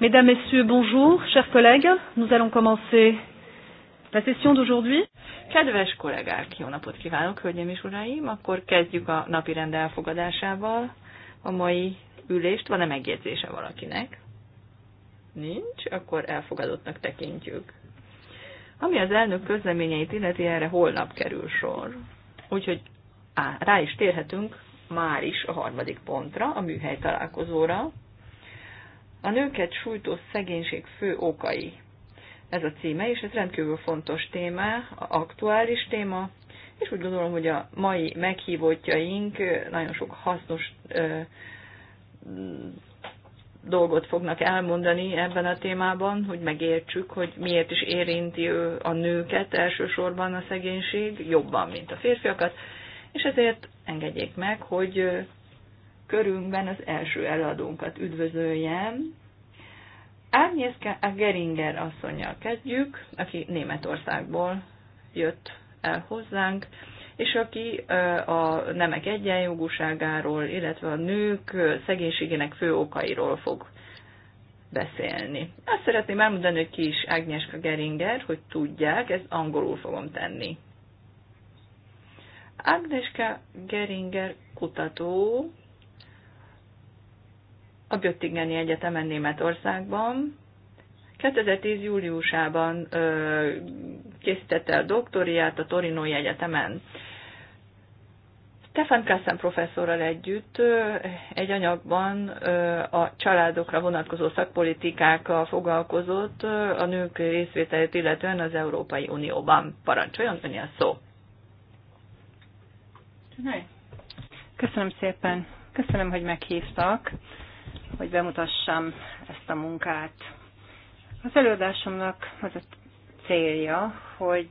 Mesdames, Messieurs, bonjour, chers collègues. Nous allons commencer la session d'aujourd'hui. Kedves kollégák, jó napot kívánok, hölgyeim és uraim! Akkor kezdjük a napi rend elfogadásával a mai ülést. Van-e megjegyzése valakinek? Nincs, akkor elfogadottnak tekintjük. Ami az elnök közleményeit illeti, erre holnap kerül sor. Úgyhogy á, rá is térhetünk már is a harmadik pontra, a műhely találkozóra, a nőket sújtó szegénység fő okai. Ez a címe, és ez rendkívül fontos téma, aktuális téma, és úgy gondolom, hogy a mai meghívottjaink nagyon sok hasznos ö, dolgot fognak elmondani ebben a témában, hogy megértsük, hogy miért is érinti a nőket elsősorban a szegénység jobban, mint a férfiakat, és ezért engedjék meg, hogy körünkben az első előadónkat üdvözöljem. a Geringer asszonyjal kezdjük, aki Németországból jött el hozzánk, és aki a nemek egyenjogúságáról, illetve a nők szegénységének fő okairól fog beszélni. Azt szeretném elmondani, hogy ki is Ágnieszka Geringer, hogy tudják, ezt angolul fogom tenni. Ágnieszka Geringer kutató, a Göttingeni Egyetemen Németországban. 2010. júliusában ö, készítette a doktoriát a Torinói Egyetemen. Stefan Kassen professzorral együtt ö, egy anyagban ö, a családokra vonatkozó szakpolitikákkal foglalkozott ö, a nők részvételét illetően az Európai Unióban. Parancsoljon, ön a szó. Köszönöm szépen. Köszönöm, hogy meghívtak hogy bemutassam ezt a munkát. Az előadásomnak az a célja, hogy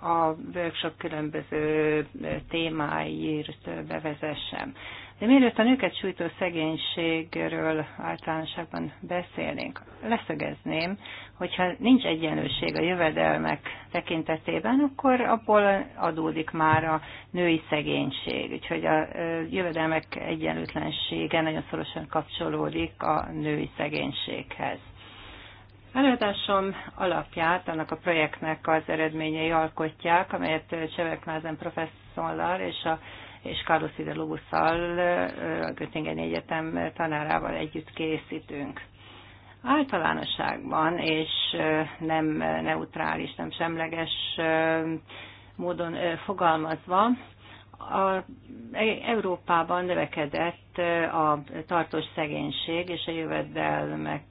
a workshop különböző témáiért bevezessem. De mielőtt a nőket sújtó szegénységről általánosabban beszélnénk, leszögezném, hogyha nincs egyenlőség a jövedelmek tekintetében, akkor abból adódik már a női szegénység. Úgyhogy a jövedelmek egyenlőtlensége nagyon szorosan kapcsolódik a női szegénységhez. Előadásom alapját annak a projektnek az eredményei alkotják, amelyet Csevek Mázen professzorral és a és Carlos Idelobusszal, a Göttingen Egyetem tanárával együtt készítünk. Általánosságban, és nem neutrális, nem semleges módon fogalmazva, a, e, Európában növekedett a tartós szegénység és a jövedelmek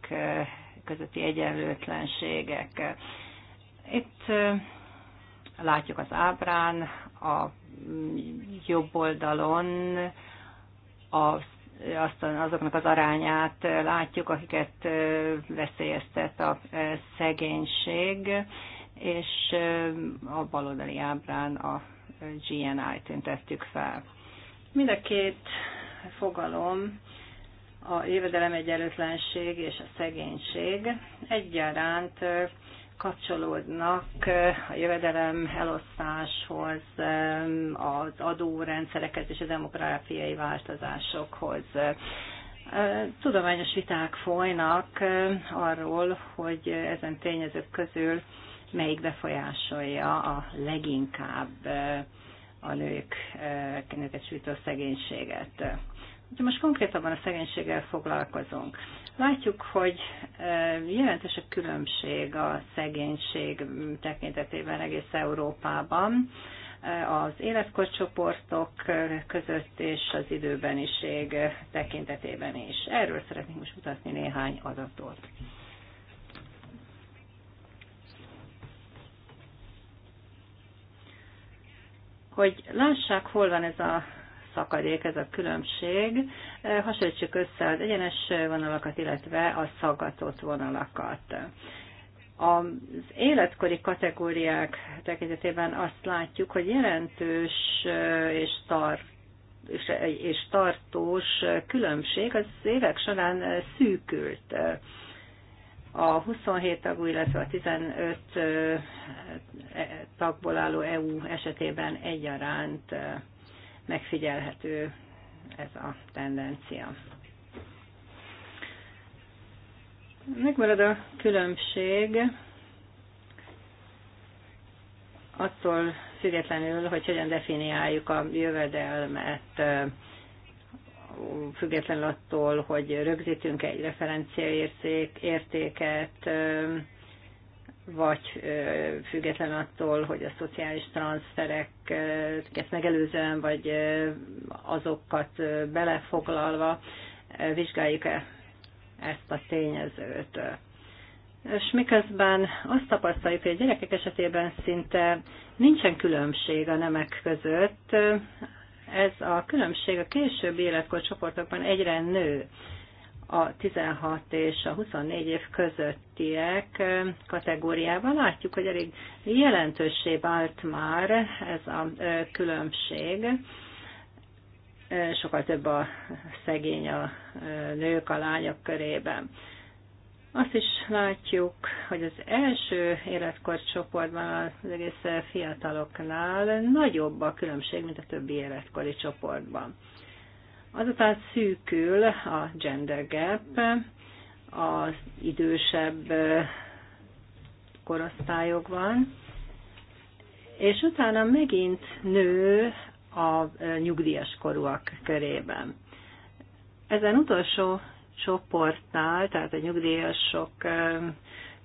közötti egyenlőtlenségek. Itt látjuk az ábrán a jobb oldalon az azt, azoknak az arányát látjuk, akiket veszélyeztet a szegénység, és a baloldali ábrán a GNI-t tettük fel. Mind a két fogalom, a jövedelem egyenlőtlenség és a szegénység egyaránt kapcsolódnak a jövedelem elosztáshoz, az adórendszerekhez és a demográfiai változásokhoz. Tudományos viták folynak arról, hogy ezen tényezők közül melyik befolyásolja a leginkább a nők, nőket sújtó szegénységet. most konkrétabban a szegénységgel foglalkozunk. Látjuk, hogy jelentős a különbség a szegénység tekintetében egész Európában az életkorcsoportok között és az időbeniség tekintetében is. Erről szeretnék most mutatni néhány adatot. Hogy lássák, hol van ez a szakadék, ez a különbség. Eh, hasonlítsuk össze az egyenes vonalakat, illetve a szaggatott vonalakat. Az életkori kategóriák tekintetében azt látjuk, hogy jelentős eh, és tart és, eh, és tartós különbség az évek során szűkült. A 27 tagú, illetve a 15 tagból álló EU esetében egyaránt megfigyelhető ez a tendencia. Megmarad a különbség attól függetlenül, hogy hogyan definiáljuk a jövedelmet, függetlenül attól, hogy rögzítünk egy referenciaértéket, értéket, vagy független attól, hogy a szociális transzfereket megelőzően, vagy azokat belefoglalva vizsgáljuk-e ezt a tényezőt. És miközben azt tapasztaljuk, hogy a gyerekek esetében szinte nincsen különbség a nemek között, ez a különbség a későbbi életkor csoportokban egyre nő a 16 és a 24 év közöttiek kategóriában látjuk, hogy elég jelentősé vált már ez a különbség. Sokkal több a szegény a nők a lányok körében. Azt is látjuk, hogy az első csoportban az egész fiataloknál nagyobb a különbség, mint a többi életkori csoportban. Azután szűkül a gender gap, az idősebb korosztályokban, és utána megint nő a nyugdíjas korúak körében. Ezen utolsó csoportnál, tehát a nyugdíjasok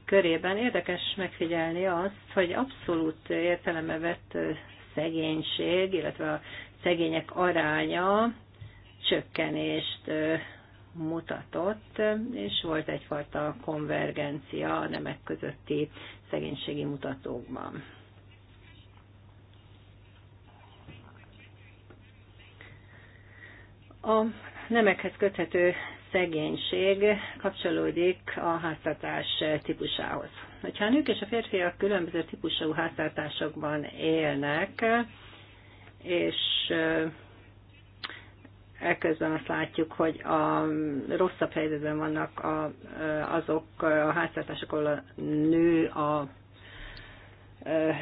körében érdekes megfigyelni azt, hogy abszolút értelembe vett szegénység, illetve a szegények aránya csökkenést mutatott, és volt egyfajta konvergencia a nemek közötti szegénységi mutatókban. A nemekhez köthető szegénység kapcsolódik a háztartás típusához. Hogyha a nők és a férfiak különböző típusú háztartásokban élnek, és Ekközben azt látjuk, hogy a rosszabb helyzetben vannak a, azok a háztartások, ahol a nő a, az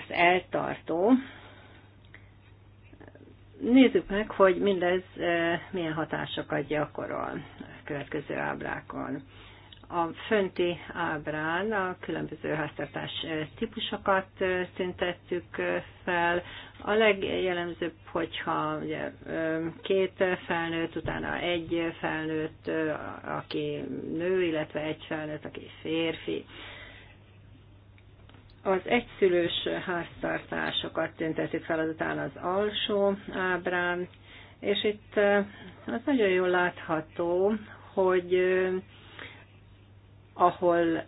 eltartó. Nézzük meg, hogy mindez eh, milyen hatásokat gyakorol a következő ábrákon a fönti ábrán a különböző háztartás típusokat szüntettük fel. A legjellemzőbb, hogyha ugye, két felnőtt, utána egy felnőtt, aki nő, illetve egy felnőtt, aki férfi. Az egyszülős háztartásokat tüntetik fel azután az alsó ábrán, és itt az nagyon jól látható, hogy ahol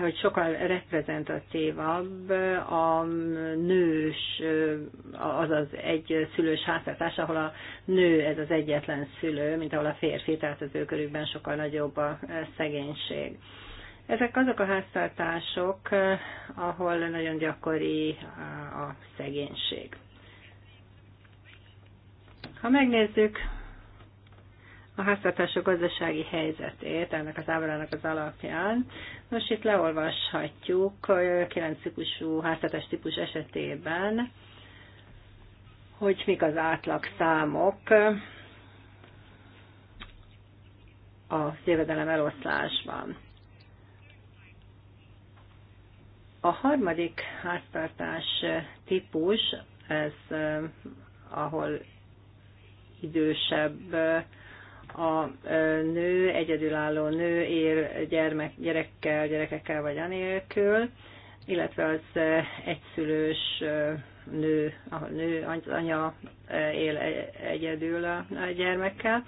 hogy sokkal reprezentatívabb a nős, azaz egy szülős háztartás, ahol a nő ez az egyetlen szülő, mint ahol a férfi, tehát az ő körükben sokkal nagyobb a szegénység. Ezek azok a háztartások, ahol nagyon gyakori a szegénység. Ha megnézzük a háztartások gazdasági helyzetét ennek az ábrának az alapján. Most itt leolvashatjuk a 9 típusú háztartás típus esetében, hogy mik az átlagszámok a jövedelem eloszlásban. A harmadik háztartás típus, ez ahol idősebb a nő, egyedülálló nő él gyermek, gyerekkel, gyerekekkel vagy anélkül, illetve az egyszülős nő, a nő, anya él e, egyedül a gyermekkel.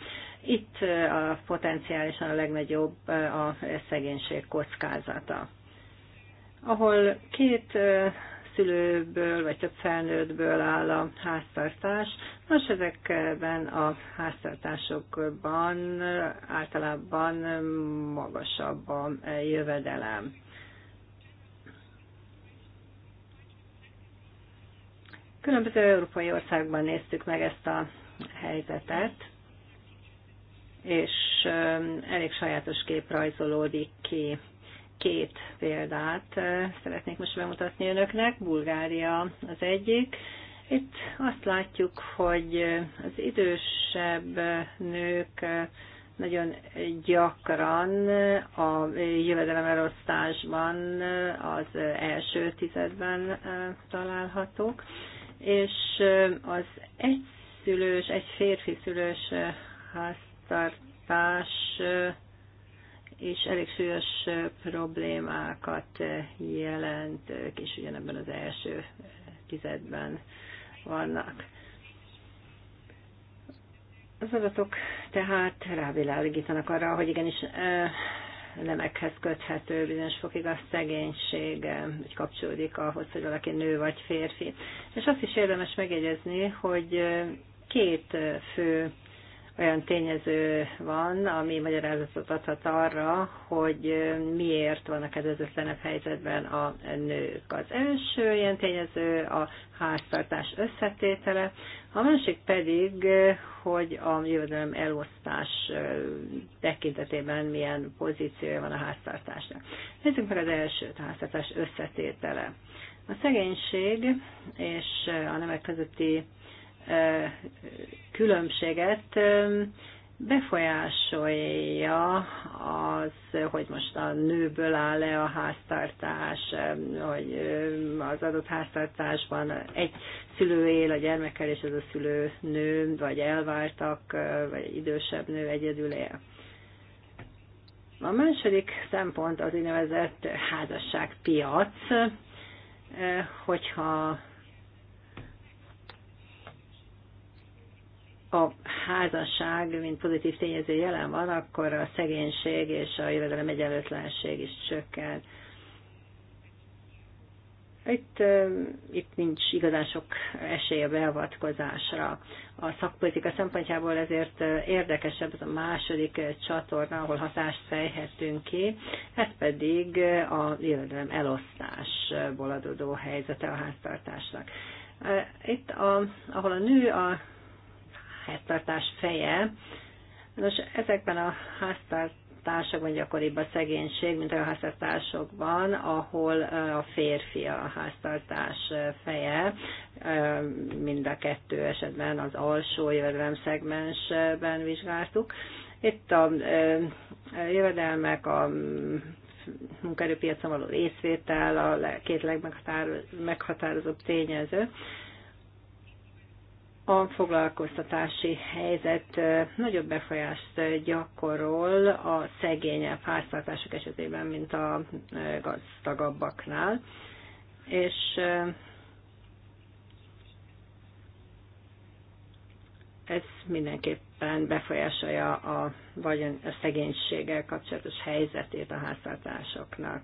Itt a potenciálisan a legnagyobb a szegénység kockázata ahol két szülőből vagy több felnőttből áll a háztartás. Nos, ezekben a háztartásokban általában magasabb a jövedelem. Különböző európai országban néztük meg ezt a helyzetet, és elég sajátos kép rajzolódik ki két példát szeretnék most bemutatni önöknek. Bulgária az egyik. Itt azt látjuk, hogy az idősebb nők nagyon gyakran a jövedelem elosztásban az első tizedben találhatók, és az egyszülős, egy férfi szülős háztartás és elég súlyos problémákat jelent, ők is ugyanebben az első tizedben vannak. Az adatok tehát rávilágítanak arra, hogy igenis nemekhez köthető bizonyos fokig a szegénység, hogy kapcsolódik ahhoz, hogy valaki nő vagy férfi. És azt is érdemes megjegyezni, hogy két fő olyan tényező van, ami magyarázatot adhat arra, hogy miért vannak kedvezőtlenebb helyzetben a nők. Az első ilyen tényező a háztartás összetétele, a másik pedig, hogy a jövedelem elosztás tekintetében milyen pozíciója van a háztartásnak. Nézzük meg az elsőt, a háztartás összetétele. A szegénység és a nemek közötti különbséget befolyásolja az, hogy most a nőből áll-e a háztartás, hogy az adott háztartásban egy szülő él a gyermekkel, és ez a szülő nő, vagy elváltak, vagy idősebb nő egyedül él. A második szempont az úgynevezett házasságpiac, hogyha a házasság, mint pozitív tényező jelen van, akkor a szegénység és a jövedelem egyenlőtlenség is csökken. Itt, itt nincs igazán sok esély a beavatkozásra. A szakpolitika szempontjából ezért érdekesebb az a második csatorna, ahol hatást fejhetünk ki, ez pedig a jövedelem elosztásból adódó helyzete a háztartásnak. Itt, a, ahol a nő a háztartás feje. Nos, ezekben a háztartásokban gyakoribb a szegénység, mint olyan háztartásokban, ahol a férfi a háztartás feje. Mind a kettő esetben az alsó jövedelem szegmensben vizsgáltuk. Itt a jövedelmek, a munkaerőpiacon való részvétel a két legmeghatározóbb tényező a foglalkoztatási helyzet nagyobb befolyást gyakorol a szegényebb háztartások esetében, mint a gazdagabbaknál. És ez mindenképpen befolyásolja a, vagyon, a szegénységgel kapcsolatos helyzetét a háztartásoknak.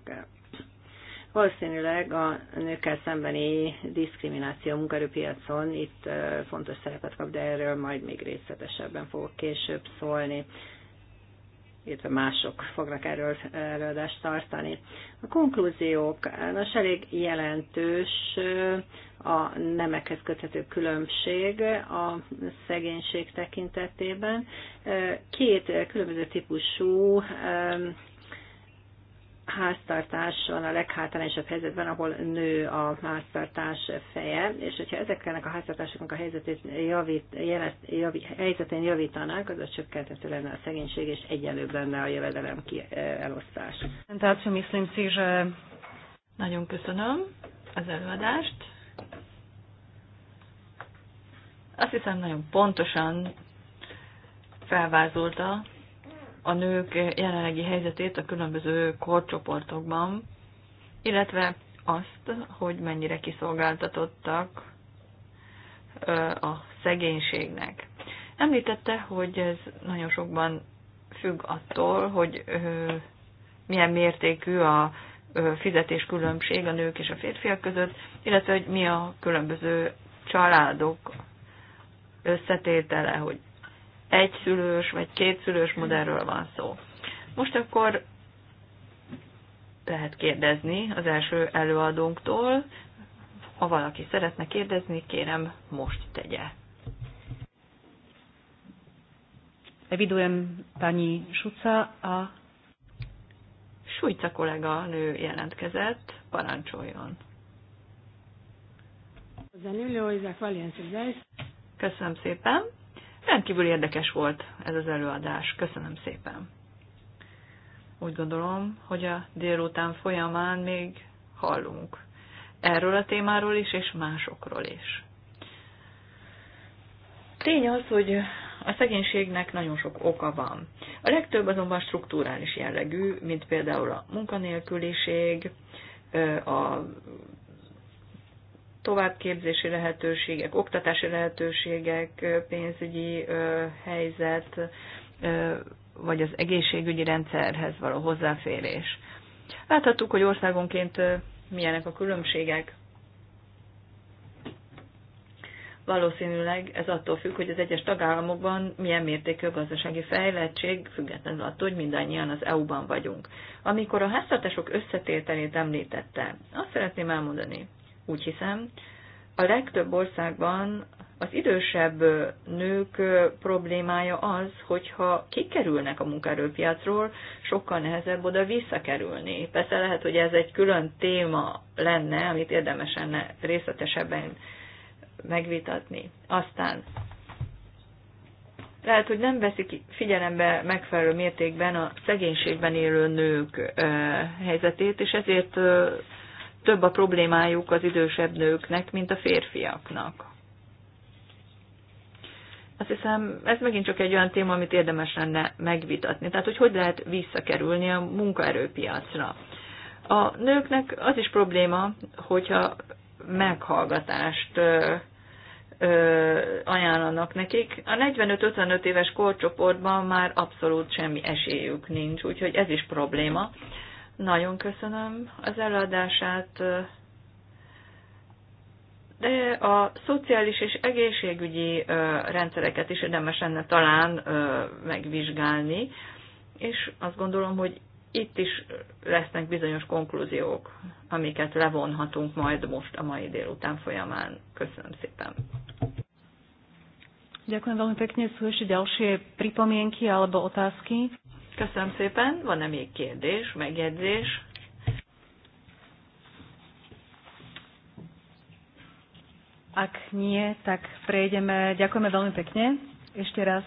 Valószínűleg a nőkkel szembeni diszkrimináció munkaerőpiacon itt fontos szerepet kap, de erről majd még részletesebben fogok később szólni illetve mások fognak erről előadást tartani. A konklúziók, nos elég jelentős a nemekhez köthető különbség a szegénység tekintetében. Két különböző típusú háztartáson, a leghátrányosabb helyzetben, ahol nő a háztartás feje, és hogyha ezeknek a háztartásoknak a helyzetét javít, jelez, javít, helyzetén javítanák, az a csökkentető lenne a szegénység, és egyenlőbb lenne a jövedelem ki, eh, elosztás. Nagyon köszönöm az előadást. Azt hiszem nagyon pontosan felvázolta a nők jelenlegi helyzetét a különböző korcsoportokban, illetve azt, hogy mennyire kiszolgáltatottak a szegénységnek. Említette, hogy ez nagyon sokban függ attól, hogy milyen mértékű a fizetés különbség a nők és a férfiak között, illetve hogy mi a különböző családok összetétele, hogy egyszülős vagy kétszülős modellről van szó. Most akkor lehet kérdezni az első előadónktól. Ha valaki szeretne kérdezni, kérem, most tegye. Evidujem pani Suca a... Sújca kollega nő jelentkezett, parancsoljon. Köszönöm szépen. Rendkívül érdekes volt ez az előadás. Köszönöm szépen. Úgy gondolom, hogy a délután folyamán még hallunk erről a témáról is, és másokról is. Tény az, hogy a szegénységnek nagyon sok oka van. A legtöbb azonban struktúrális jellegű, mint például a munkanélküliség, a továbbképzési lehetőségek, oktatási lehetőségek, pénzügyi helyzet, vagy az egészségügyi rendszerhez való hozzáférés. Láthattuk, hogy országonként milyenek a különbségek. Valószínűleg ez attól függ, hogy az egyes tagállamokban milyen mértékű a gazdasági fejlettség, függetlenül attól, hogy mindannyian az EU-ban vagyunk. Amikor a háztartások összetételét említette, azt szeretném elmondani, úgy hiszem, a legtöbb országban az idősebb nők problémája az, hogyha kikerülnek a munkaerőpiacról, sokkal nehezebb oda visszakerülni. Persze lehet, hogy ez egy külön téma lenne, amit érdemes lenne részletesebben megvitatni. Aztán lehet, hogy nem veszik figyelembe megfelelő mértékben a szegénységben élő nők helyzetét, és ezért több a problémájuk az idősebb nőknek, mint a férfiaknak. Azt hiszem, ez megint csak egy olyan téma, amit érdemes lenne megvitatni. Tehát, hogy hogy lehet visszakerülni a munkaerőpiacra. A nőknek az is probléma, hogyha meghallgatást ö, ö, ajánlanak nekik. A 45-55 éves korcsoportban már abszolút semmi esélyük nincs, úgyhogy ez is probléma. Nagyon köszönöm az előadását, de a szociális és egészségügyi rendszereket is érdemes lenne talán megvizsgálni, és azt gondolom, hogy itt is lesznek bizonyos konklúziók, amiket levonhatunk majd most a mai délután folyamán. Köszönöm szépen. Ďakujem veľmi pekne. Sú ešte ďalšie pripomienky alebo otázky? Köszönöm szépen. Van-e még kérdés, megjegyzés? Ak nie, tak prejdeme. Ďakujeme veľmi pekne. Ešte raz.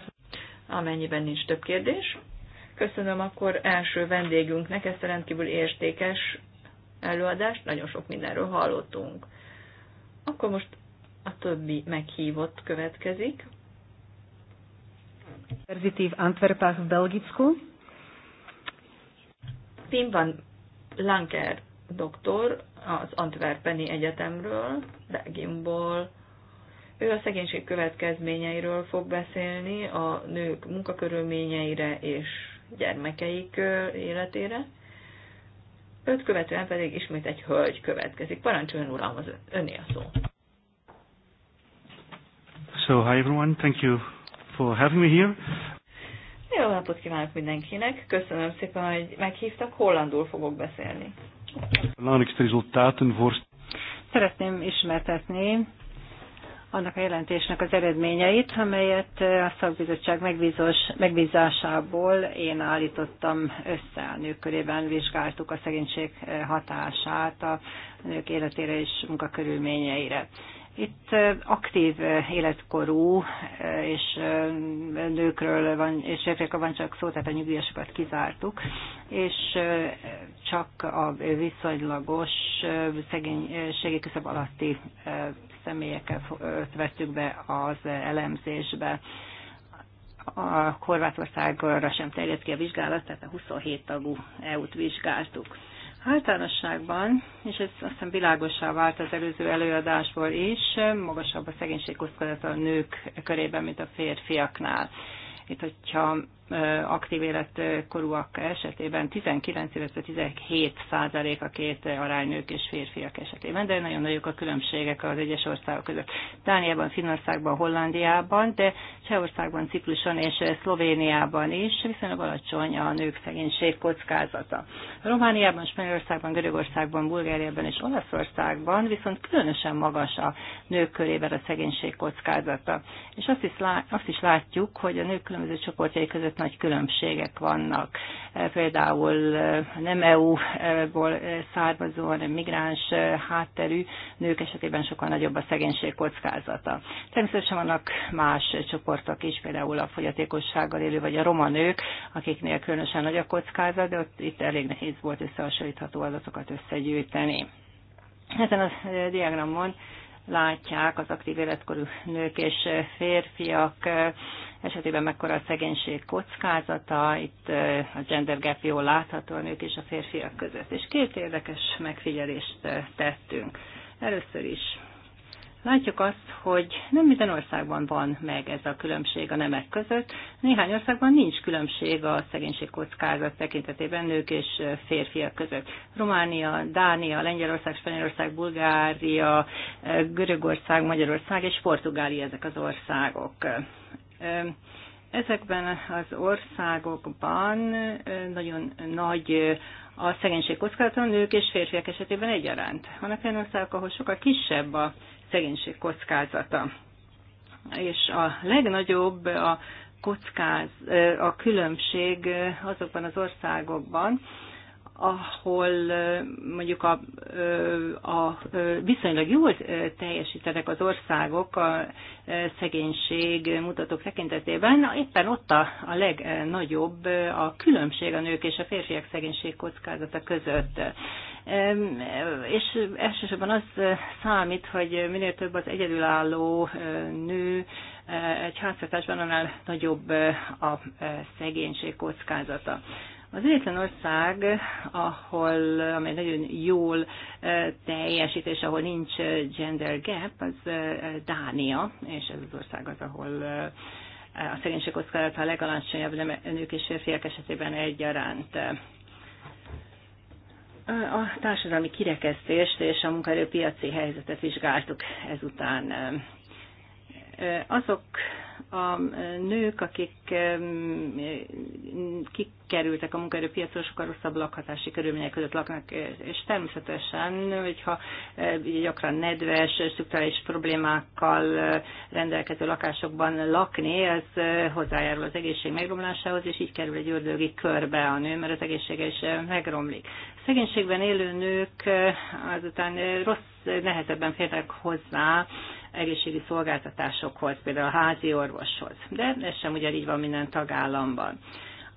Amennyiben nincs több kérdés. Köszönöm akkor első vendégünknek ezt a rendkívül értékes előadást. Nagyon sok mindenről hallottunk. Akkor most a többi meghívott következik. Univerzitív Antwerpách v Belgicku. Tim van Lanker doktor az Antwerpeni Egyetemről, Belgiumból. Ő a szegénység következményeiről fog beszélni, a nők munkakörülményeire és gyermekeik életére. Öt követően pedig ismét egy hölgy következik. Parancsoljon, uram, az öné a szó. So, hi everyone, thank you for having me here. Jó napot kívánok mindenkinek, köszönöm szépen, hogy meghívtak, hollandul fogok beszélni. Szeretném ismertetni annak a jelentésnek az eredményeit, amelyet a szakbizottság megbízós, megbízásából én állítottam össze. A nők körében vizsgáltuk a szegénység hatását a nők életére és munkakörülményeire. Itt aktív életkorú és nőkről van, és férfiakról van csak szó, tehát a nyugdíjasokat kizártuk, és csak a viszonylagos szegénységi küszöb alatti személyekkel vettük be az elemzésbe. A Horvátországra sem terjedt ki a vizsgálat, tehát a 27 tagú EU-t vizsgáltuk. Általánosságban, és ez aztán világosá vált az előző előadásból is, magasabb a szegénység a nők körében, mint a férfiaknál. Itt, hogyha aktív életkorúak esetében 19, illetve 17 százalék a két arány nők és férfiak esetében, de nagyon nagyok a különbségek az egyes országok között. Dániában, Finnországban, Hollandiában, de Csehországban, Cipruson és Szlovéniában is viszonylag alacsony a nők szegénység kockázata. Romániában, Spanyolországban, Görögországban, Bulgáriában és Olaszországban viszont különösen magas a nők körében a szegénység kockázata. És azt is, lá- azt is látjuk, hogy a nők különböző csoportjai között nagy különbségek vannak. Például nem EU-ból származó, hanem migráns hátterű nők esetében sokkal nagyobb a szegénység kockázata. Természetesen vannak más csoportok is, például a fogyatékossággal élő vagy a roma nők, akiknél különösen nagy a kockázat, de ott, itt elég nehéz volt összehasonlítható adatokat összegyűjteni. Ezen a diagramon látják az aktív életkorú nők és férfiak eh, esetében mekkora a szegénység kockázata, itt eh, a gender gap jól látható a nők és a férfiak között. És két érdekes megfigyelést eh, tettünk. Először is Látjuk azt, hogy nem minden országban van meg ez a különbség a nemek között. Néhány országban nincs különbség a szegénység kockázat tekintetében nők és férfiak között. Románia, Dánia, Lengyelország, Spanyolország, Bulgária, Görögország, Magyarország és Portugália ezek az országok. Ezekben az országokban nagyon nagy a szegénység kockázata nők és férfiak esetében egyaránt. Vannak olyan országok, ahol sokkal kisebb a szegénység kockázata. És a legnagyobb a kockáz, a különbség azokban az országokban, ahol mondjuk a, a viszonylag jól teljesítenek az országok a szegénység mutatók tekintetében, éppen ott a, a legnagyobb a különbség a nők és a férfiak szegénység kockázata között. És elsősorban az számít, hogy minél több az egyedülálló nő, egy háztartásban annál nagyobb a szegénység kockázata. Az egyetlen ország, ahol, amely nagyon jól teljesít, és ahol nincs gender gap, az Dánia, és ez az ország az, ahol a szegénység kockázata a legalacsonyabb de nők és férfiak esetében egyaránt. A társadalmi kirekesztést és a munkaerőpiaci helyzetet vizsgáltuk ezután azok a nők, akik kikerültek a munkaerőpiacról, sokkal rosszabb lakhatási körülmények között laknak, és természetesen, hogyha gyakran nedves, struktúrális problémákkal rendelkező lakásokban lakni, ez hozzájárul az egészség megromlásához, és így kerül egy ördögi körbe a nő, mert az egészsége is megromlik. Szegénységben élő nők azután rossz, nehezebben férnek hozzá egészségi szolgáltatásokhoz, például a házi orvoshoz. De ez sem ugyanígy van minden tagállamban.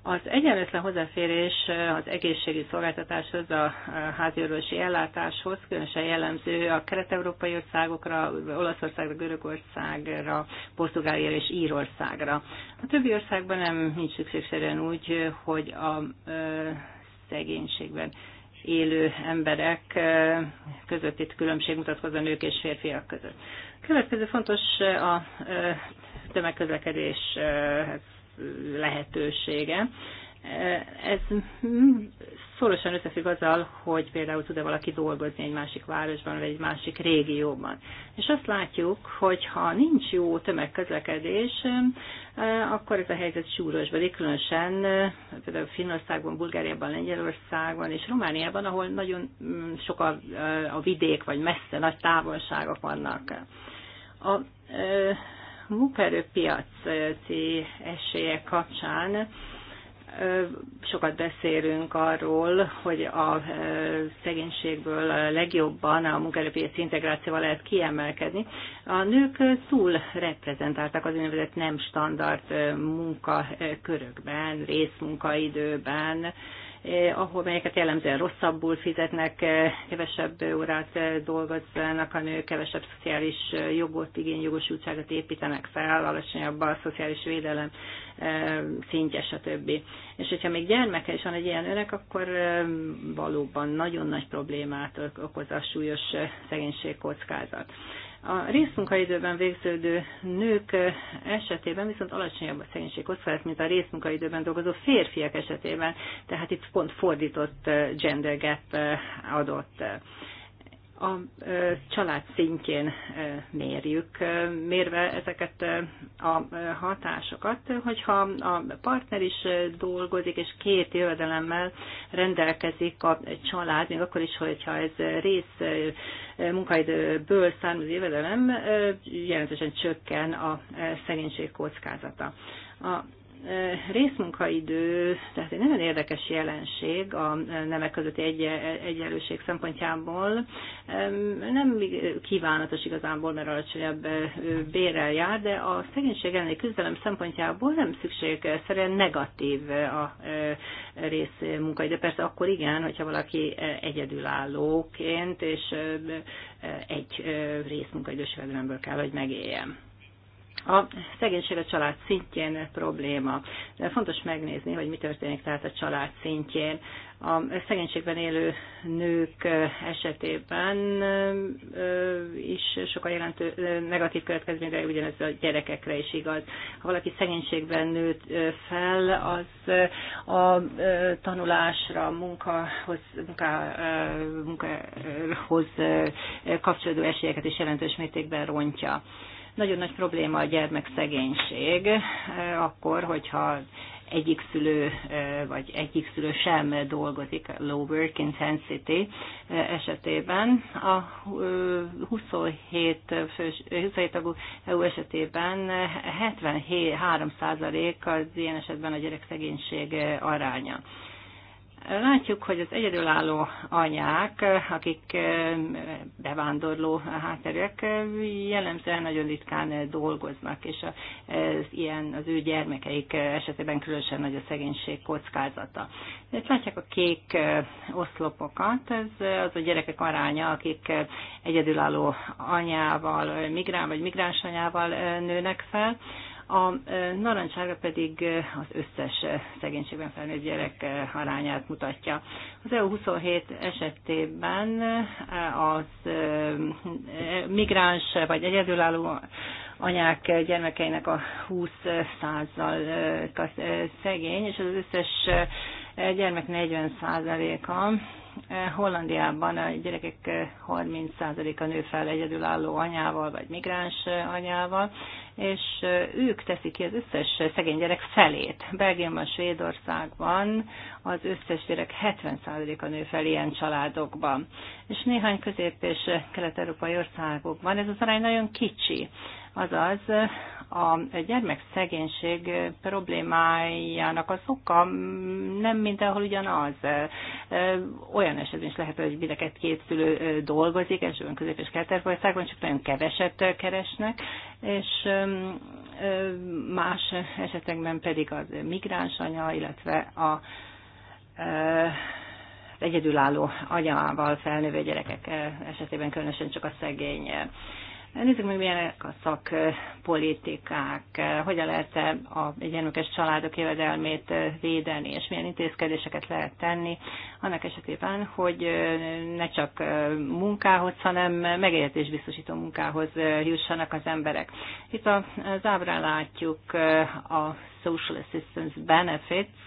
Az egyenlőtlen hozzáférés az egészségi szolgáltatáshoz, a háziorvosi ellátáshoz különösen jellemző a kelet-európai országokra, Olaszországra, Görögországra, Portugáliára és Írországra. A többi országban nem nincs szükségszerűen úgy, hogy a ö, szegénységben élő emberek között itt különbség mutatkozó nők és férfiak között. Következő fontos a tömegközlekedés lehetősége. Ez szorosan összefügg azzal, hogy például tud-e valaki dolgozni egy másik városban, vagy egy másik régióban. És azt látjuk, hogy ha nincs jó tömegközlekedés, akkor ez a helyzet súlyosbodik, különösen például Finnországban, Bulgáriában, Lengyelországban és Romániában, ahol nagyon sok a, a vidék, vagy messze nagy távolságok vannak. A munkaerőpiaci esélyek kapcsán sokat beszélünk arról, hogy a szegénységből legjobban a munkaerőpiaci integrációval lehet kiemelkedni. A nők túl reprezentáltak az úgynevezett nem standard munkakörökben, részmunkaidőben, ahol melyeket jellemzően rosszabbul fizetnek, kevesebb órát dolgoznak a nők, kevesebb szociális jogot, igényjogosultságot építenek fel, alacsonyabb a szociális védelem szintje, stb. És hogyha még gyermeke is van egy ilyen nőnek, akkor valóban nagyon nagy problémát okoz a súlyos szegénység kockázat. A részmunkaidőben végződő nők esetében viszont alacsonyabb a szegénység kockázat, mint a részmunkaidőben dolgozó férfiak esetében, tehát itt pont fordított gender gap adott a család szintjén mérjük, mérve ezeket a hatásokat, hogyha a partner is dolgozik, és két jövedelemmel rendelkezik a család, még akkor is, hogyha ez rész munkaidőből származó jövedelem, jelentősen csökken a szegénység kockázata. A részmunkaidő, tehát egy nagyon érdekes jelenség a nemek közötti egy, egyenlőség szempontjából. Nem kívánatos igazából, mert alacsonyabb bérrel jár, de a szegénység elleni küzdelem szempontjából nem szükségszerűen negatív a részmunkaidő. Persze akkor igen, hogyha valaki egyedülállóként és egy részmunkaidős jövedelemből kell, hogy megéljen. A szegénység a család szintjén probléma. De fontos megnézni, hogy mi történik tehát a család szintjén. A szegénységben élő nők esetében is sokkal jelentő negatív de ugyanez a gyerekekre is igaz. Ha valaki szegénységben nőtt fel, az a tanulásra, munkahoz, munka, munkahoz kapcsolódó esélyeket is jelentős mértékben rontja. Nagyon nagy probléma a gyermekszegénység, eh, akkor, hogyha egyik szülő, eh, vagy egyik szülő sem dolgozik low work intensity eh, esetében. A 27, fős, 27 tagú EU esetében 73% az ilyen esetben a gyerekszegénység aránya. Látjuk, hogy az egyedülálló anyák, akik bevándorló hátterűek, jellemzően nagyon ritkán dolgoznak, és az, ilyen, az ő gyermekeik esetében különösen nagy a szegénység kockázata. Itt látják a kék oszlopokat, ez az a gyerekek aránya, akik egyedülálló anyával, migrán vagy migráns anyával nőnek fel a narancsága pedig az összes szegénységben felnőtt gyerek arányát mutatja. Az EU27 esetében az migráns vagy egyedülálló anyák gyermekeinek a 20 százal szegény, és az összes gyermek 40 százaléka Hollandiában a gyerekek 30%-a eh, nő fel egyedülálló anyával, vagy migráns eh, anyával, és eh, ők teszik ki az összes szegény gyerek felét. Belgiumban, Svédországban az összes gyerek 70%-a nő fel ilyen családokban. És néhány közép- és kelet-európai országokban ez az arány nagyon kicsi. Azaz a szegénység problémájának az oka nem mindenhol ugyanaz. Olyan esetben is lehet, hogy mindeket két szülő dolgozik, és olyan közép- és kelet csak nagyon keveset keresnek, és más esetekben pedig az migráns anya, illetve a egyedülálló anyával felnövő gyerekek esetében különösen csak a szegény Nézzük meg, milyenek a szakpolitikák, hogyan lehet -e a gyermekes családok jövedelmét védeni, és milyen intézkedéseket lehet tenni annak esetében, hogy ne csak munkához, hanem megélhetés biztosító munkához jussanak az emberek. Itt az ábrán látjuk a Social Assistance Benefits,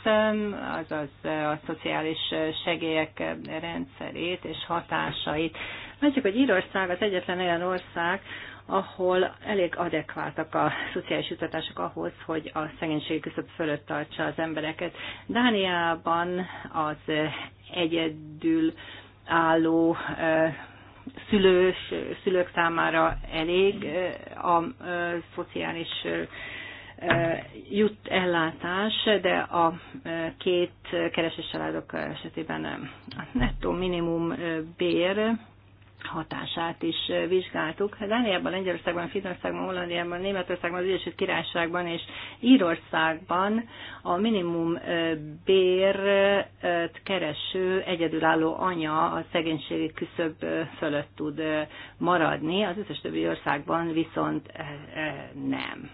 azaz a szociális segélyek rendszerét és hatásait. Látjuk, hogy Írország az egyetlen olyan ország, ahol elég adekváltak a szociális jutatások ahhoz, hogy a szegénység küszöb fölött tartsa az embereket. Dániában az egyedül álló szülős, szülők számára elég a szociális jut ellátás, de a két kereses családok esetében a nettó minimum bér hatását is vizsgáltuk. Dániában, Lengyelországban, Finnországban, Hollandiában, Németországban, az Egyesült Királyságban és Írországban a minimum bért kereső egyedülálló anya a szegénységi küszöb fölött tud maradni, az összes többi országban viszont nem.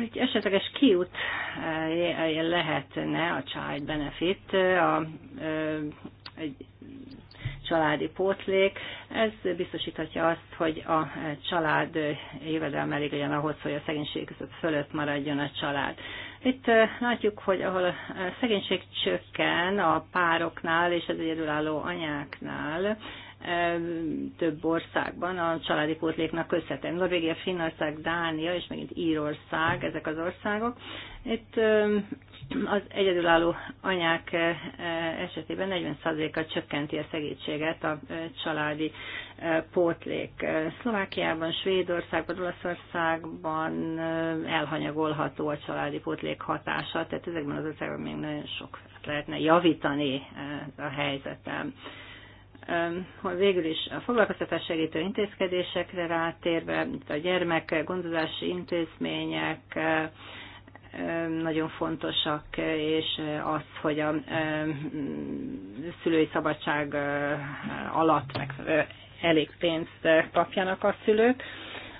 egy esetleges kiút eh, lehetne a child benefit, eh, a, eh, egy családi pótlék. Ez biztosíthatja azt, hogy a család jövedelme elég legyen ahhoz, hogy a szegénység között fölött maradjon a család. Itt látjuk, hogy ahol a szegénység csökken a pároknál és az egyedülálló anyáknál, több országban a családi pótléknak köszönhetően. Norvégia, Finnország, Dánia és megint Írország, ezek az országok. Itt az egyedülálló anyák e, e, esetében 40 a csökkenti a szegítséget a e, családi pótlék. Szlovákiában, Svédországban, Olaszországban elhanyagolható a családi pótlék hatása, tehát ezekben az országokban még nagyon sok lehetne javítani a helyzetem hogy végül is a foglalkoztatás segítő intézkedésekre rátérve, itt a gyermek gondozási intézmények e, e, nagyon fontosak, és az, hogy a e, szülői szabadság alatt meg elég pénzt kapjanak a szülők.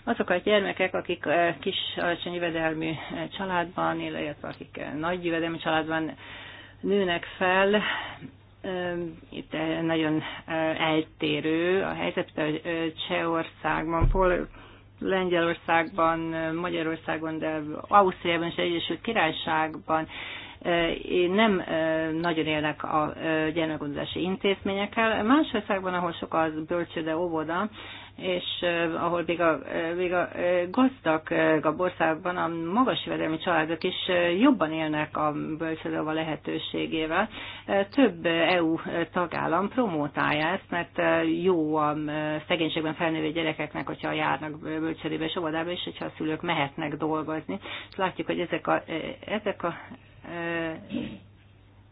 Azok a gyermekek, akik kis alacsony jövedelmű családban, illetve akik nagy jövedelmű családban nőnek fel, itt nagyon eltérő a helyzet, Csehországban, Pol Lengyelországban, Magyarországon, de Ausztriában és Egyesült Királyságban én nem nagyon élnek a gyermekgondozási intézményekkel. Más országban, ahol sok az bölcsőde, óvoda, és ahol még a, még a gazdagabb országban a magas jövedelmi családok is jobban élnek a bölcsőlova lehetőségével. Több EU tagállam promótálja ezt, mert jó a szegénységben felnővő gyerekeknek, hogyha járnak bölcsödébe és óvodába, és hogyha a szülők mehetnek dolgozni. látjuk, hogy ezek a, ezek a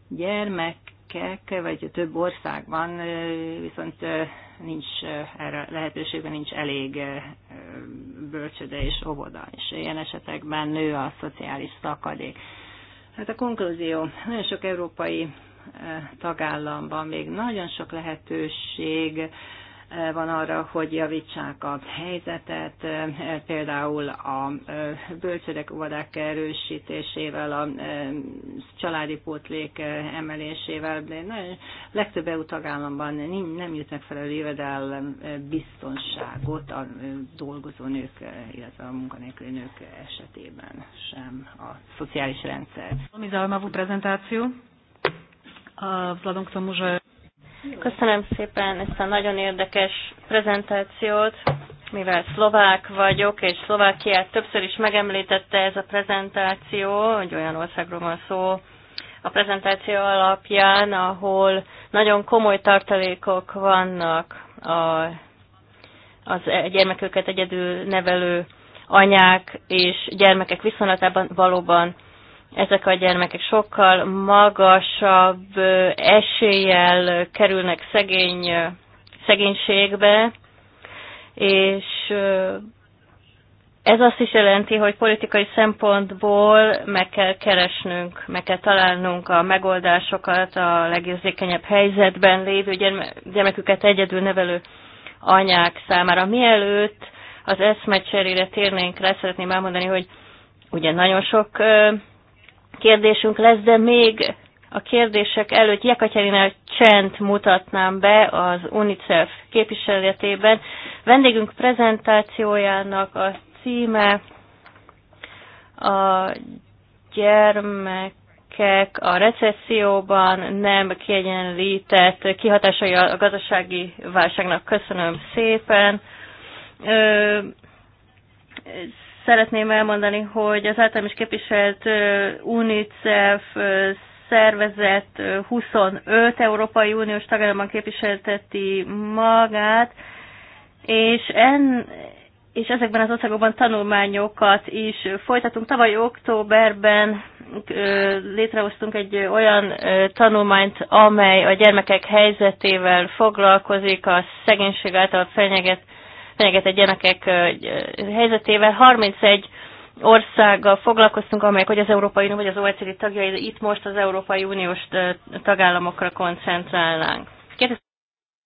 gyermek termékek, vagy több országban viszont nincs erre lehetőségben nincs elég bölcsöde és óvoda, és ilyen esetekben nő a szociális szakadék. Hát a konklúzió, nagyon sok európai tagállamban még nagyon sok lehetőség van arra, hogy javítsák a helyzetet, például a bölcsödek óvodák erősítésével, a családi pótlék emelésével, de legtöbb EU tagállamban nem jut megfelelő jövedel biztonságot a dolgozó nők, illetve a munkanélküli nők esetében sem a szociális rendszer. Ami zaujímavú prezentáciu, vzhľadom k tomu, že Köszönöm szépen ezt a nagyon érdekes prezentációt, mivel szlovák vagyok, és Szlovákiát többször is megemlítette ez a prezentáció, hogy olyan országról van szó a prezentáció alapján, ahol nagyon komoly tartalékok vannak a, az e, gyermeküket egyedül nevelő anyák és gyermekek viszonylatában valóban ezek a gyermekek sokkal magasabb eséllyel kerülnek szegény, szegénységbe, és ez azt is jelenti, hogy politikai szempontból meg kell keresnünk, meg kell találnunk a megoldásokat a legérzékenyebb helyzetben lévő gyermeküket egyedül nevelő anyák számára. Mielőtt az eszmecserére térnénk rá, szeretném elmondani, hogy ugye nagyon sok kérdésünk lesz, de még a kérdések előtt Jekatyerina csend mutatnám be az UNICEF képviseletében. Vendégünk prezentációjának a címe a gyermekek a recesszióban nem kiegyenlített kihatásai a gazdasági válságnak. Köszönöm szépen Szeretném elmondani, hogy az általam is képviselt UNICEF szervezet 25 Európai Uniós tagállamban képviselteti magát, és, en, és ezekben az országokban tanulmányokat is folytatunk. Tavaly októberben létrehoztunk egy olyan tanulmányt, amely a gyermekek helyzetével foglalkozik, a szegénység által fenyegetett fenyegetett gyerekek helyzetével. 31 országgal foglalkoztunk, amelyek hogy az Európai Unió vagy az OECD tagjai, de itt most az Európai Uniós tagállamokra koncentrálnánk.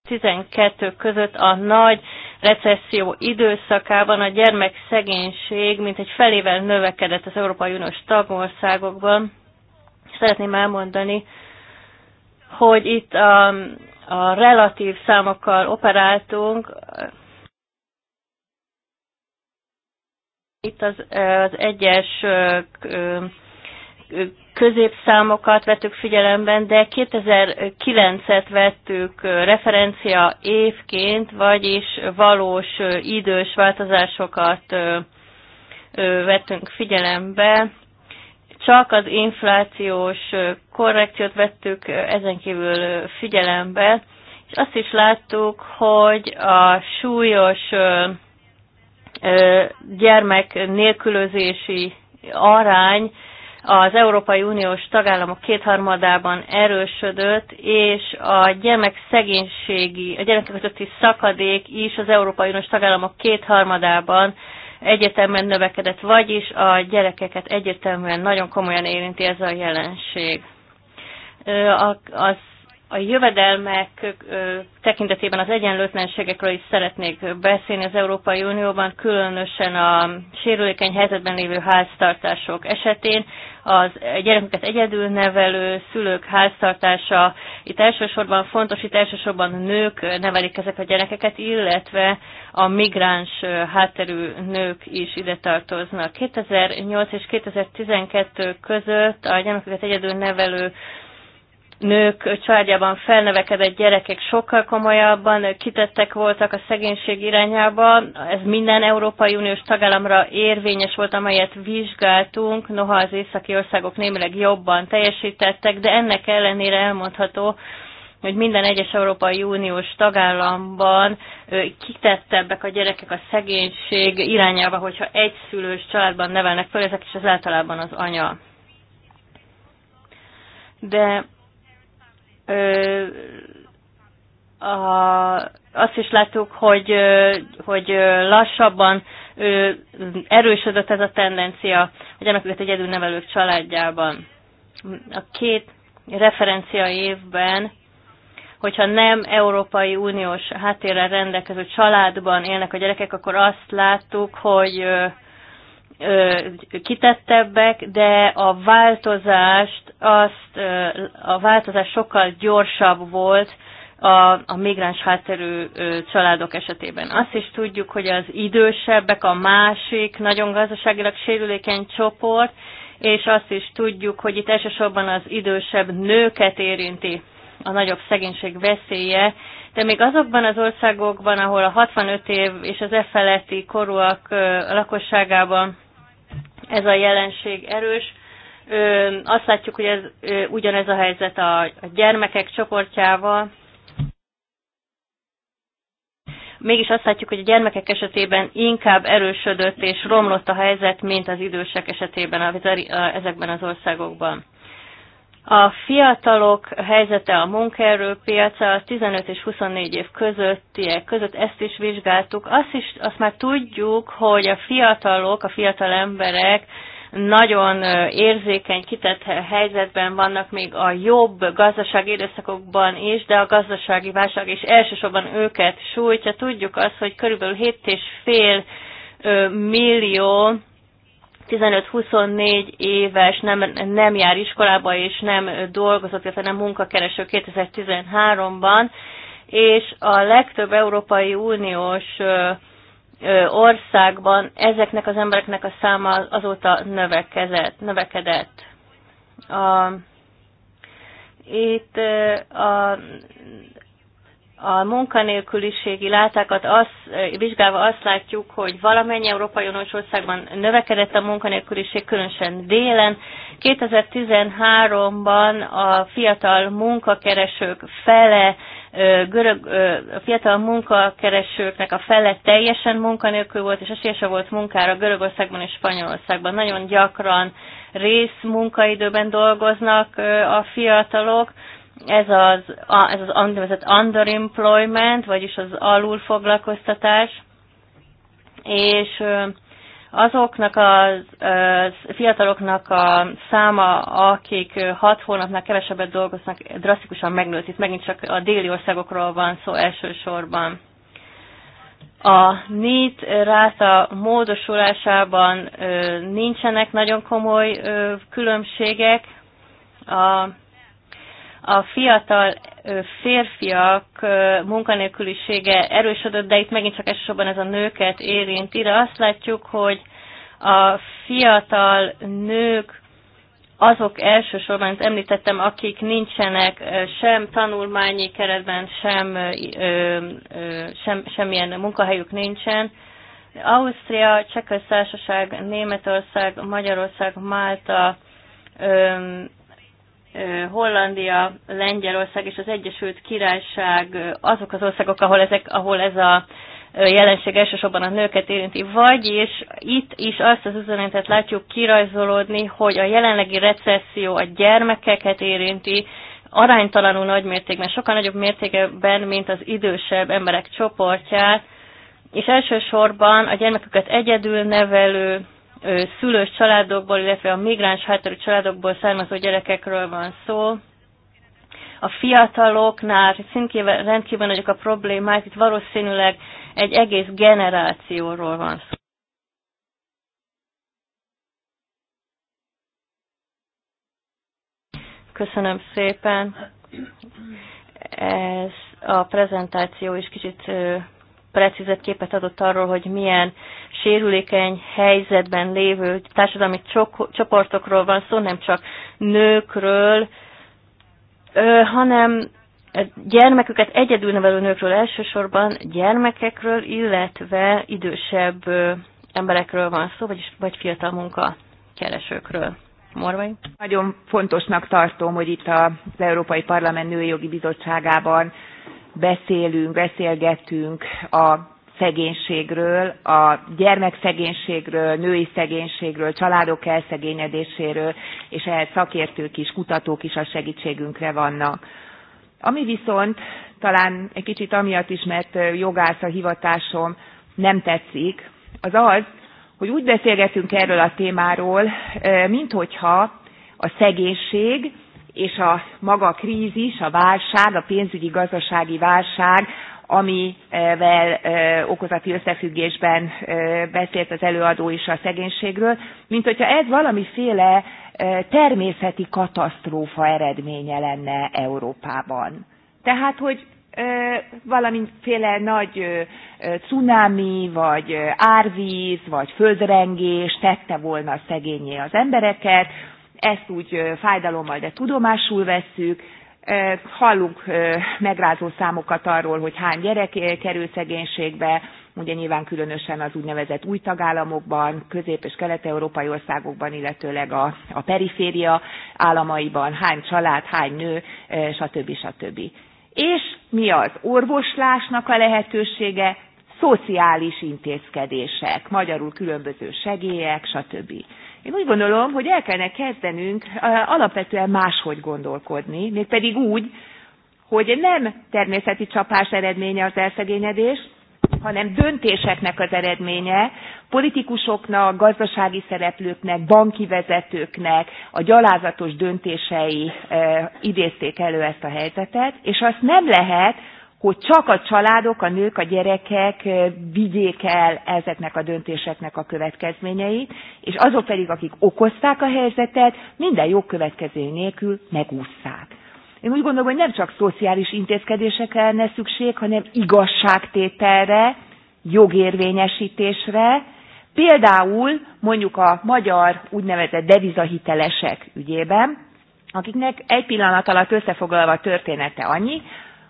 2012 között a nagy recesszió időszakában a gyermekszegénység mintegy felével növekedett az Európai Uniós tagországokban. Szeretném elmondani, hogy itt a, a relatív számokkal operáltunk, Itt az, az egyes középszámokat vettük figyelemben, de 2009-et vettük referencia évként, vagyis valós idős változásokat vettünk figyelembe. Csak az inflációs korrekciót vettük ezen kívül figyelembe, és azt is láttuk, hogy a súlyos gyermek nélkülözési arány az Európai Uniós tagállamok kétharmadában erősödött, és a gyermek szegénységi, a gyermekek közötti szakadék is az Európai Uniós tagállamok kétharmadában egyetemben növekedett, vagyis a gyerekeket egyetemben nagyon komolyan érinti ez a jelenség. Az a jövedelmek tekintetében az egyenlőtlenségekről is szeretnék beszélni az Európai Unióban, különösen a sérülékeny helyzetben lévő háztartások esetén. Az gyerekeket egyedül nevelő szülők háztartása itt elsősorban fontos, itt elsősorban nők nevelik ezek a gyerekeket, illetve a migráns hátterű nők is ide tartoznak. 2008 és 2012 között a gyerekeket egyedül nevelő nők családjában felnevekedett gyerekek sokkal komolyabban kitettek voltak a szegénység irányába. Ez minden Európai Uniós tagállamra érvényes volt, amelyet vizsgáltunk, noha az északi országok némileg jobban teljesítettek, de ennek ellenére elmondható, hogy minden egyes Európai Uniós tagállamban kitettebbek a gyerekek a szegénység irányába, hogyha egy szülős családban nevelnek föl, ezek is az általában az anya. De a, azt is láttuk, hogy, hogy lassabban erősödött ez a tendencia a gyermeküket egyedül nevelők családjában. A két referencia évben, hogyha nem Európai Uniós háttérrel rendelkező családban élnek a gyerekek, akkor azt láttuk, hogy kitettebbek, de a változást azt, a változás sokkal gyorsabb volt a, a migráns hátterű családok esetében. Azt is tudjuk, hogy az idősebbek a másik nagyon gazdaságilag sérülékeny csoport, és azt is tudjuk, hogy itt elsősorban az idősebb nőket érinti a nagyobb szegénység veszélye, de még azokban az országokban, ahol a 65 év és az e feletti korúak lakosságában ez a jelenség erős. Ö, azt látjuk, hogy ez ö, ugyanez a helyzet a, a gyermekek csoportjával. Mégis azt látjuk, hogy a gyermekek esetében inkább erősödött és romlott a helyzet, mint az idősek esetében a, a, ezekben az országokban. A fiatalok helyzete a munkaerőpiaca az 15 és 24 év közöttiek között, ezt is vizsgáltuk. Azt is, azt már tudjuk, hogy a fiatalok, a fiatal emberek nagyon érzékeny, kitett helyzetben vannak még a jobb gazdasági időszakokban is, de a gazdasági válság is elsősorban őket sújtja. Tudjuk azt, hogy körülbelül 7,5 millió 15-24 éves nem, nem jár iskolába és nem dolgozott, illetve nem munkakereső 2013-ban, és a legtöbb Európai Uniós országban ezeknek az embereknek a száma azóta növekedett. növekedett. A, itt a a munkanélküliségi látákat az, vizsgálva azt látjuk, hogy valamennyi Európai Uniós országban növekedett a munkanélküliség, különösen délen. 2013-ban a fiatal munkakeresők fele görög, a fiatal munkakeresőknek a fele teljesen munkanélkül volt, és esélyese volt munkára Görögországban és Spanyolországban. Nagyon gyakran részmunkaidőben munkaidőben dolgoznak a fiatalok, ez az, ez az úgynevezett underemployment, vagyis az alulfoglalkoztatás, és azoknak a fiataloknak a száma, akik hat hónapnál kevesebbet dolgoznak, drasztikusan megnőtt. Itt megint csak a déli országokról van szó elsősorban. A NIT ráta módosulásában nincsenek nagyon komoly különbségek. A a fiatal férfiak munkanélkülisége erősödött, de itt megint csak elsősorban ez a nőket érint. Ide azt látjuk, hogy a fiatal nők azok elsősorban, amit említettem, akik nincsenek sem tanulmányi keretben, sem, sem semmilyen munkahelyük nincsen. Ausztria, Csehköztársaság, Németország, Magyarország, Málta, Hollandia, Lengyelország és az Egyesült Királyság azok az országok, ahol, ezek, ahol ez a jelenség elsősorban a nőket érinti. Vagyis itt is azt az üzenetet látjuk kirajzolódni, hogy a jelenlegi recesszió a gyermekeket érinti, aránytalanul nagy mértékben, sokkal nagyobb mértékben, mint az idősebb emberek csoportját, és elsősorban a gyermeküket egyedül nevelő szülős családokból, illetve a migráns hátterű családokból származó gyerekekről van szó. A fiataloknál szintén rendkívül nagyok a problémák, itt valószínűleg egy egész generációról van szó. Köszönöm szépen. Ez a prezentáció is kicsit precízebb képet adott arról, hogy milyen sérülékeny helyzetben lévő társadalmi csoportokról van szó, nem csak nőkről, hanem gyermeküket egyedül nevelő nőkről elsősorban, gyermekekről, illetve idősebb emberekről van szó, vagyis vagy fiatal munkakeresőkről. Morvai? Nagyon fontosnak tartom, hogy itt az Európai Parlament Női Jogi Bizottságában beszélünk, beszélgetünk a szegénységről, a gyermekszegénységről, női szegénységről, családok elszegényedéséről, és ehhez szakértők is, kutatók is a segítségünkre vannak. Ami viszont talán egy kicsit amiatt is, mert jogász a hivatásom, nem tetszik, az az, hogy úgy beszélgetünk erről a témáról, minthogyha a szegénység és a maga krízis, a válság, a pénzügyi gazdasági válság, amivel okozati összefüggésben beszélt az előadó is a szegénységről, mint hogyha ez valamiféle természeti katasztrófa eredménye lenne Európában. Tehát, hogy valamiféle nagy cunami, vagy árvíz, vagy földrengés tette volna szegényé az embereket, ezt úgy fájdalommal, de tudomásul vesszük, hallunk megrázó számokat arról, hogy hány gyerek kerül szegénységbe, ugye nyilván különösen az úgynevezett új tagállamokban, közép- és kelet-európai országokban, illetőleg a, a periféria államaiban, hány család, hány nő, stb. stb. És mi az orvoslásnak a lehetősége? Szociális intézkedések, magyarul különböző segélyek, stb. Én úgy gondolom, hogy el kellene kezdenünk alapvetően máshogy gondolkodni, mégpedig úgy, hogy nem természeti csapás eredménye az elszegényedés, hanem döntéseknek az eredménye, politikusoknak, gazdasági szereplőknek, banki vezetőknek a gyalázatos döntései e, idézték elő ezt a helyzetet, és azt nem lehet hogy csak a családok, a nők, a gyerekek vigyék el ezeknek a döntéseknek a következményeit, és azok pedig, akik okozták a helyzetet, minden jog következmény nélkül megúszszák. Én úgy gondolom, hogy nem csak szociális intézkedésekre lenne szükség, hanem igazságtételre, jogérvényesítésre, például mondjuk a magyar úgynevezett devizahitelesek ügyében, akiknek egy pillanat alatt összefoglalva a története annyi,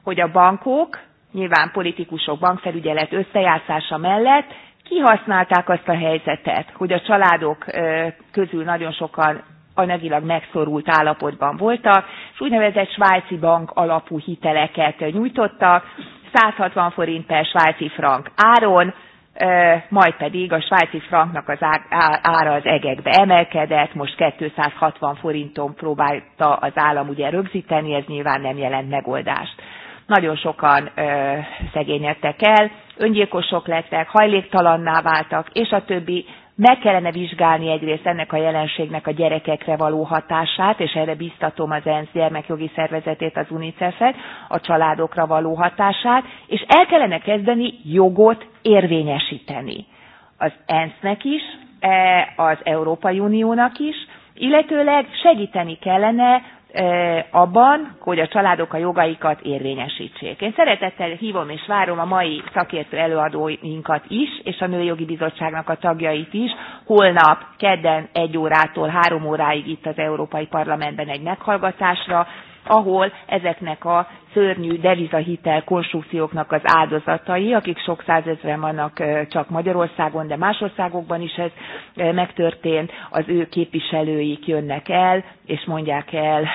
hogy a bankok, nyilván politikusok bankfelügyelet összejátszása mellett kihasználták azt a helyzetet, hogy a családok közül nagyon sokan anyagilag megszorult állapotban voltak, és úgynevezett svájci bank alapú hiteleket nyújtottak, 160 forint per svájci frank áron, majd pedig a svájci franknak az ára az egekbe emelkedett, most 260 forinton próbálta az állam ugye rögzíteni, ez nyilván nem jelent megoldást nagyon sokan ö, szegényedtek el, öngyilkosok lettek, hajléktalanná váltak, és a többi. Meg kellene vizsgálni egyrészt ennek a jelenségnek a gyerekekre való hatását, és erre biztatom az ENSZ gyermekjogi szervezetét, az UNICEF-et, a családokra való hatását, és el kellene kezdeni jogot érvényesíteni. Az ENSZ-nek is, e, az Európai Uniónak is, illetőleg segíteni kellene E, abban, hogy a családok a jogaikat érvényesítsék. Én szeretettel hívom és várom a mai szakértő előadóinkat is, és a Nőjogi Bizottságnak a tagjait is. Holnap, kedden egy órától három óráig itt az Európai Parlamentben egy meghallgatásra, ahol ezeknek a szörnyű devizahitel konstrukcióknak az áldozatai, akik sok százezren vannak csak Magyarországon, de más országokban is ez megtörtént, az ő képviselőik jönnek el, és mondják el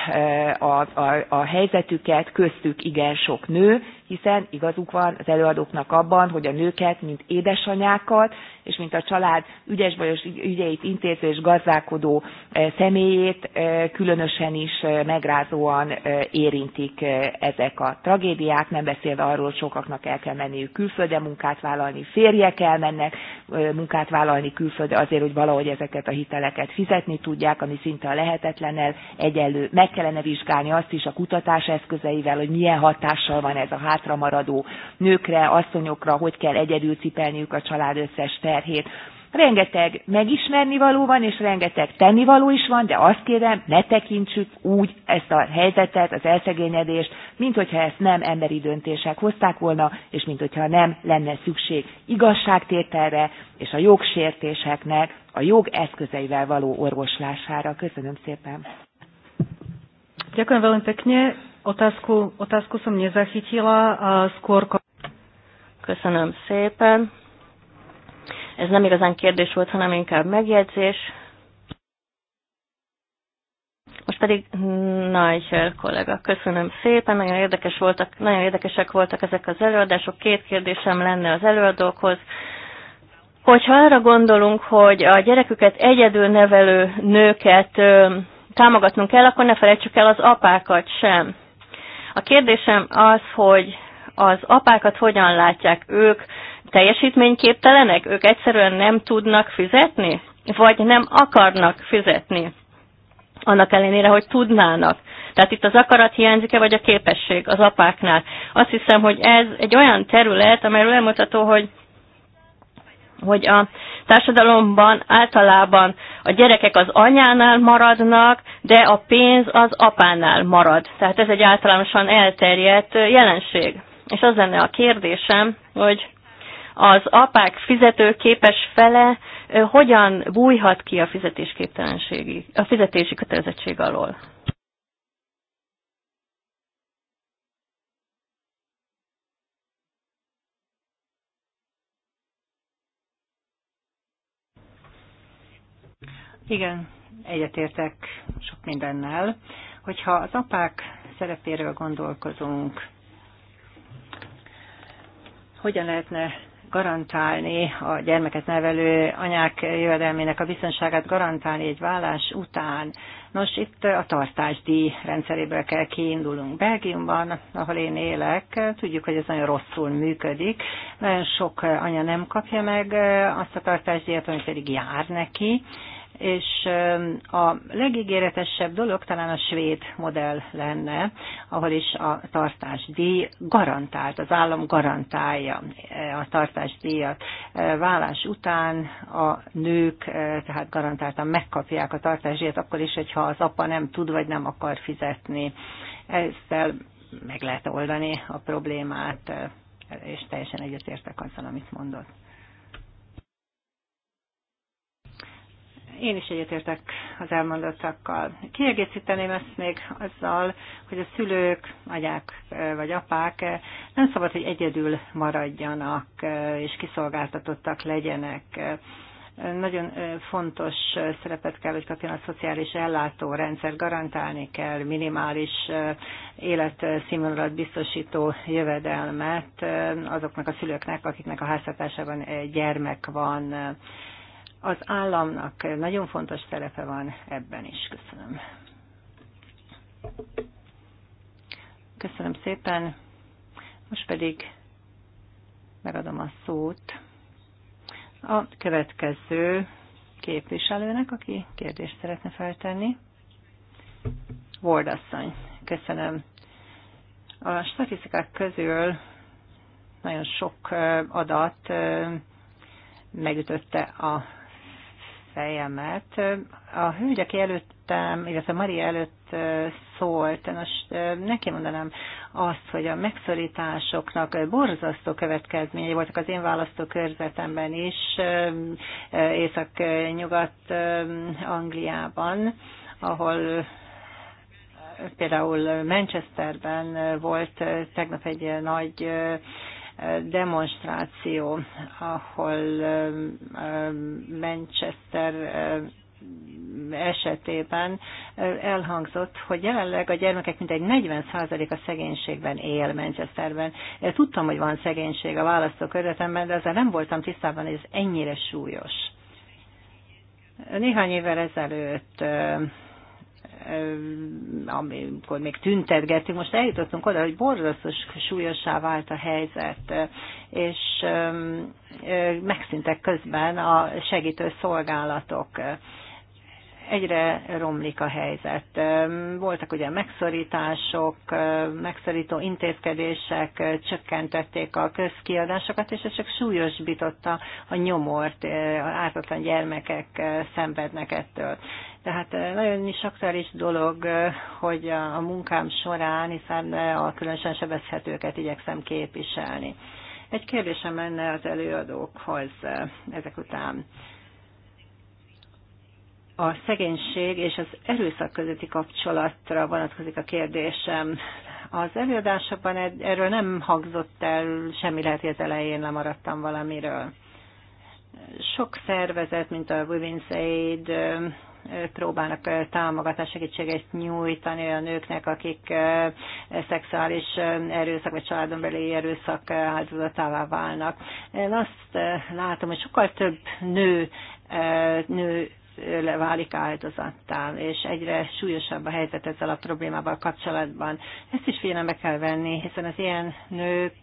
a, a, a helyzetüket, köztük igen sok nő, hiszen igazuk van az előadóknak abban, hogy a nőket, mint édesanyákat, és mint a család ügyes bajos ügyeit intéző és gazdálkodó személyét különösen is megrázóan érintik ezek ezek a tragédiák, nem beszélve arról, hogy sokaknak el kell menniük külföldre munkát vállalni, férjek elmennek munkát vállalni külföldre azért, hogy valahogy ezeket a hiteleket fizetni tudják, ami szinte a lehetetlennel egyenlő. Meg kellene vizsgálni azt is a kutatás eszközeivel, hogy milyen hatással van ez a hátramaradó nőkre, asszonyokra, hogy kell egyedül cipelniük a család összes terhét, Rengeteg megismerni való van, és rengeteg tennivaló is van, de azt kérem, ne tekintsük úgy ezt a helyzetet, az elszegényedést, mint hogyha ezt nem emberi döntések hozták volna, és mint hogyha nem lenne szükség igazságtételre és a jogsértéseknek a jog eszközeivel való orvoslására. Köszönöm szépen. Ďakujem veľmi pekne. Otázku, otázku som nezachytila, skôr... Köszönöm szépen. Ez nem igazán kérdés volt, hanem inkább megjegyzés. Most pedig nagy kollega, köszönöm szépen, nagyon, érdekes voltak, nagyon érdekesek voltak ezek az előadások. Két kérdésem lenne az előadókhoz. Hogyha arra gondolunk, hogy a gyereküket egyedül nevelő nőket támogatnunk kell, akkor ne felejtsük el az apákat sem. A kérdésem az, hogy az apákat hogyan látják ők, teljesítményképtelenek? Ők egyszerűen nem tudnak fizetni? Vagy nem akarnak fizetni? Annak ellenére, hogy tudnának. Tehát itt az akarat hiányzik-e, vagy a képesség az apáknál. Azt hiszem, hogy ez egy olyan terület, amelyről elmutató, hogy hogy a társadalomban általában a gyerekek az anyánál maradnak, de a pénz az apánál marad. Tehát ez egy általánosan elterjedt jelenség. És az lenne a kérdésem, hogy az apák fizetőképes fele hogyan bújhat ki a fizetésképtelenségi, a fizetési kötelezettség alól? Igen, egyetértek sok mindennel. Hogyha az apák szerepéről gondolkozunk, hogyan lehetne garantálni a gyermeket nevelő anyák jövedelmének a biztonságát garantálni egy vállás után. Nos, itt a tartásdíj rendszeréből kell kiindulunk. Belgiumban, ahol én élek, tudjuk, hogy ez nagyon rosszul működik. Nagyon sok anya nem kapja meg azt a tartásdíjat, ami pedig jár neki és a legígéretesebb dolog talán a svéd modell lenne, ahol is a tartásdíj garantált, az állam garantálja eh, a tartásdíjat. Eh, Vállás után a nők eh, tehát garantáltan megkapják a tartásdíjat, akkor is, hogyha az apa nem tud vagy nem akar fizetni. Ezzel meg lehet oldani a problémát, és teljesen egyetértek azzal, amit mondott. Én is egyetértek az elmondottakkal. Kiegészíteném ezt még azzal, hogy a szülők, anyák vagy apák nem szabad, hogy egyedül maradjanak és kiszolgáltatottak legyenek nagyon fontos szerepet kell, hogy kapjon a szociális ellátórendszer, garantálni kell minimális életszínvonalat biztosító jövedelmet azoknak a szülőknek, akiknek a háztartásában gyermek van. Az államnak nagyon fontos szerepe van ebben is. Köszönöm. Köszönöm szépen. Most pedig megadom a szót a következő képviselőnek, aki kérdést szeretne feltenni. Vordasszony, köszönöm. A statisztikák közül nagyon sok adat megütötte a fejemet. A hölgy, aki előttem, illetve Maria előtt szólt, most neki mondanám azt, hogy a megszorításoknak borzasztó következményei voltak az én választókörzetemben is, észak-nyugat Angliában, ahol például Manchesterben volt tegnap egy nagy demonstráció, ahol um, um, Manchester um, esetében uh, elhangzott, hogy jelenleg a gyermekek mintegy 40%-a szegénységben él Manchesterben. Tudtam, hogy van szegénység a választókörzetemben, de ezzel nem voltam tisztában, hogy ez ennyire súlyos. Néhány évvel ezelőtt amikor még tüntetgettünk, most eljutottunk oda, hogy borzasztó súlyosá vált a helyzet, és megszintek közben a segítő szolgálatok egyre romlik a helyzet. Voltak ugye megszorítások, megszorító intézkedések, csökkentették a közkiadásokat, és ez csak súlyosbította a nyomort, ártatlan gyermekek szenvednek ettől. Tehát nagyon is aktuális dolog, hogy a munkám során, hiszen a különösen sebezhetőket igyekszem képviselni. Egy kérdésem lenne az előadókhoz ezek után a szegénység és az erőszak közötti kapcsolatra vonatkozik a kérdésem. Az előadásokban erről nem hangzott el semmi, lehet, hogy az elején lemaradtam valamiről. Sok szervezet, mint a Women's Aid, próbálnak támogatás segítséget nyújtani a nőknek, akik szexuális erőszak vagy családon belüli erőszak áldozatává válnak. Én azt látom, hogy sokkal több nő nő válik áldozattá, és egyre súlyosabb a helyzet ezzel a problémával kapcsolatban. Ezt is figyelembe kell venni, hiszen az ilyen nők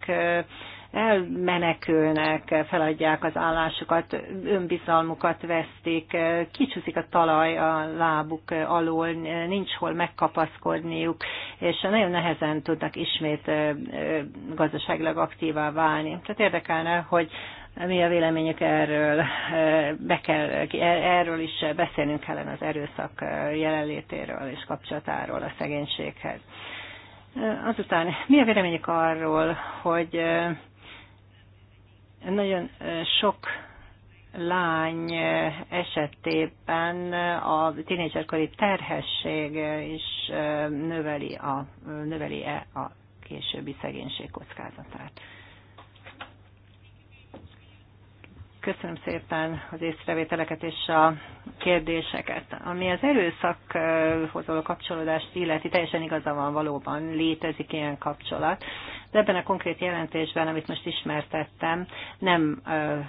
elmenekülnek, feladják az állásukat, önbizalmukat vesztik, kicsúszik a talaj a lábuk alól, nincs hol megkapaszkodniuk, és nagyon nehezen tudnak ismét gazdaságilag aktívá válni. Tehát érdekelne, hogy mi a véleményük erről, eh, be kell, eh, erről is beszélnünk kellene az erőszak eh, jelenlétéről és kapcsolatáról a szegénységhez. Azután mi a véleményük arról, hogy nagyon sok lány esetében a tínézserkori terhesség is növeli, a, növeli a későbbi szegénység kockázatát. Köszönöm szépen az észrevételeket és a kérdéseket. Ami az erőszakhoz való kapcsolódást illeti, teljesen igaza van valóban, létezik ilyen kapcsolat. De ebben a konkrét jelentésben, amit most ismertettem, nem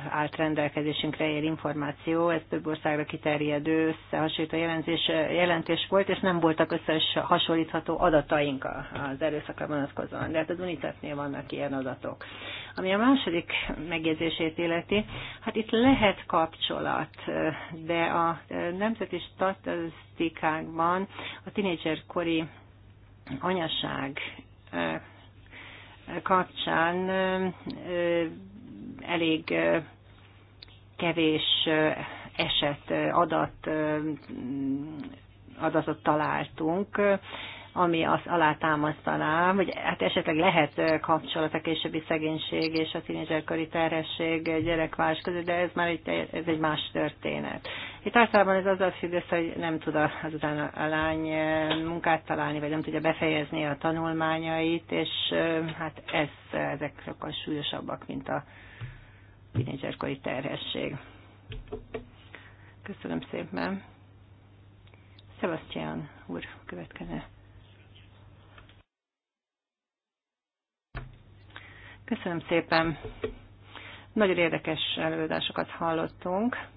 állt rendelkezésünkre ér információ, ez több országra kiterjedő összehasonlító jelentés, jelentés volt, és nem voltak összes hasonlítható adataink az erőszakra vonatkozóan. De hát az UNICEF-nél vannak ilyen adatok. Ami a második megjegyzését illeti, hát itt lehet kapcsolat, de a nemzeti statisztikákban a tinédzserkori anyaság kapcsán elég kevés eset, adat, adatot találtunk, ami azt alátámasztaná, hogy hát esetleg lehet kapcsolat a későbbi szegénység és a tínézserkori terhesség gyerekvás között, de ez már egy, ez egy más történet. Itt általában ez azzal függ össze, hogy nem tud azután a lány eh, munkát találni, vagy nem tudja befejezni a tanulmányait, és eh, hát ez, ezek sokkal súlyosabbak, mint a tínédzserkori terhesség. Köszönöm szépen. Sebastian úr következő. Köszönöm szépen. Nagyon érdekes előadásokat hallottunk.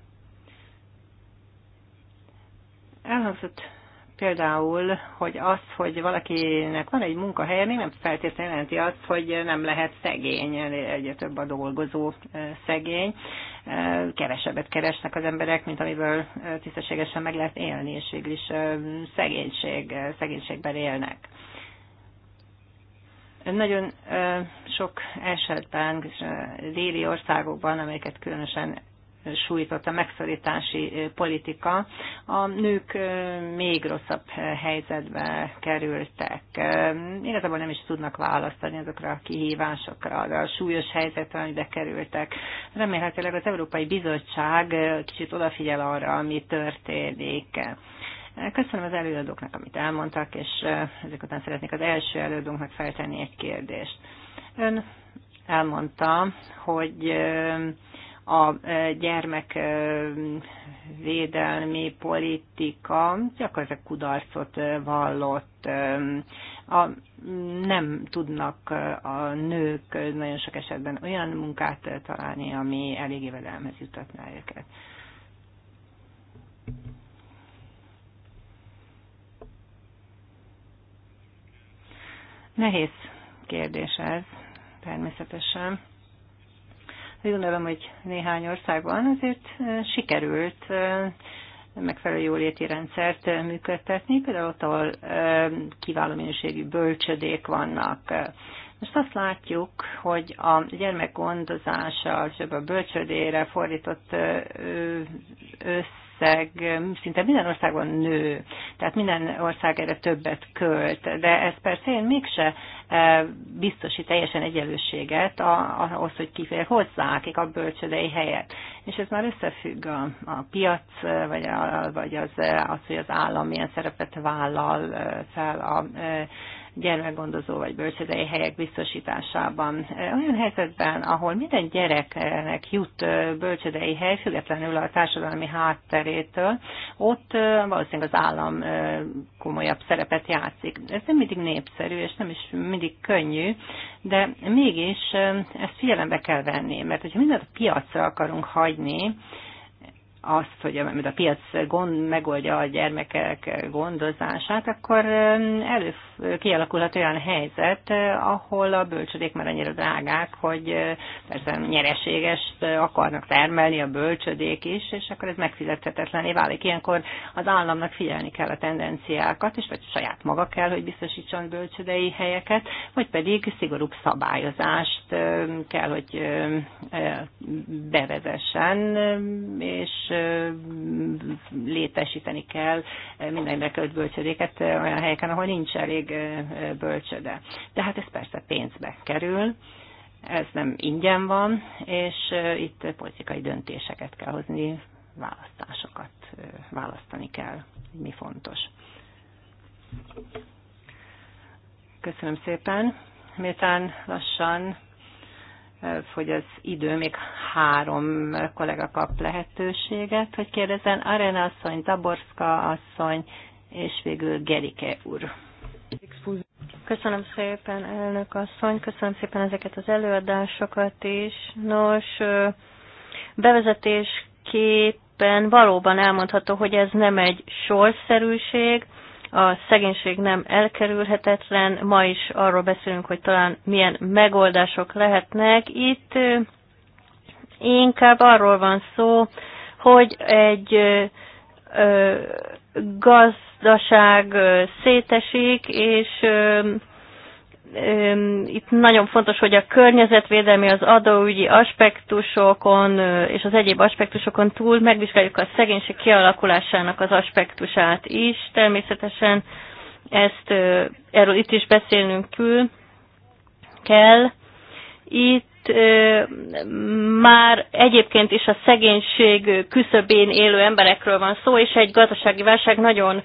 Elhangzott például, hogy az, hogy valakinek van egy munkahelye, még nem feltétlenül jelenti azt, hogy nem lehet szegény, egyre több a dolgozó eh, szegény. Eh, kevesebbet keresnek az emberek, mint amiből eh, tisztességesen meg lehet élni, és végül is szegénység, szegénységben élnek. Nagyon sok esetben déli országokban, amelyeket különösen sújtott a megszorítási politika, a nők még rosszabb helyzetbe kerültek. Igazából nem is tudnak választani azokra a kihívásokra, de a súlyos helyzetre, amibe kerültek. Remélhetőleg az Európai Bizottság kicsit odafigyel arra, ami történik. Köszönöm az előadóknak, amit elmondtak, és ezek után szeretnék az első előadónknak feltenni egy kérdést. Ön elmondta, hogy a gyermekvédelmi politika gyakorlatilag kudarcot vallott. A, nem tudnak a nők nagyon sok esetben olyan munkát találni, ami elég jövedelmhez jutatná őket. Nehéz kérdés ez, természetesen. Úgy gondolom, hogy néhány országban azért sikerült megfelelő jóléti rendszert működtetni, például ott, ahol kiváló minőségű bölcsödék vannak. Most azt látjuk, hogy a gyermekgondozása, a bölcsödére fordított össz összeg szinte minden országban nő, tehát minden ország erre többet költ, de ez persze én mégse e, biztosít teljesen egyenlőséget ahhoz, hogy kifér hozzá, akik a bölcsödei helyet. És ez már összefügg a, a piac, vagy, a, vagy az, az, hogy az állam milyen szerepet vállal e, fel a, a e, gyermekgondozó vagy bölcsödei helyek biztosításában. Olyan helyzetben, ahol minden gyereknek jut bölcsödei hely, függetlenül a társadalmi hátterétől, ott valószínűleg az állam komolyabb szerepet játszik. Ez nem mindig népszerű, és nem is mindig könnyű, de mégis ezt figyelembe kell venni, mert hogyha mindent a piacra akarunk hagyni, azt, hogy a, a piac gond, megoldja a gyermekek gondozását, akkor elő kialakulhat olyan helyzet, ahol a bölcsödék már annyira drágák, hogy eh, persze nyereségest eh, akarnak termelni a bölcsödék is, és akkor ez megfizethetetlené válik. Ilyenkor az államnak figyelni kell a tendenciákat, és vagy saját maga kell, hogy biztosítson bölcsödei helyeket, vagy pedig szigorúbb szabályozást eh, kell, hogy bevezessen, és létesíteni kell mindenre költ bölcsödéket olyan helyeken, ahol nincs elég bölcsöde. De hát ez persze pénzbe kerül, ez nem ingyen van, és itt politikai döntéseket kell hozni, választásokat választani kell, mi fontos. Köszönöm szépen. Miután lassan Eh, hogy az idő, még három kollega kap lehetőséget, hogy kérdezzen Arena asszony, Taborska asszony, és végül Gerike úr. Köszönöm szépen, elnök asszony, köszönöm szépen ezeket az előadásokat is. Nos, bevezetésképpen valóban elmondható, hogy ez nem egy sorszerűség, a szegénység nem elkerülhetetlen. Ma is arról beszélünk, hogy talán milyen megoldások lehetnek. Itt inkább arról van szó, hogy egy gazdaság szétesik, és itt nagyon fontos, hogy a környezetvédelmi, az adóügyi aspektusokon és az egyéb aspektusokon túl megvizsgáljuk a szegénység kialakulásának az aspektusát is. Természetesen ezt erről itt is beszélnünk kell. Itt már egyébként is a szegénység küszöbén élő emberekről van szó, és egy gazdasági válság nagyon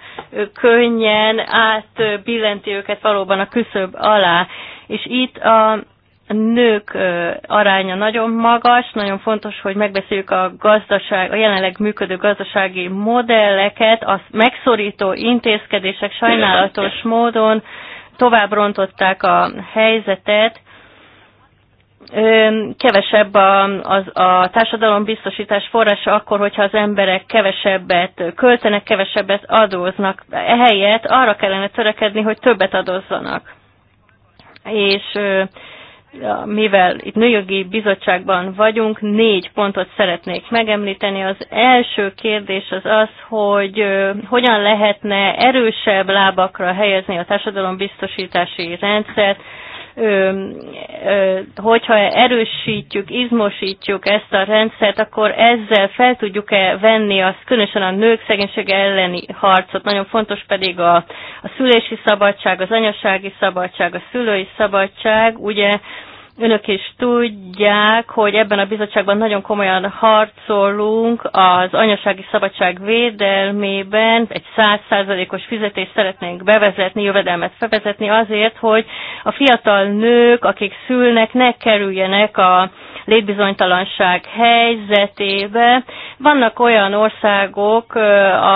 könnyen átbillenti őket valóban a küszöb alá. És itt a nők aránya nagyon magas, nagyon fontos, hogy megbeszéljük a gazdaság, a jelenleg működő gazdasági modelleket, a megszorító intézkedések sajnálatos módon tovább rontották a helyzetet, kevesebb a, az, a társadalombiztosítás forrása akkor, hogyha az emberek kevesebbet költenek, kevesebbet adóznak. Ehelyett arra kellene törekedni, hogy többet adozzanak. És mivel itt nőjogi bizottságban vagyunk, négy pontot szeretnék megemlíteni. Az első kérdés az az, hogy hogyan lehetne erősebb lábakra helyezni a társadalombiztosítási rendszert, hogyha erősítjük, izmosítjuk ezt a rendszert, akkor ezzel fel tudjuk-e venni azt, különösen a nők szegénység elleni harcot. Nagyon fontos pedig a, a szülési szabadság, az anyasági szabadság, a szülői szabadság, ugye Önök is tudják, hogy ebben a bizottságban nagyon komolyan harcolunk az anyasági szabadság védelmében. Egy százszázalékos fizetést szeretnénk bevezetni, jövedelmet bevezetni azért, hogy a fiatal nők, akik szülnek, ne kerüljenek a létbizonytalanság helyzetébe. Vannak olyan országok,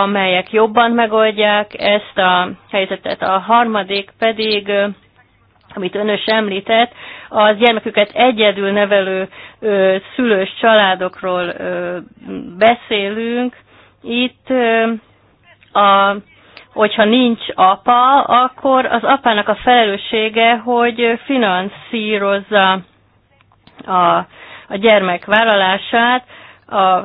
amelyek jobban megoldják ezt a helyzetet. A harmadik pedig, amit önös említett, az gyermeküket egyedül nevelő szülős családokról beszélünk. Itt a hogyha nincs apa, akkor az apának a felelőssége, hogy finanszírozza a, a gyermek vállalását. A,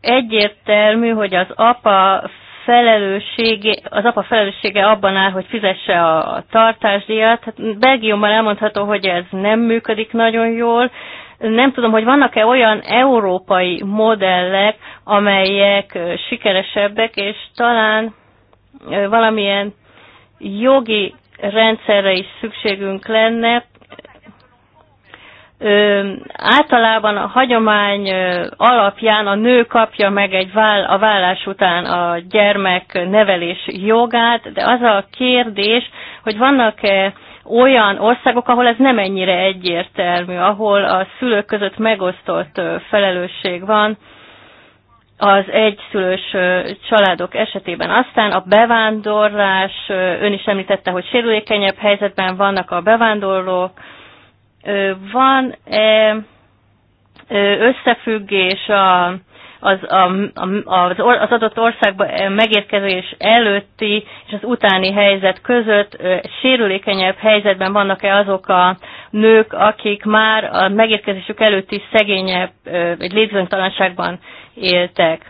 egyértelmű, hogy az apa felelőssége, az apa felelőssége abban áll, hogy fizesse a tartásdíjat. Hát Belgiumban elmondható, hogy ez nem működik nagyon jól. Nem tudom, hogy vannak-e olyan európai modellek, amelyek sikeresebbek, és talán valamilyen jogi rendszerre is szükségünk lenne, általában a hagyomány alapján a nő kapja meg egy vál, a vállás után a gyermek nevelés jogát, de az a kérdés, hogy vannak-e olyan országok, ahol ez nem ennyire egyértelmű, ahol a szülők között megosztott felelősség van az egyszülős családok esetében. Aztán a bevándorlás, ön is említette, hogy sérülékenyebb helyzetben vannak a bevándorlók, van-e összefüggés a az, a, az, az adott országba e, megérkezés előtti és az utáni helyzet között sérülékenyebb helyzetben vannak-e azok a nők, akik már a megérkezésük előtti szegényebb, egy létbizonytalanságban éltek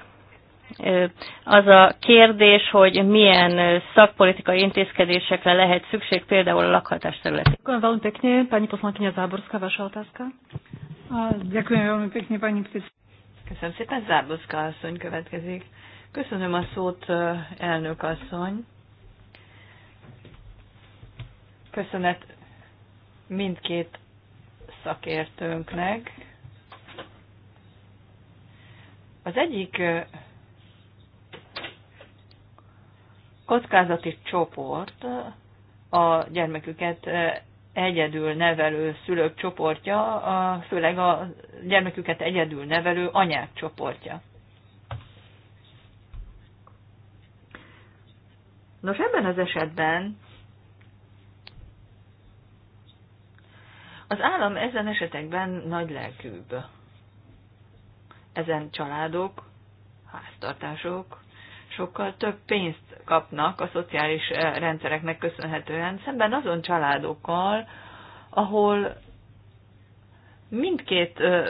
az a kérdés, hogy milyen szakpolitikai intézkedésekre lehet szükség, például a lakhatás területén. Köszönöm veľmi pekne, pani poslankyňa Záborská, vaša otázka. Ďakujem veľmi pekne, pani Köszönöm szépen, Záborská asszony következik. Köszönöm a szót, elnök asszony. Köszönet mindkét szakértőnknek. Az egyik kockázati csoport, a gyermeküket egyedül nevelő szülők csoportja, főleg a gyermeküket egyedül nevelő anyák csoportja. Nos, ebben az esetben az állam ezen esetekben nagy lelkűbb. Ezen családok, háztartások sokkal több pénzt kapnak a szociális eh, rendszereknek köszönhetően, szemben azon családokkal, ahol mindkét eh,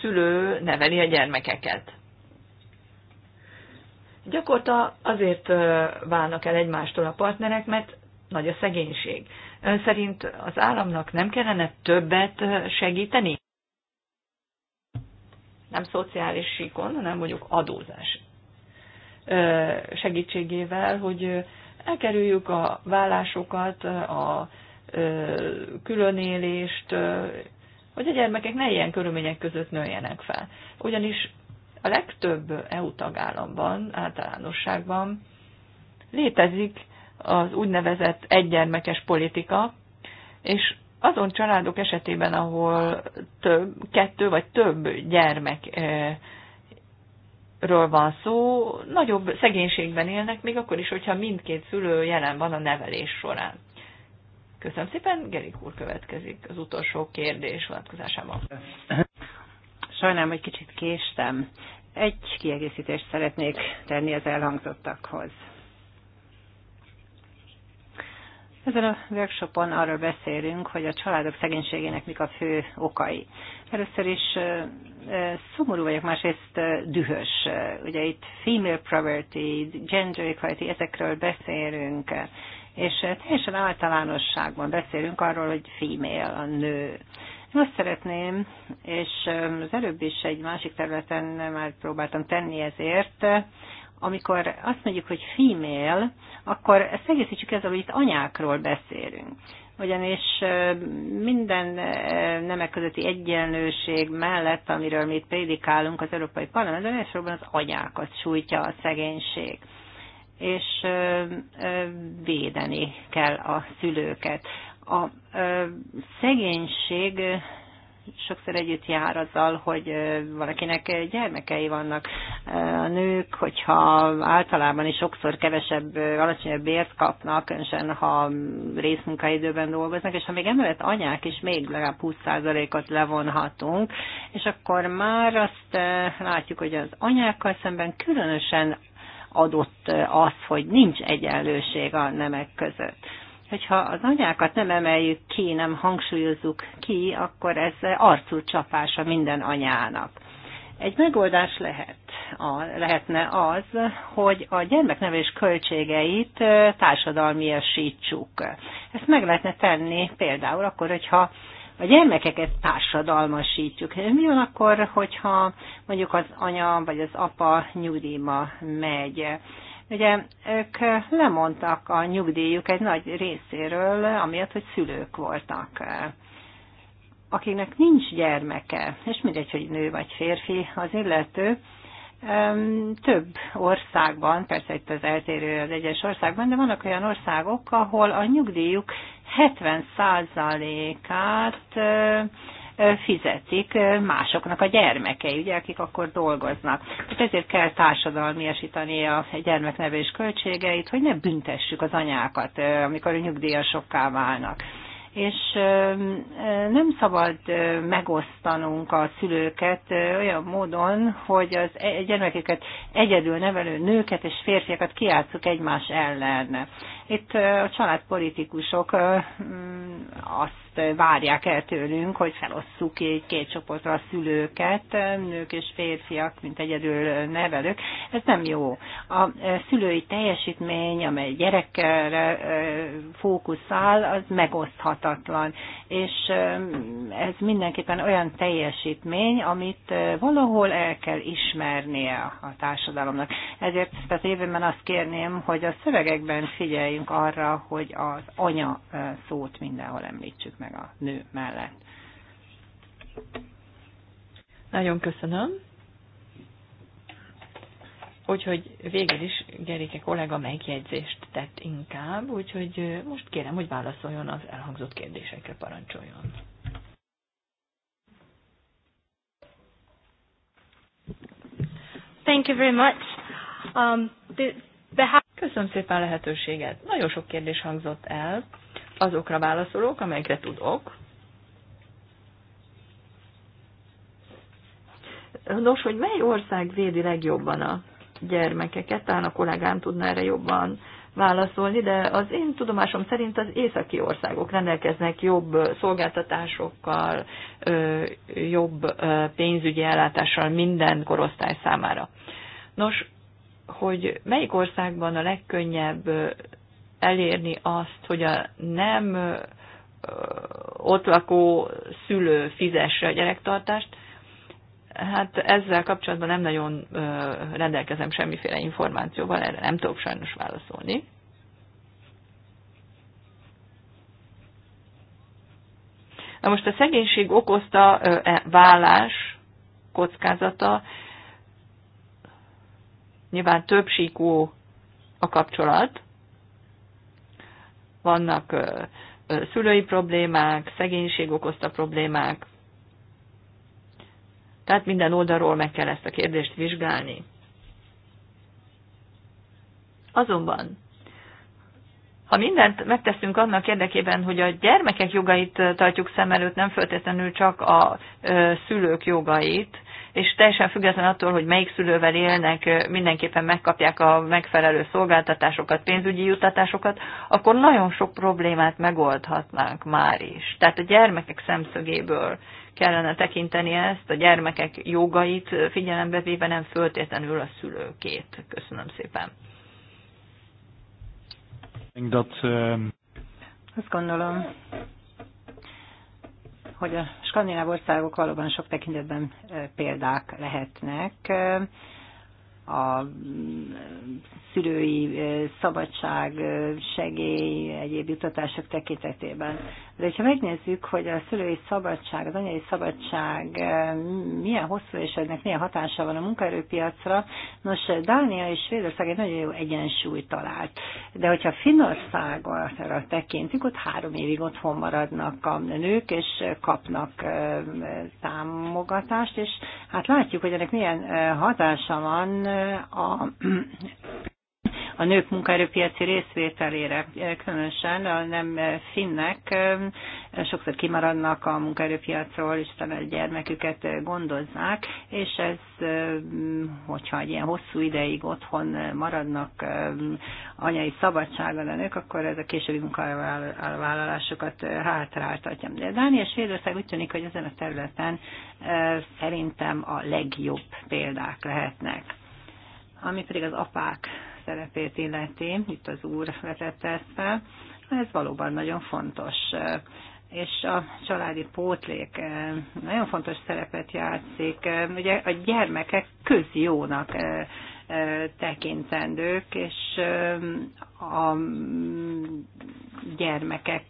szülő neveli a gyermekeket. Gyakorta azért eh, válnak el egymástól a partnerek, mert nagy a szegénység. Ön szerint az államnak nem kellene többet segíteni? Nem szociális síkon, hanem mondjuk adózás segítségével, hogy elkerüljük a vállásokat, a különélést, hogy a gyermekek ne ilyen körülmények között nőjenek fel. Ugyanis a legtöbb EU tagállamban, általánosságban létezik az úgynevezett egygyermekes politika, és azon családok esetében, ahol több, kettő vagy több gyermek ről van szó, nagyobb szegénységben élnek, még akkor is, hogyha mindkét szülő jelen van a nevelés során. Köszönöm szépen, Gerik úr következik az utolsó kérdés vonatkozásában. Sajnálom, hogy kicsit késtem. Egy kiegészítést szeretnék tenni az elhangzottakhoz. Ezen a workshopon arról beszélünk, hogy a családok szegénységének mik a fő okai. Először is szomorú vagyok, másrészt dühös. Ugye itt female poverty, gender equality, ezekről beszélünk, és teljesen általánosságban beszélünk arról, hogy female, a nő. Én azt szeretném, és az előbb is egy másik területen már próbáltam tenni ezért, amikor azt mondjuk, hogy female, akkor ezt egészítsük ezzel, hogy itt anyákról beszélünk ugyanis minden nemek közötti egyenlőség mellett, amiről mi itt prédikálunk az Európai Parlamentben, elsősorban az anyákat sújtja a szegénység és védeni kell a szülőket. A szegénység sokszor együtt jár azzal, hogy valakinek gyermekei vannak. A nők, hogyha általában is sokszor kevesebb, alacsonyabb bért kapnak, különösen ha részmunkaidőben dolgoznak, és ha még emellett anyák is még legalább 20%-ot levonhatunk, és akkor már azt látjuk, hogy az anyákkal szemben különösen adott az, hogy nincs egyenlőség a nemek között hogyha az anyákat nem emeljük ki, nem hangsúlyozzuk ki, akkor ez arcú csapása minden anyának. Egy megoldás lehet, a, lehetne az, hogy a gyermeknevés költségeit társadalmiasítsuk. Ezt meg lehetne tenni például akkor, hogyha a gyermekeket társadalmasítjuk. Mi van akkor, hogyha mondjuk az anya vagy az apa nyugdíjba megy? Ugye ők lemondtak a nyugdíjuk egy nagy részéről, amiatt, hogy szülők voltak akiknek nincs gyermeke, és mindegy, hogy nő vagy férfi az illető, több országban, persze itt az eltérő az egyes országban, de vannak olyan országok, ahol a nyugdíjuk 70%-át fizetik másoknak a gyermekei, ugye, akik akkor dolgoznak. Tehát ezért kell társadalmiasítani a gyermeknevelés költségeit, hogy ne büntessük az anyákat, amikor nyugdíjasokká válnak és nem szabad megosztanunk a szülőket olyan módon, hogy az e-, gyermekeket egyedül nevelő nőket és férfiakat kiátszuk egymás ellen. Itt a családpolitikusok mm, azt várják el tőlünk, hogy felosszuk két csoportra a szülőket, nők és férfiak, mint egyedül nevelők. Ez nem jó. A szülői teljesítmény, amely gyerekkel fókuszál, az megoszthat elfogadhatatlan, és ez mindenképpen olyan teljesítmény, amit valahol el kell ismernie a társadalomnak. Ezért tehát évben azt kérném, hogy a szövegekben figyeljünk arra, hogy az anya szót mindenhol említsük meg a nő mellett. Nagyon köszönöm. Úgyhogy végül is Gerike kollega megjegyzést tett inkább, úgyhogy most kérem, hogy válaszoljon az elhangzott kérdésekre, parancsoljon. Thank you very much. Um, the, the... Köszönöm szépen a lehetőséget. Nagyon sok kérdés hangzott el. Azokra válaszolok, amelyekre tudok. Nos, hogy mely ország védi legjobban a gyermekeket, talán a kollégám tudna erre jobban válaszolni, de az én tudomásom szerint az északi országok rendelkeznek jobb szolgáltatásokkal, jobb pénzügyi ellátással minden korosztály számára. Nos, hogy melyik országban a legkönnyebb elérni azt, hogy a nem ott lakó szülő fizesse a gyerektartást, Hát ezzel kapcsolatban nem nagyon rendelkezem semmiféle információval, erre nem tudok sajnos válaszolni. Na most a szegénység okozta e vállás kockázata nyilván több síkú a kapcsolat. Vannak szülői problémák, szegénység okozta problémák, tehát minden oldalról meg kell ezt a kérdést vizsgálni. Azonban, ha mindent megteszünk annak érdekében, hogy a gyermekek jogait tartjuk szem előtt, nem feltétlenül csak a szülők jogait, és teljesen független attól, hogy melyik szülővel élnek, mindenképpen megkapják a megfelelő szolgáltatásokat, pénzügyi juttatásokat, akkor nagyon sok problémát megoldhatnánk már is. Tehát a gyermekek szemszögéből kellene tekinteni ezt, a gyermekek jogait figyelembe véve, nem föltétlenül a szülőkét. Köszönöm szépen. Uh, Azt gondolom, hogy a skandináv országok valóban sok tekintetben példák lehetnek. A szülői szabadság, segély, egyéb jutatások tekintetében. De hogyha megnézzük, hogy a szülői szabadság, az anyai szabadság eh, milyen hosszú és ennek milyen hatása van a munkaerőpiacra, nos, eh, Dánia és Svédország egy nagyon jó egyensúlyt talált. De hogyha Finországra tekintünk, ott három évig otthon maradnak a nők, és kapnak eh, támogatást, és hát látjuk, hogy ennek milyen hatása van a a nők munkaerőpiaci részvételére. Eh, különösen a nem eh, finnek eh, sokszor kimaradnak a munkaerőpiacról, és talán a gyermeküket gondozzák, és ez, hogyha egy ilyen hosszú ideig otthon maradnak anyai szabadságon a nők, akkor ez a későbbi munkavállalásokat hátráltatja. De Dánia és Svédország úgy tűnik, hogy ezen a területen szerintem a legjobb példák lehetnek. Ami pedig az apák szerepét illeti, itt az úr vetette ezt fel, ez valóban nagyon fontos és a családi pótlék eh, nagyon fontos szerepet játszik. Ugye a gyermekek közjónak eh, eh, tekintendők, és a gyermekek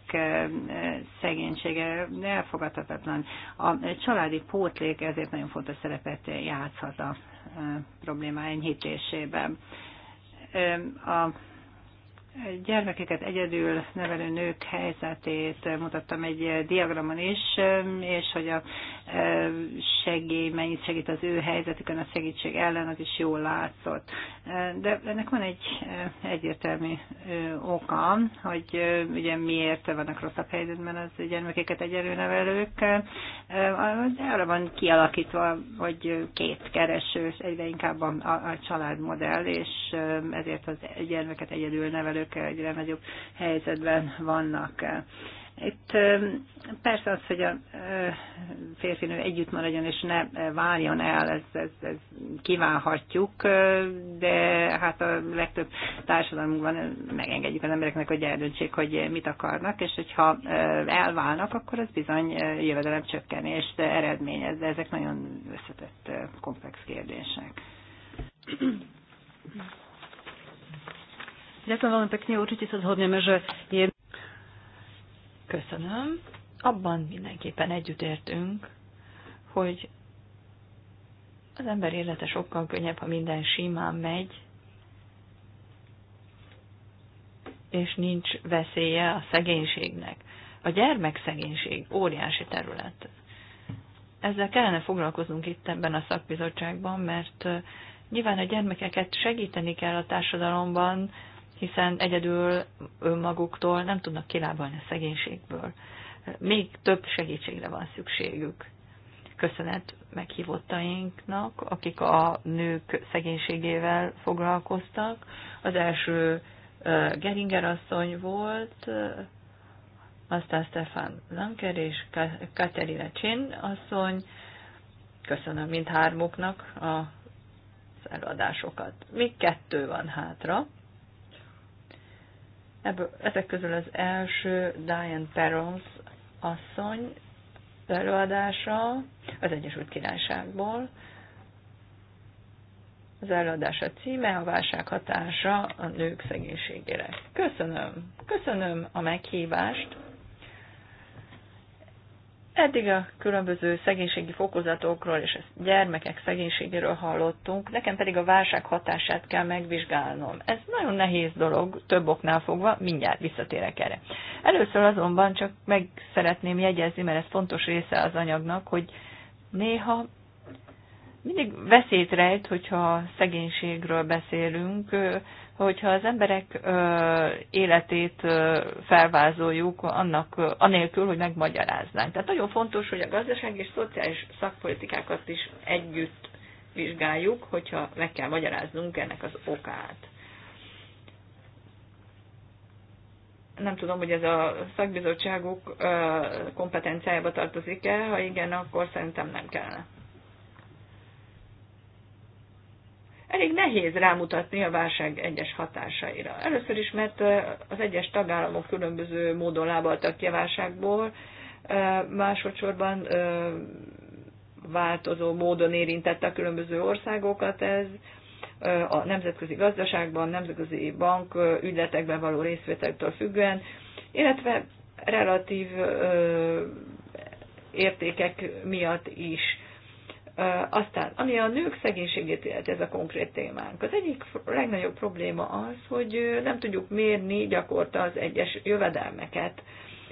szegénysége elfogadhatatlan. A családi pótlék ezért nagyon fontos szerepet játszhat a probléma enyhítésében a gyermekeket egyedül nevelő nők helyzetét mutattam egy diagramon is, és hogy a segély mennyit segít az ő helyzetükön, a segítség ellen, az is jól látszott. De ennek van egy egyértelmű oka, hogy ugye miért vannak rosszabb helyzetben az gyermekeket egyelő nevelők. Arra van kialakítva, hogy két kereső, egyre inkább a, a családmodell, és ezért az gyermeket egyedül nevelők egyre nagyobb helyzetben vannak. Itt persze az, hogy a férfinő együtt maradjon és ne váljon el, ez, ezt, ezt kívánhatjuk, de hát a legtöbb társadalomban megengedjük az embereknek, hogy eldöntsék, hogy mit akarnak, és hogyha elválnak, akkor az bizony jövedelem csökkenést eredményez, de ezek nagyon összetett, komplex kérdések. Ďakujem veľmi pekne. Určite sa zhodneme, že je... Köszönöm. Abban mindenképpen együttértünk, hogy az ember élete sokkal könnyebb, ha minden simán megy, és nincs veszélye a szegénységnek. A gyermekszegénység óriási terület. Ezzel kellene foglalkoznunk itt ebben a szakbizottságban, mert uh, nyilván a gyermekeket segíteni kell a társadalomban, hiszen egyedül önmaguktól nem tudnak kilábalni a szegénységből. Még több segítségre van szükségük. Köszönet meghívottainknak, akik a nők szegénységével foglalkoztak. Az első Geringer asszony volt, aztán Stefan Lanker és Katerina Csin asszony. Köszönöm mindhármuknak a előadásokat. Még kettő van hátra. Ebből, ezek közül az első Diane Perons asszony előadása az Egyesült Királyságból. Az előadása címe a válság hatása a nők szegénységére. Köszönöm, köszönöm a meghívást. Eddig a különböző szegénységi fokozatokról és a gyermekek szegénységéről hallottunk, nekem pedig a válság hatását kell megvizsgálnom. Ez nagyon nehéz dolog, több oknál fogva, mindjárt visszatérek erre. Először azonban csak meg szeretném jegyezni, mert ez fontos része az anyagnak, hogy néha mindig veszélyt rejt, hogyha szegénységről beszélünk, hogyha az emberek életét felvázoljuk annak, anélkül, hogy megmagyaráznánk. Tehát nagyon fontos, hogy a gazdaság és szociális szakpolitikákat is együtt vizsgáljuk, hogyha meg kell magyaráznunk ennek az okát. Nem tudom, hogy ez a szakbizottságok kompetenciájába tartozik-e, ha igen, akkor szerintem nem kellene. elég nehéz rámutatni a válság egyes hatásaira. Először is, mert az egyes tagállamok különböző módon lábaltak ki a válságból, másodszorban változó módon érintette a különböző országokat ez, a nemzetközi gazdaságban, nemzetközi bank ügyletekben való részvételtől függően, illetve relatív értékek miatt is aztán, ami a nők szegénységét illeti, ez a konkrét témánk. Az egyik legnagyobb probléma az, hogy nem tudjuk mérni gyakorta az egyes jövedelmeket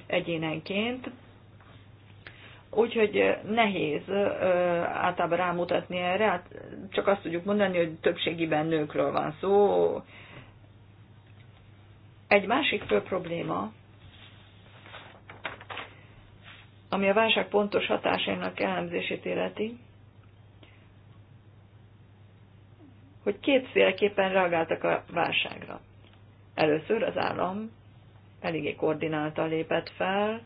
egyénenként, Úgyhogy nehéz általában rámutatni erre, hát, csak azt tudjuk mondani, hogy többségiben nőkről van szó. Egy másik fő probléma, ami a válság pontos hatásainak elemzését illeti, hogy kétféleképpen reagáltak a válságra. Először az állam eléggé koordináltan lépett fel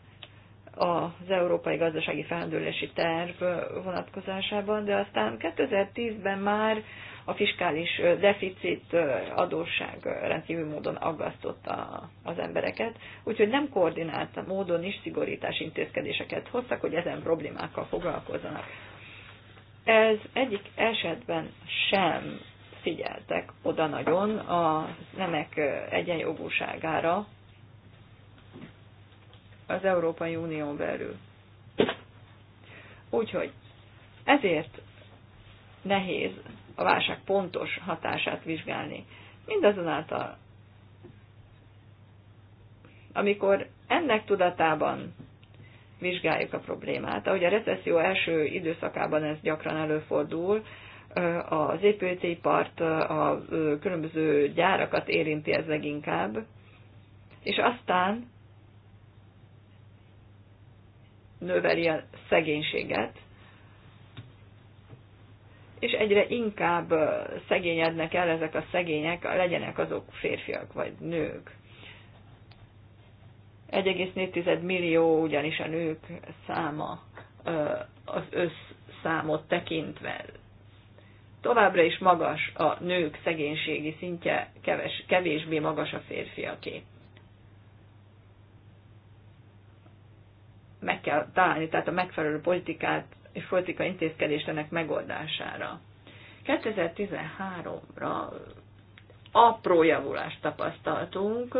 az Európai Gazdasági Felendülési Terv vonatkozásában, de aztán 2010-ben már a fiskális deficit adósság rendkívül módon aggasztotta az embereket, úgyhogy nem koordinált módon is szigorítás intézkedéseket hoztak, hogy ezen problémákkal foglalkozzanak. Ez egyik esetben sem figyeltek oda nagyon a nemek egyenjogúságára az Európai Unión belül. Úgyhogy ezért nehéz a válság pontos hatását vizsgálni. Mindazonáltal, amikor ennek tudatában vizsgáljuk a problémát, ahogy a recesszió első időszakában ez gyakran előfordul, az épületépart, a különböző gyárakat érinti ez leginkább. És aztán növeli a szegénységet, és egyre inkább szegényednek el ezek a szegények, legyenek azok férfiak vagy nők. 1,4 millió ugyanis a nők száma az összszámot tekintve továbbra is magas a nők szegénységi szintje, keves, kevésbé magas a férfiaké. Meg kell találni tehát a megfelelő politikát és politikai intézkedést ennek megoldására. 2013-ra apró javulást tapasztaltunk,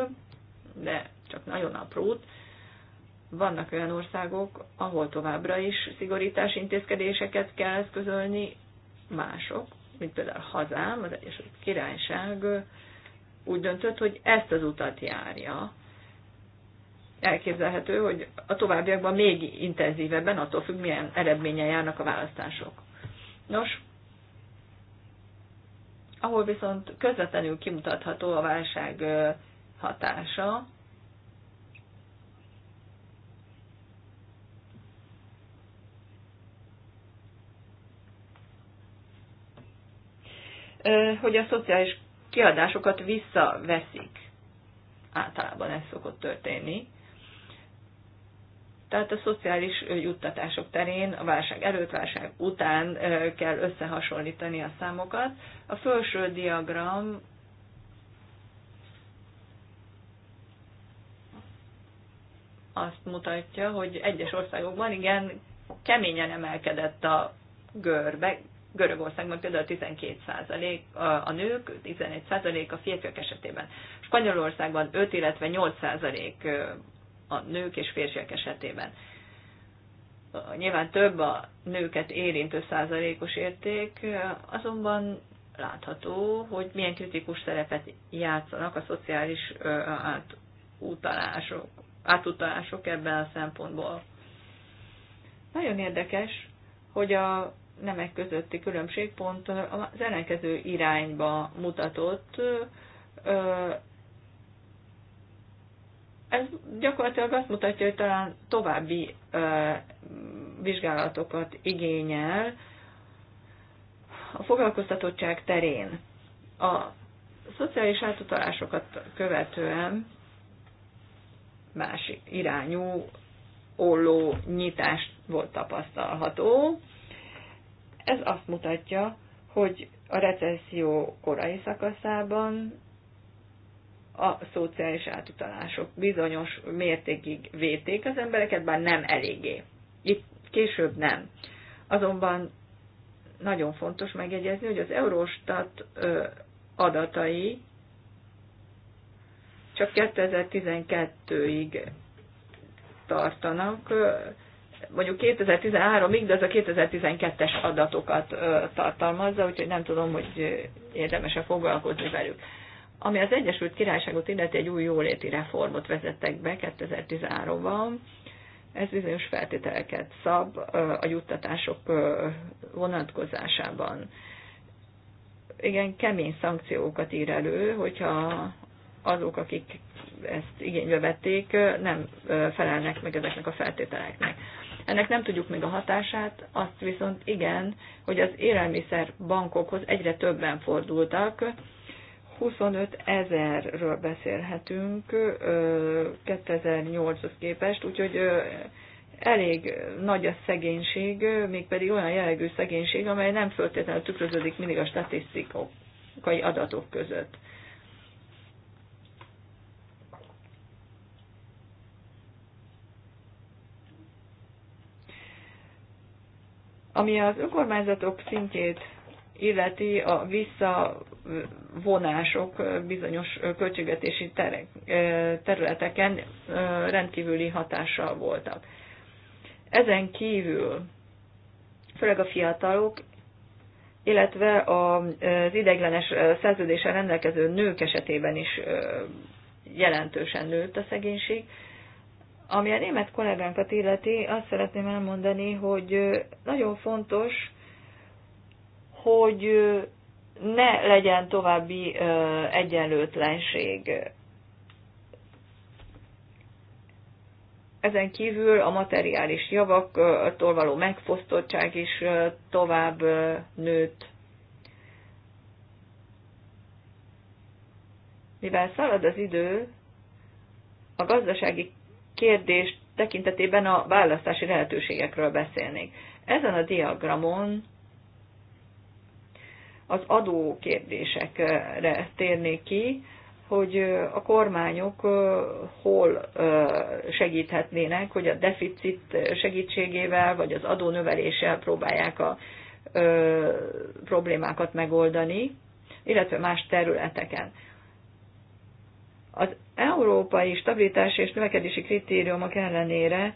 de csak nagyon aprót. Vannak olyan országok, ahol továbbra is szigorítás intézkedéseket kell eszközölni, mások, mint például hazám, az Egyesült Királyság úgy döntött, hogy ezt az utat járja. Elképzelhető, hogy a továbbiakban még intenzívebben, attól függ, milyen eredménye járnak a választások. Nos, ahol viszont közvetlenül kimutatható a válság hatása, hogy a szociális kiadásokat visszaveszik. Általában ez szokott történni. Tehát a szociális juttatások terén a válság előtt, válság után kell összehasonlítani a számokat. A felső diagram azt mutatja, hogy egyes országokban igen, keményen emelkedett a görbe, Görögországban például 12% a nők, 11% a férfiak esetében. Spanyolországban 5, illetve 8% a nők és férfiak esetében. Nyilván több a nőket érintő százalékos érték, azonban látható, hogy milyen kritikus szerepet játszanak a szociális átutalások, átutalások ebben a szempontból. Nagyon érdekes, hogy a nemek közötti különbség pont az ellenkező irányba mutatott. Ez gyakorlatilag azt mutatja, hogy talán további vizsgálatokat igényel a foglalkoztatottság terén. A szociális átutalásokat követően másik irányú olló nyitást volt tapasztalható. Ez azt mutatja, hogy a recesszió korai szakaszában a szociális átutalások bizonyos mértékig védték az embereket, bár nem eléggé. Itt később nem. Azonban nagyon fontos megjegyezni, hogy az Eurostat adatai csak 2012-ig tartanak, mondjuk 2013-ig, de az a 2012-es adatokat tartalmazza, úgyhogy nem tudom, hogy érdemes-e foglalkozni velük. Ami az Egyesült Királyságot illeti, egy új jóléti reformot vezettek be 2013-ban, ez bizonyos feltételeket szab a juttatások vonatkozásában. Igen, kemény szankciókat ír elő, hogyha azok, akik ezt igénybe vették, nem felelnek meg ezeknek a feltételeknek. Ennek nem tudjuk még a hatását, azt viszont igen, hogy az élelmiszer bankokhoz egyre többen fordultak, 25 ezerről beszélhetünk 2008-hoz képest, úgyhogy elég nagy a szegénység, mégpedig olyan jellegű szegénység, amely nem föltétlenül tükröződik mindig a statisztikai adatok között. Ami az önkormányzatok szintjét illeti a visszavonások bizonyos költségvetési területeken rendkívüli hatással voltak. Ezen kívül főleg a fiatalok, illetve az ideiglenes szerződéssel rendelkező nők esetében is jelentősen nőtt a szegénység, ami a német kollégánkat illeti, azt szeretném elmondani, hogy nagyon fontos, hogy ne legyen további egyenlőtlenség. Ezen kívül a materiális javaktól való megfosztottság is tovább nőtt. Mivel szalad az idő, a gazdasági kérdés tekintetében a választási lehetőségekről beszélnék. Ezen a diagramon az adó kérdésekre térnék ki, hogy a kormányok hol segíthetnének, hogy a deficit segítségével, vagy az adónöveléssel próbálják a problémákat megoldani, illetve más területeken. Az európai stabilitási és növekedési kritériumok ellenére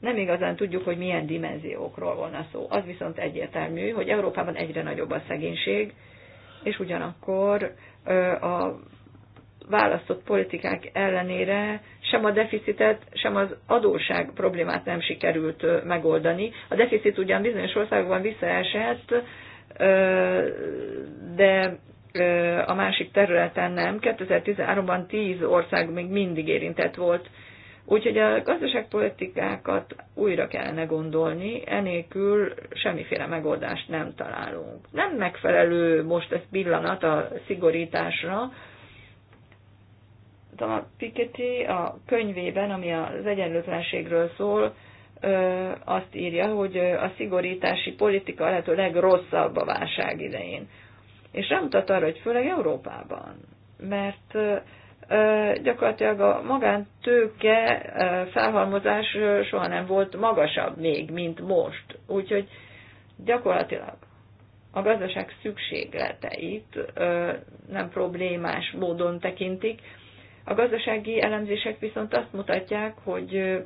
nem igazán tudjuk, hogy milyen dimenziókról volna szó. Az viszont egyértelmű, hogy Európában egyre nagyobb a szegénység, és ugyanakkor a választott politikák ellenére sem a deficitet, sem az adóság problémát nem sikerült megoldani. A deficit ugyan bizonyos országokban visszaesett, de a másik területen nem. 2013-ban 10 ország még mindig érintett volt. Úgyhogy a gazdaságpolitikákat újra kellene gondolni, enélkül semmiféle megoldást nem találunk. Nem megfelelő most ez pillanat a szigorításra. A Piketty a könyvében, ami az egyenlőtlenségről szól, azt írja, hogy a szigorítási politika lehető legrosszabb a válság idején. És rámutat arra, hogy főleg Európában, mert gyakorlatilag a magántőke felhalmozás soha nem volt magasabb még, mint most. Úgyhogy gyakorlatilag a gazdaság szükségleteit nem problémás módon tekintik. A gazdasági elemzések viszont azt mutatják, hogy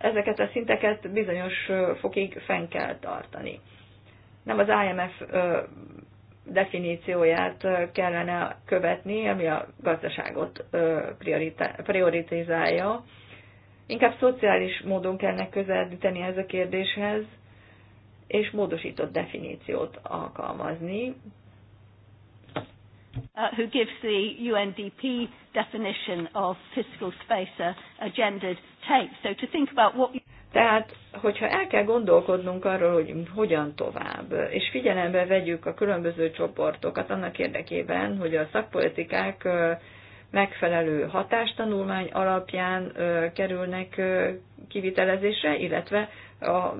ezeket a szinteket bizonyos fokig fenn kell tartani. Nem az IMF definícióját kellene követni, ami a gazdaságot prioritizálja. Inkább szociális módon kellene közelíteni ez a kérdéshez, és módosított definíciót alkalmazni, Uh, who gives the UNDP definition of fiscal space a, a gendered take. So to think about what you... Tehát, hogyha el kell gondolkodnunk arról, hogy hogyan tovább, és figyelembe vegyük a különböző csoportokat annak érdekében, hogy a szakpolitikák megfelelő hatástanulmány alapján kerülnek kivitelezésre, illetve a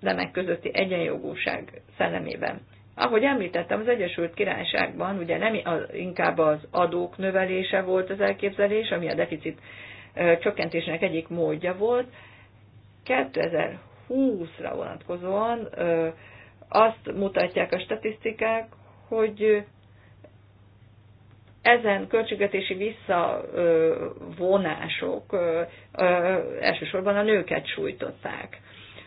nemek közötti egyenjogúság szellemében. Ahogy említettem, az Egyesült Királyságban ugye nem inkább az adók növelése volt az elképzelés, ami a deficit csökkentésnek egyik módja volt. 2020-ra vonatkozóan azt mutatják a statisztikák, hogy ezen költségvetési visszavonások elsősorban a nőket sújtották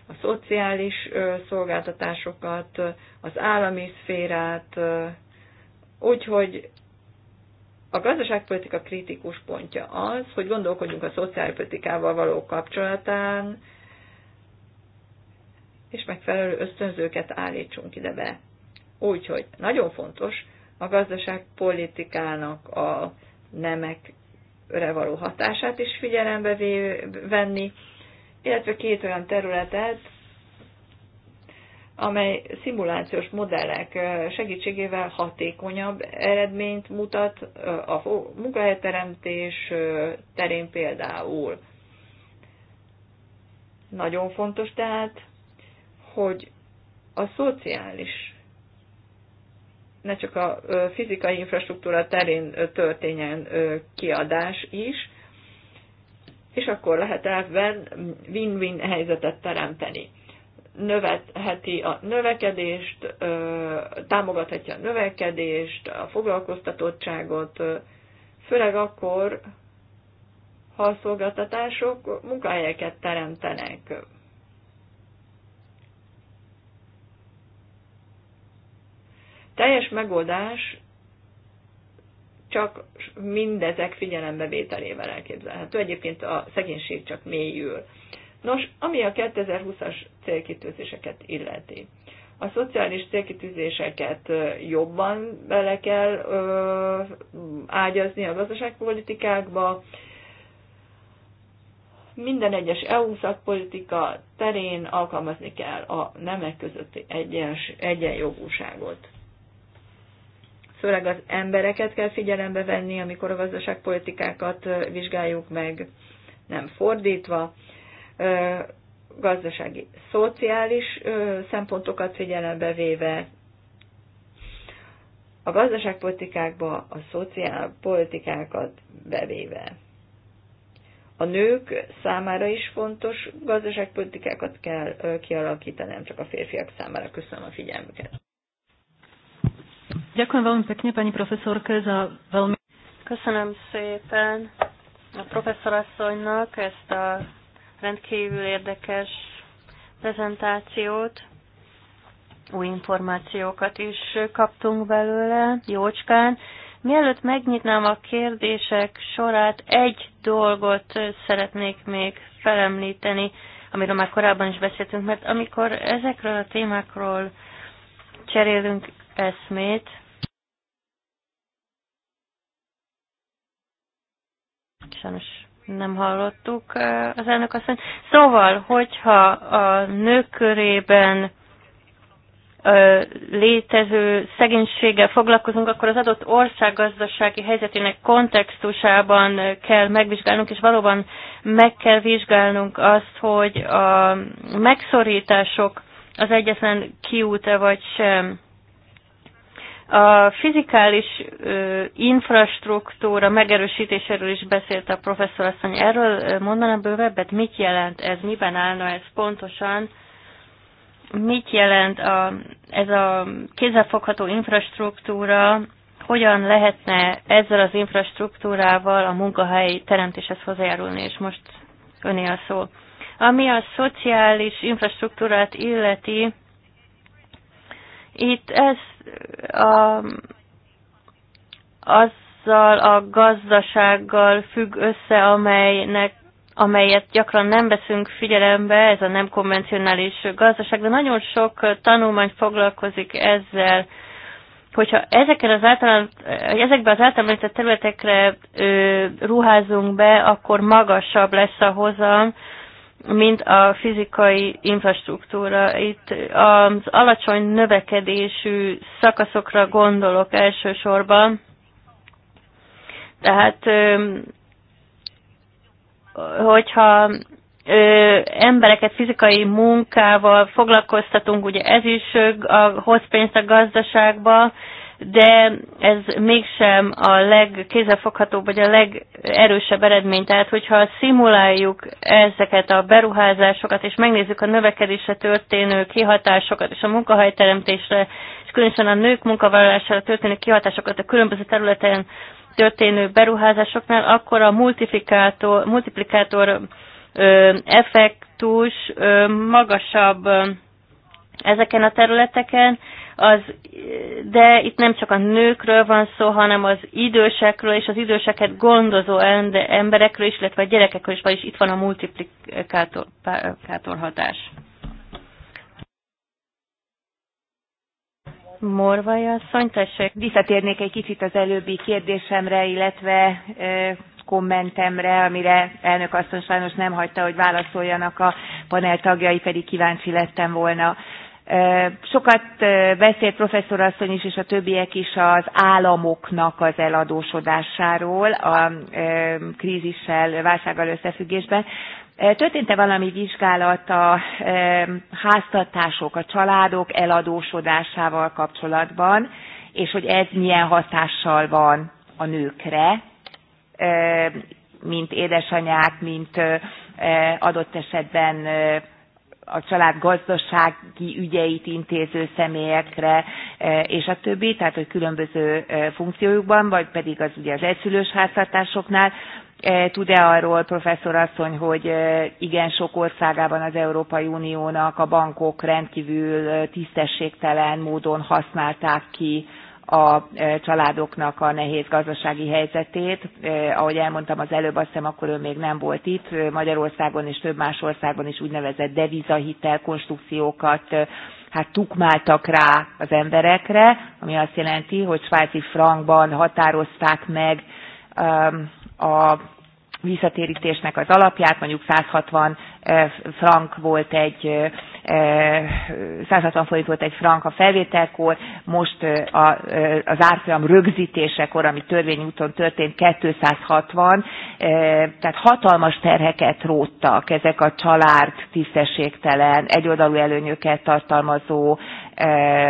a szociális szolgáltatásokat, az állami szférát, úgyhogy a gazdaságpolitika kritikus pontja az, hogy gondolkodjunk a szociálpolitikával való kapcsolatán, és megfelelő ösztönzőket állítsunk ide be. Úgyhogy nagyon fontos a gazdaságpolitikának a nemekre való hatását is figyelembe venni, illetve két olyan területet, amely szimulációs modellek segítségével hatékonyabb eredményt mutat a munkahelyteremtés terén például. Nagyon fontos tehát, hogy a szociális, ne csak a fizikai infrastruktúra terén történjen kiadás is, és akkor lehet ebben win-win helyzetet teremteni. Növetheti a növekedést, támogathatja a növekedést, a foglalkoztatottságot, főleg akkor, ha a szolgáltatások munkahelyeket teremtenek. Teljes megoldás csak mindezek figyelembevételével elképzelhető. Egyébként a szegénység csak mélyül. Nos, ami a 2020-as célkitűzéseket illeti. A szociális célkitűzéseket jobban bele kell ö, ágyazni a gazdaságpolitikákba. Minden egyes EU szakpolitika terén alkalmazni kell a nemek közötti egyens, egyenjogúságot főleg az embereket kell figyelembe venni, amikor a gazdaságpolitikákat vizsgáljuk meg, nem fordítva, gazdasági, szociális szempontokat figyelembe véve, a gazdaságpolitikákba a szociálpolitikákat bevéve. A nők számára is fontos gazdaságpolitikákat kell kialakítani, nem csak a férfiak számára. Köszönöm a figyelmüket. Ďakujem veľmi pekne pani profesorke za veľmi... Köszönöm szépen a professzorasszonynak ezt a rendkívül érdekes prezentációt. Új információkat is kaptunk belőle, jócskán. Mielőtt megnyitnám a kérdések sorát, egy dolgot szeretnék még felemlíteni, amiről már korábban is beszéltünk, mert amikor ezekről a témákról cserélünk eszmét, Sajnos nem hallottuk az elnök asszonyt. Szóval, hogyha a nők körében létező szegénységgel foglalkozunk, akkor az adott ország gazdasági helyzetének kontextusában kell megvizsgálnunk, és valóban meg kell vizsgálnunk azt, hogy a megszorítások az egyetlen kiúte vagy sem. A fizikális ö, infrastruktúra megerősítéséről is beszélt a professzor asszony. Erről mondanám bővebbet, mit jelent ez, miben állna ez pontosan, mit jelent a, ez a kézzelfogható infrastruktúra, hogyan lehetne ezzel az infrastruktúrával a munkahelyi teremtéshez hozzájárulni, és most öné a szó. Ami a szociális infrastruktúrát illeti, itt ez a, azzal a gazdasággal függ össze, amelynek amelyet gyakran nem veszünk figyelembe, ez a nem konvencionális gazdaság, de nagyon sok tanulmány foglalkozik ezzel, hogyha ezeken az általán, ezekbe az általánosított területekre ö, ruházunk be, akkor magasabb lesz a hozam, mint a fizikai infrastruktúra. Itt az alacsony növekedésű szakaszokra gondolok elsősorban. Tehát, hogyha embereket fizikai munkával foglalkoztatunk, ugye ez is a, hoz pénzt a gazdaságba, de ez mégsem a legkézefoghatóbb, vagy a legerősebb eredmény. Tehát, hogyha szimuláljuk ezeket a beruházásokat, és megnézzük a növekedésre történő kihatásokat, és a munkahelyteremtésre, és különösen a nők munkavállalására történő kihatásokat a különböző területen történő beruházásoknál, akkor a multiplikátor, multiplikátor ö, effektus ö, magasabb ö, ezeken a területeken, az, de itt nem csak a nőkről van szó, hanem az idősekről és az időseket gondozó emberekről is, illetve a gyerekekről is, vagyis itt van a multiplikátor hatás. Morvai asszony, tessék. Visszatérnék egy kicsit az előbbi kérdésemre, illetve kommentemre, amire elnök asszony sajnos nem hagyta, hogy válaszoljanak a panel tagjai, pedig kíváncsi lettem volna. Sokat beszélt professzor asszony is, és a többiek is az államoknak az eladósodásáról a krízissel, válsággal összefüggésben. Történt-e valami vizsgálat a háztartások, a családok eladósodásával kapcsolatban, és hogy ez milyen hatással van a nőkre, mint édesanyák, mint adott esetben a család gazdasági ügyeit intéző személyekre, e, és a többi, tehát hogy különböző e, funkciójukban, vagy pedig az ugye az egyszülős háztartásoknál, e, Tud-e arról, professzor asszony, hogy igen sok országában az Európai Uniónak a bankok rendkívül tisztességtelen módon használták ki a e, családoknak a nehéz gazdasági helyzetét. E, ahogy elmondtam az előbb, azt hiszem akkor ő még nem volt itt. E, Magyarországon és több más országban is úgynevezett devizahitel konstrukciókat hát tukmáltak rá az emberekre, ami azt jelenti, hogy svájci frankban határozták meg a visszatérítésnek az alapját, mondjuk 160 eh, frank volt egy 160 eh, eh, forint volt egy frank a felvételkor, most az árfolyam rögzítésekor, ami úton történt, 260, tehát hatalmas terheket róttak ezek a család tisztességtelen, egyoldalú előnyöket tartalmazó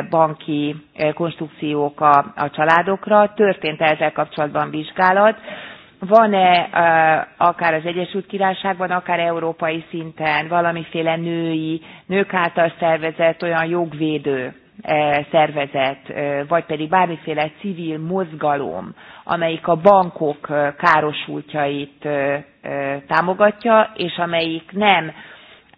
banki konstrukciók a, a családokra. Történt ezzel kapcsolatban vizsgálat van-e akár az Egyesült Királyságban, akár európai szinten valamiféle női, nők által szervezett olyan jogvédő szervezet, vagy pedig bármiféle civil mozgalom, amelyik a bankok károsultjait támogatja, és amelyik nem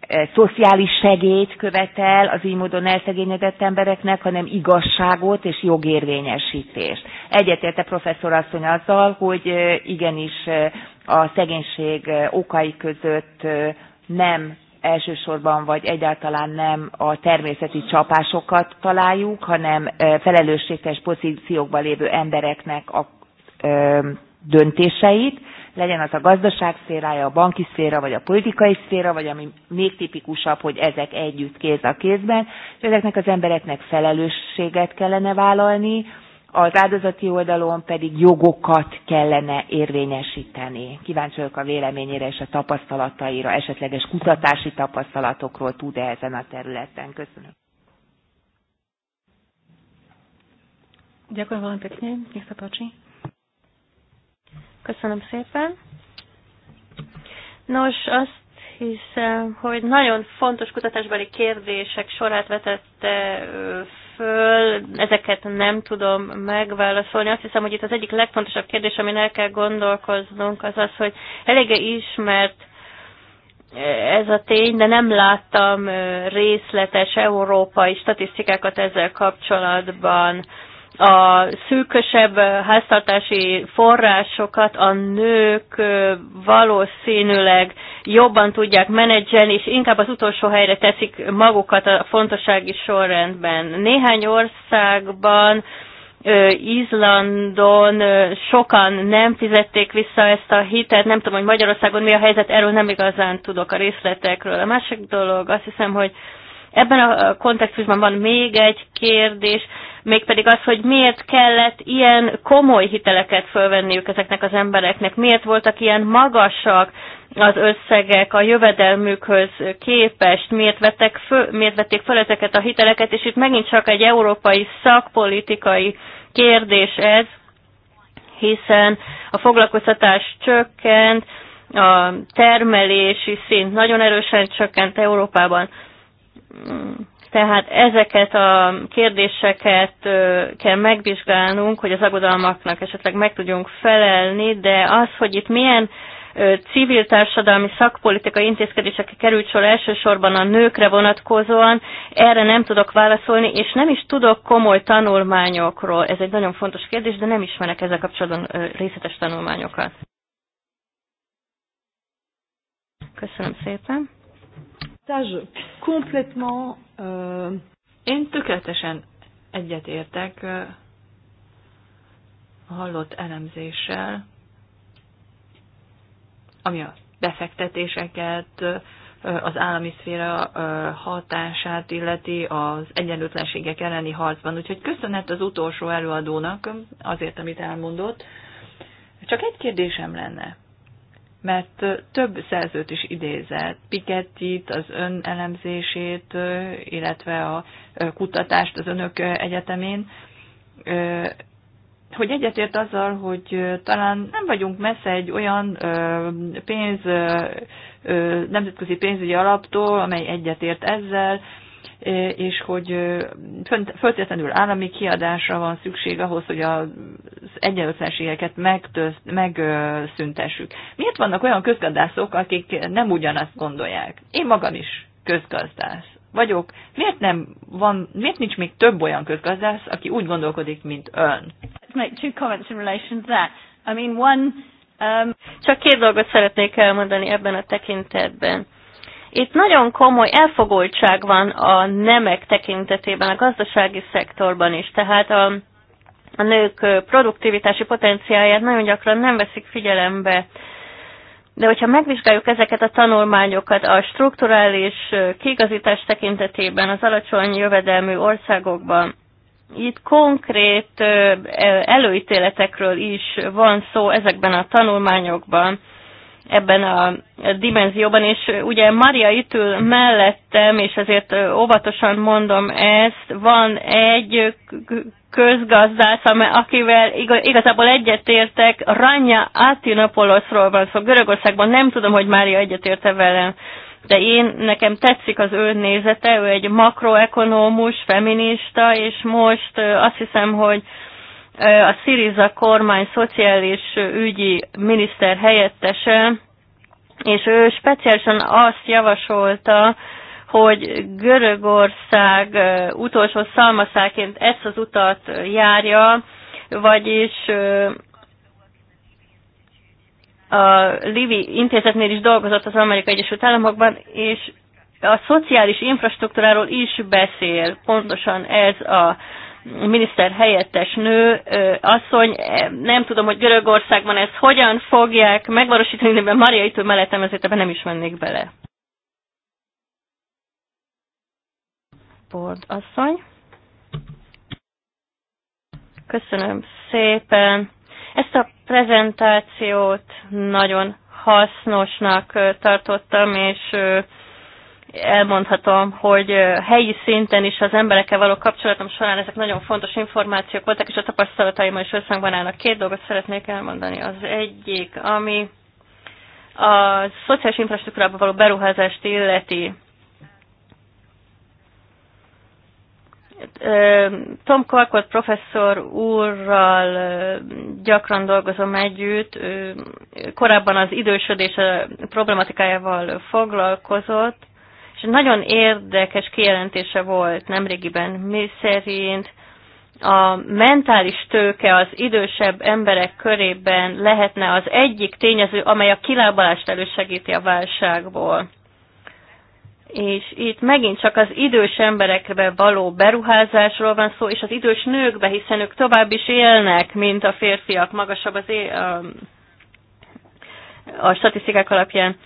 E, szociális segélyt követel az így módon elszegényedett embereknek, hanem igazságot és jogérvényesítést. Egyetérte professzor asszony azzal, hogy e, igenis e, a szegénység okai között nem elsősorban vagy egyáltalán nem a természeti csapásokat találjuk, hanem felelősséges pozíciókban lévő embereknek a döntéseit, legyen az a gazdaság szférája, a banki szféra, vagy a politikai szféra, vagy ami még tipikusabb, hogy ezek együtt kéz a kézben, és ezeknek az embereknek felelősséget kellene vállalni, az áldozati oldalon pedig jogokat kellene érvényesíteni. Kíváncsi vagyok a véleményére és a tapasztalataira, esetleges kutatási tapasztalatokról tud-e ezen a területen. Köszönöm. Ďakujem veľmi pekne. Nech Köszönöm szépen. Nos, azt hiszem, hogy nagyon fontos kutatásbeli kérdések sorát vetette föl, ezeket nem tudom megválaszolni. Azt hiszem, hogy itt az egyik legfontosabb kérdés, amin el kell gondolkoznunk, az az, hogy eléggé ismert ez a tény, de nem láttam részletes európai statisztikákat ezzel kapcsolatban a szűkösebb háztartási forrásokat a nők valószínűleg jobban tudják menedzselni, és inkább az utolsó helyre teszik magukat a fontossági sorrendben. Néhány országban Izlandon sokan nem fizették vissza ezt a hitet, nem tudom, hogy Magyarországon mi a helyzet, erről nem igazán tudok a részletekről. A másik dolog, azt hiszem, hogy Ebben a kontextusban van még egy kérdés, mégpedig az, hogy miért kellett ilyen komoly hiteleket fölvenniük ezeknek az embereknek, miért voltak ilyen magasak az összegek a jövedelmükhöz képest, miért, vettek föl, miért vették fel ezeket a hiteleket, és itt megint csak egy európai szakpolitikai kérdés ez, hiszen a foglalkoztatás csökkent, a termelési szint nagyon erősen csökkent Európában. Tehát ezeket a kérdéseket kell megvizsgálnunk, hogy az aggodalmaknak esetleg meg tudjunk felelni, de az, hogy itt milyen civil társadalmi szakpolitikai intézkedések került sor elsősorban a nőkre vonatkozóan, erre nem tudok válaszolni, és nem is tudok komoly tanulmányokról. Ez egy nagyon fontos kérdés, de nem ismerek ezzel kapcsolatban részletes tanulmányokat. Köszönöm szépen partage complètement. Euh... Én tökéletesen egyetértek a hallott elemzéssel, ami a befektetéseket, az állami szféra hatását illeti az egyenlőtlenségek elleni harcban. Úgyhogy köszönet az utolsó előadónak azért, amit elmondott. Csak egy kérdésem lenne mert több szerzőt is idézett, Pikettit, az ön elemzését, illetve a kutatást az önök egyetemén, hogy egyetért azzal, hogy talán nem vagyunk messze egy olyan pénz, nemzetközi pénzügyi alaptól, amely egyetért ezzel, és hogy föltétlenül állami kiadásra van szükség ahhoz, hogy az egyenlőtlenségeket megszüntessük. Miért vannak olyan közgazdászok, akik nem ugyanazt gondolják? Én magam is közgazdász vagyok. Miért, nem van, miért nincs még több olyan közgazdász, aki úgy gondolkodik, mint ön? Csak két dolgot szeretnék elmondani ebben a tekintetben. Itt nagyon komoly elfogultság van a nemek tekintetében, a gazdasági szektorban is, tehát a, a nők produktivitási potenciáját nagyon gyakran nem veszik figyelembe. De hogyha megvizsgáljuk ezeket a tanulmányokat a strukturális kiigazítás tekintetében az alacsony jövedelmű országokban, itt konkrét előítéletekről is van szó ezekben a tanulmányokban, ebben a dimenzióban, és ugye Maria itt ül mellettem, és ezért óvatosan mondom ezt, van egy közgazdász, akivel igazából egyetértek, Ranya Atinopoloszról van szó, szóval Görögországban nem tudom, hogy Mária egyetérte velem, de én, nekem tetszik az ő nézete, ő egy makroekonómus, feminista, és most azt hiszem, hogy a Siriza kormány szociális ügyi miniszter helyettese, és ő speciálisan azt javasolta, hogy Görögország utolsó szalmaszáként ezt az utat járja, vagyis a Livi intézetnél is dolgozott az Amerikai Egyesült Államokban, és a szociális infrastruktúráról is beszél, pontosan ez a miniszter helyettes nő asszony. Nem tudom, hogy Görögországban ezt hogyan fogják megvalósítani, de Maria itt mellettem, ezért ebben nem is mennék bele. Bord asszony. Köszönöm szépen. Ezt a prezentációt nagyon hasznosnak tartottam, és elmondhatom, hogy helyi szinten is az emberekkel való kapcsolatom során ezek nagyon fontos információk voltak, és a tapasztalataim is összhangban állnak. Két dolgot szeretnék elmondani. Az egyik, ami a szociális infrastruktúrába való beruházást illeti. Tom Korkot professzor úrral gyakran dolgozom együtt, korábban az idősödés problematikájával foglalkozott, és nagyon érdekes kijelentése volt nemrégiben, mi szerint a mentális tőke az idősebb emberek körében lehetne az egyik tényező, amely a kilábalást elősegíti a válságból. És itt megint csak az idős emberekbe való beruházásról van szó, és az idős nőkbe, hiszen ők tovább is élnek, mint a férfiak, magasabb az é- a, a statisztikák alapján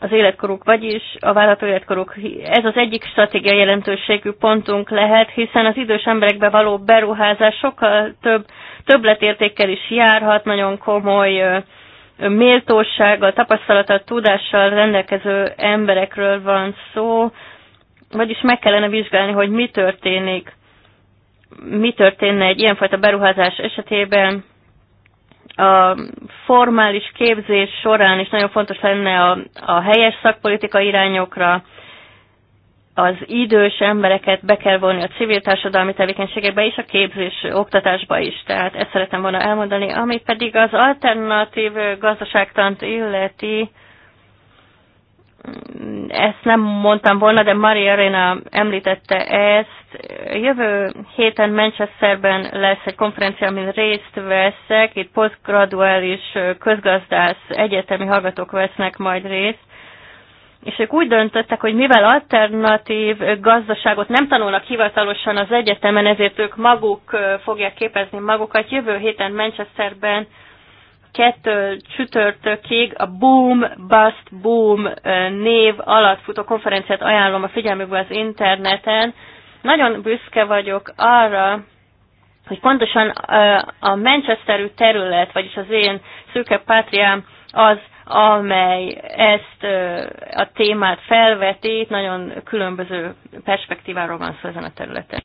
az életkoruk, vagyis a várható életkoruk. Ez az egyik stratégiai jelentőségű pontunk lehet, hiszen az idős emberekbe való beruházás sokkal több többletértékkel is járhat, nagyon komoly méltósággal, tapasztalattal, tudással rendelkező emberekről van szó, vagyis meg kellene vizsgálni, hogy mi történik, mi történne egy ilyenfajta beruházás esetében, a formális képzés során is nagyon fontos lenne a, a helyes szakpolitika irányokra, az idős embereket be kell vonni a civil társadalmi tevékenységekbe és a képzés oktatásba is. Tehát ezt szeretem volna elmondani. Ami pedig az alternatív gazdaságtant illeti, ezt nem mondtam volna, de Maria Arena említette ezt. Jövő héten Manchesterben lesz egy konferencia, amin részt veszek. Itt posztgraduális közgazdász egyetemi hallgatók vesznek majd részt. És ők úgy döntöttek, hogy mivel alternatív gazdaságot nem tanulnak hivatalosan az egyetemen, ezért ők maguk fogják képezni magukat. Jövő héten Manchesterben kettől csütörtökig a Boom Bust Boom név alatt futó konferenciát ajánlom a figyelmükbe az interneten. Nagyon büszke vagyok arra, hogy pontosan a Manchesterű terület, vagyis az én szürke pátriám az, amely ezt a témát felveti, nagyon különböző perspektíváról van szó ezen a területen.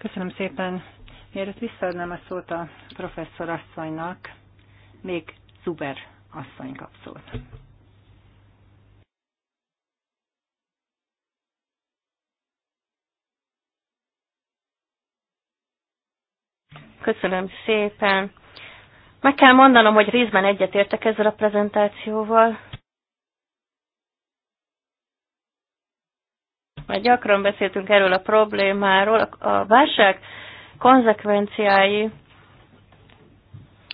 Köszönöm szépen. Mielőtt visszaadnám a szót a professzor asszonynak, még Zuber asszony kap szót. Köszönöm szépen. Meg kell mondanom, hogy részben egyetértek ezzel a prezentációval, Már gyakran beszéltünk erről a problémáról. A válság konzekvenciái,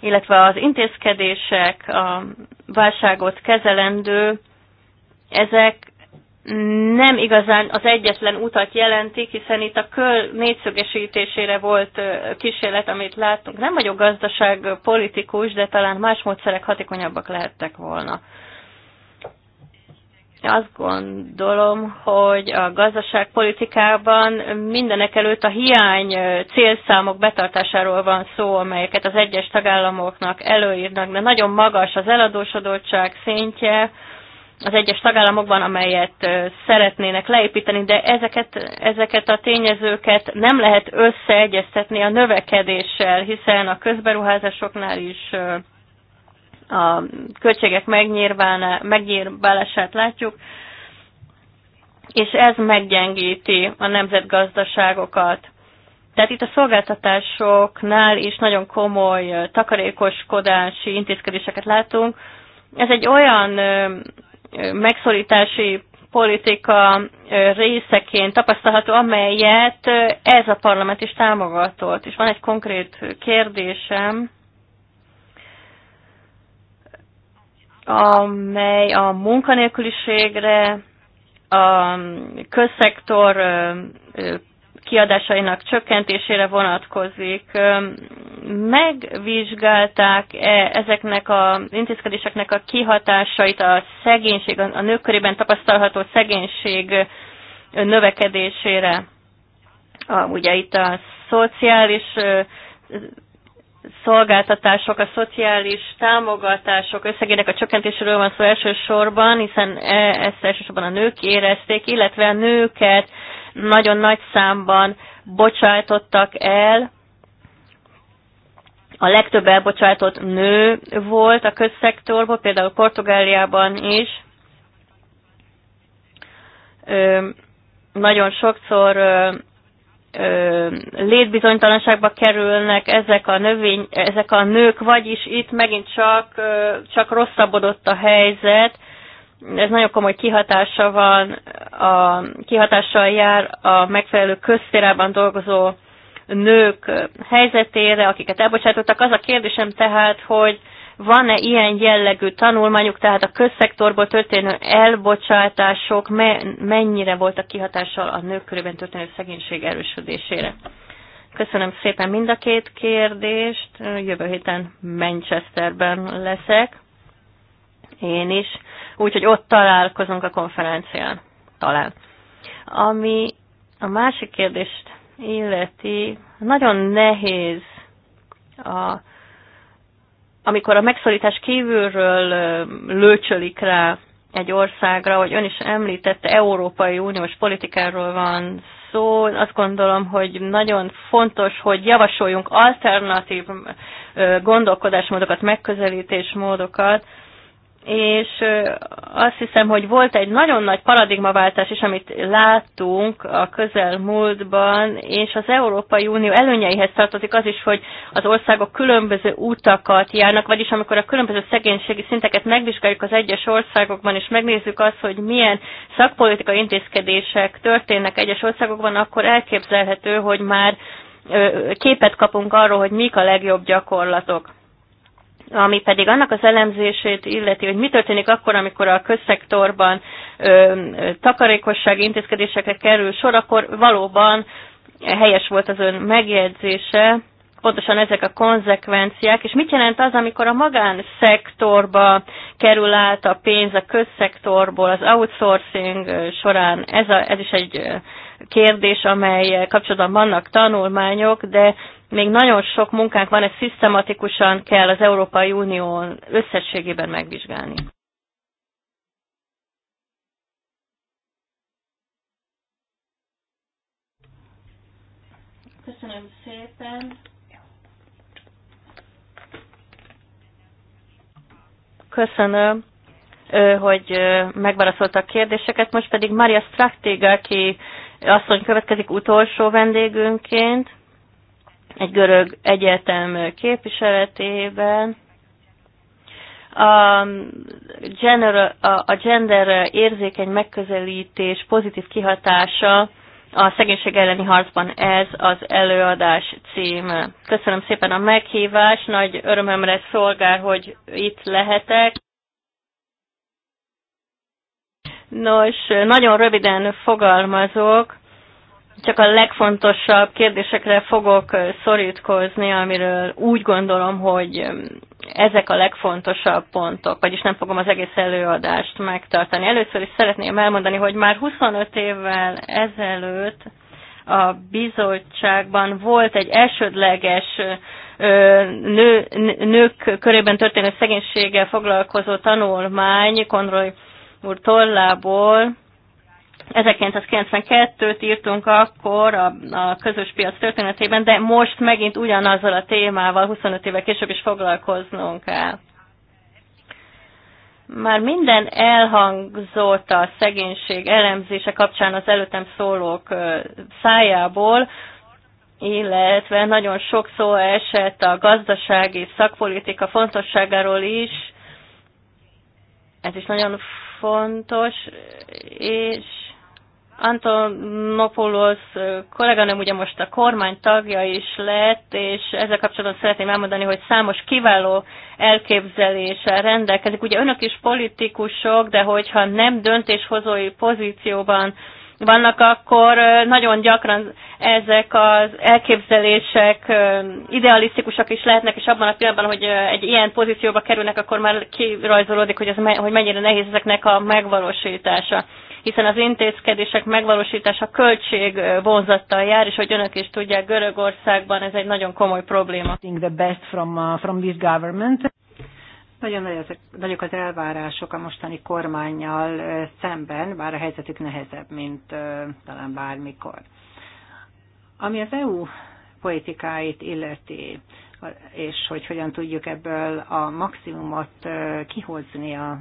illetve az intézkedések, a válságot kezelendő, ezek nem igazán az egyetlen utat jelentik, hiszen itt a köl négyszögesítésére volt kísérlet, amit láttunk. Nem vagyok gazdaságpolitikus, de talán más módszerek hatékonyabbak lehettek volna azt gondolom, hogy a gazdaságpolitikában mindenek előtt a hiány célszámok betartásáról van szó, amelyeket az egyes tagállamoknak előírnak, de nagyon magas az eladósodottság szintje az egyes tagállamokban, amelyet szeretnének leépíteni, de ezeket, ezeket a tényezőket nem lehet összeegyeztetni a növekedéssel, hiszen a közberuházásoknál is a költségek megnyírbálását látjuk, és ez meggyengíti a nemzetgazdaságokat. Tehát itt a szolgáltatásoknál is nagyon komoly takarékoskodási intézkedéseket látunk. Ez egy olyan megszorítási politika részeként tapasztalható, amelyet ez a parlament is támogatott. És van egy konkrét kérdésem amely a munkanélküliségre, a közszektor kiadásainak csökkentésére vonatkozik. Megvizsgálták-e ezeknek az intézkedéseknek a kihatásait a szegénység, a nők körében tapasztalható szegénység növekedésére? A, ugye itt a szociális szolgáltatások, a szociális támogatások összegének a csökkentéséről van szó elsősorban, hiszen e, ezt elsősorban a nők érezték, illetve a nőket nagyon nagy számban bocsájtottak el, a legtöbb elbocsájtott nő volt a közszektorban, például Portugáliában is. Ö, nagyon sokszor ö, létbizonytalanságba kerülnek ezek a, növény, ezek a nők, vagyis itt megint csak, csak rosszabbodott a helyzet, ez nagyon komoly kihatása van, a, kihatással jár a megfelelő köztérában dolgozó nők helyzetére, akiket elbocsátottak. Az a kérdésem tehát, hogy van-e ilyen jellegű tanulmányuk, tehát a közszektorból történő elbocsátások mennyire voltak kihatással a nők körében történő szegénység erősödésére? Köszönöm szépen mind a két kérdést. Jövő héten Manchesterben leszek. Én is. Úgyhogy ott találkozunk a konferencián. Talán. Ami a másik kérdést illeti, nagyon nehéz a amikor a megszorítás kívülről lőcsölik rá egy országra, hogy ön is említette, Európai Uniós politikáról van szó, azt gondolom, hogy nagyon fontos, hogy javasoljunk alternatív gondolkodásmódokat, megközelítésmódokat, és azt hiszem, hogy volt egy nagyon nagy paradigmaváltás is, amit láttunk a közelmúltban, és az Európai Unió előnyeihez tartozik az is, hogy az országok különböző utakat járnak, vagyis amikor a különböző szegénységi szinteket megvizsgáljuk az egyes országokban, és megnézzük azt, hogy milyen szakpolitikai intézkedések történnek egyes országokban, akkor elképzelhető, hogy már képet kapunk arról, hogy mik a legjobb gyakorlatok ami pedig annak az elemzését illeti, hogy mi történik akkor, amikor a közszektorban ö, ö, takarékosság intézkedésekre kerül sor, akkor valóban helyes volt az ön megjegyzése, pontosan ezek a konzekvenciák, és mit jelent az, amikor a magánszektorba kerül át a pénz a közszektorból, az outsourcing során, ez, a, ez is egy kérdés, amely kapcsolatban vannak tanulmányok, de még nagyon sok munkánk van, ezt szisztematikusan kell az Európai Unió összességében megvizsgálni. Köszönöm szépen. Köszönöm, hogy megválaszolta a kérdéseket. Most pedig Maria Strachtig, aki asszony következik utolsó vendégünként, egy görög egyetem képviseletében. A, gender a gender érzékeny megközelítés pozitív kihatása a szegénység elleni harcban ez az előadás címe. Köszönöm szépen a meghívást, nagy örömömre szolgál, hogy itt lehetek. Nos, nagyon röviden fogalmazok, csak a legfontosabb kérdésekre fogok szorítkozni, amiről úgy gondolom, hogy um, ezek a legfontosabb pontok, vagyis nem fogom az egész előadást megtartani. Először is szeretném elmondani, hogy már 25 évvel ezelőtt a bizottságban volt egy elsődleges nő, nők körében történő szegénységgel foglalkozó tanulmány, Conroy úr tollából 1992-t írtunk akkor a, a közös piac történetében, de most megint ugyanazzal a témával 25 éve később is foglalkoznunk kell. Már minden elhangzott a szegénység elemzése kapcsán az előttem szólók szájából, illetve nagyon sok szó esett a gazdasági szakpolitika fontosságáról is. Ez is nagyon fontos, és Antonopoulos kolléganőm ugye most a kormány tagja is lett, és ezzel kapcsolatban szeretném elmondani, hogy számos kiváló elképzeléssel rendelkezik. Ugye önök is politikusok, de hogyha nem döntéshozói pozícióban vannak, akkor nagyon gyakran ezek az elképzelések idealisztikusak is lehetnek, és abban a pillanatban, hogy egy ilyen pozícióba kerülnek, akkor már kirajzolódik, hogy, ez, hogy mennyire nehéz ezeknek a megvalósítása hiszen az intézkedések megvalósítása költség vonzattal jár, és hogy önök is tudják, Görögországban ez egy nagyon komoly probléma. Nagyon nagyok az elvárások a mostani kormányjal szemben, bár a helyzetük nehezebb, mint talán bármikor. Ami az EU politikáit illeti, és hogy hogyan tudjuk ebből a maximumot kihozni a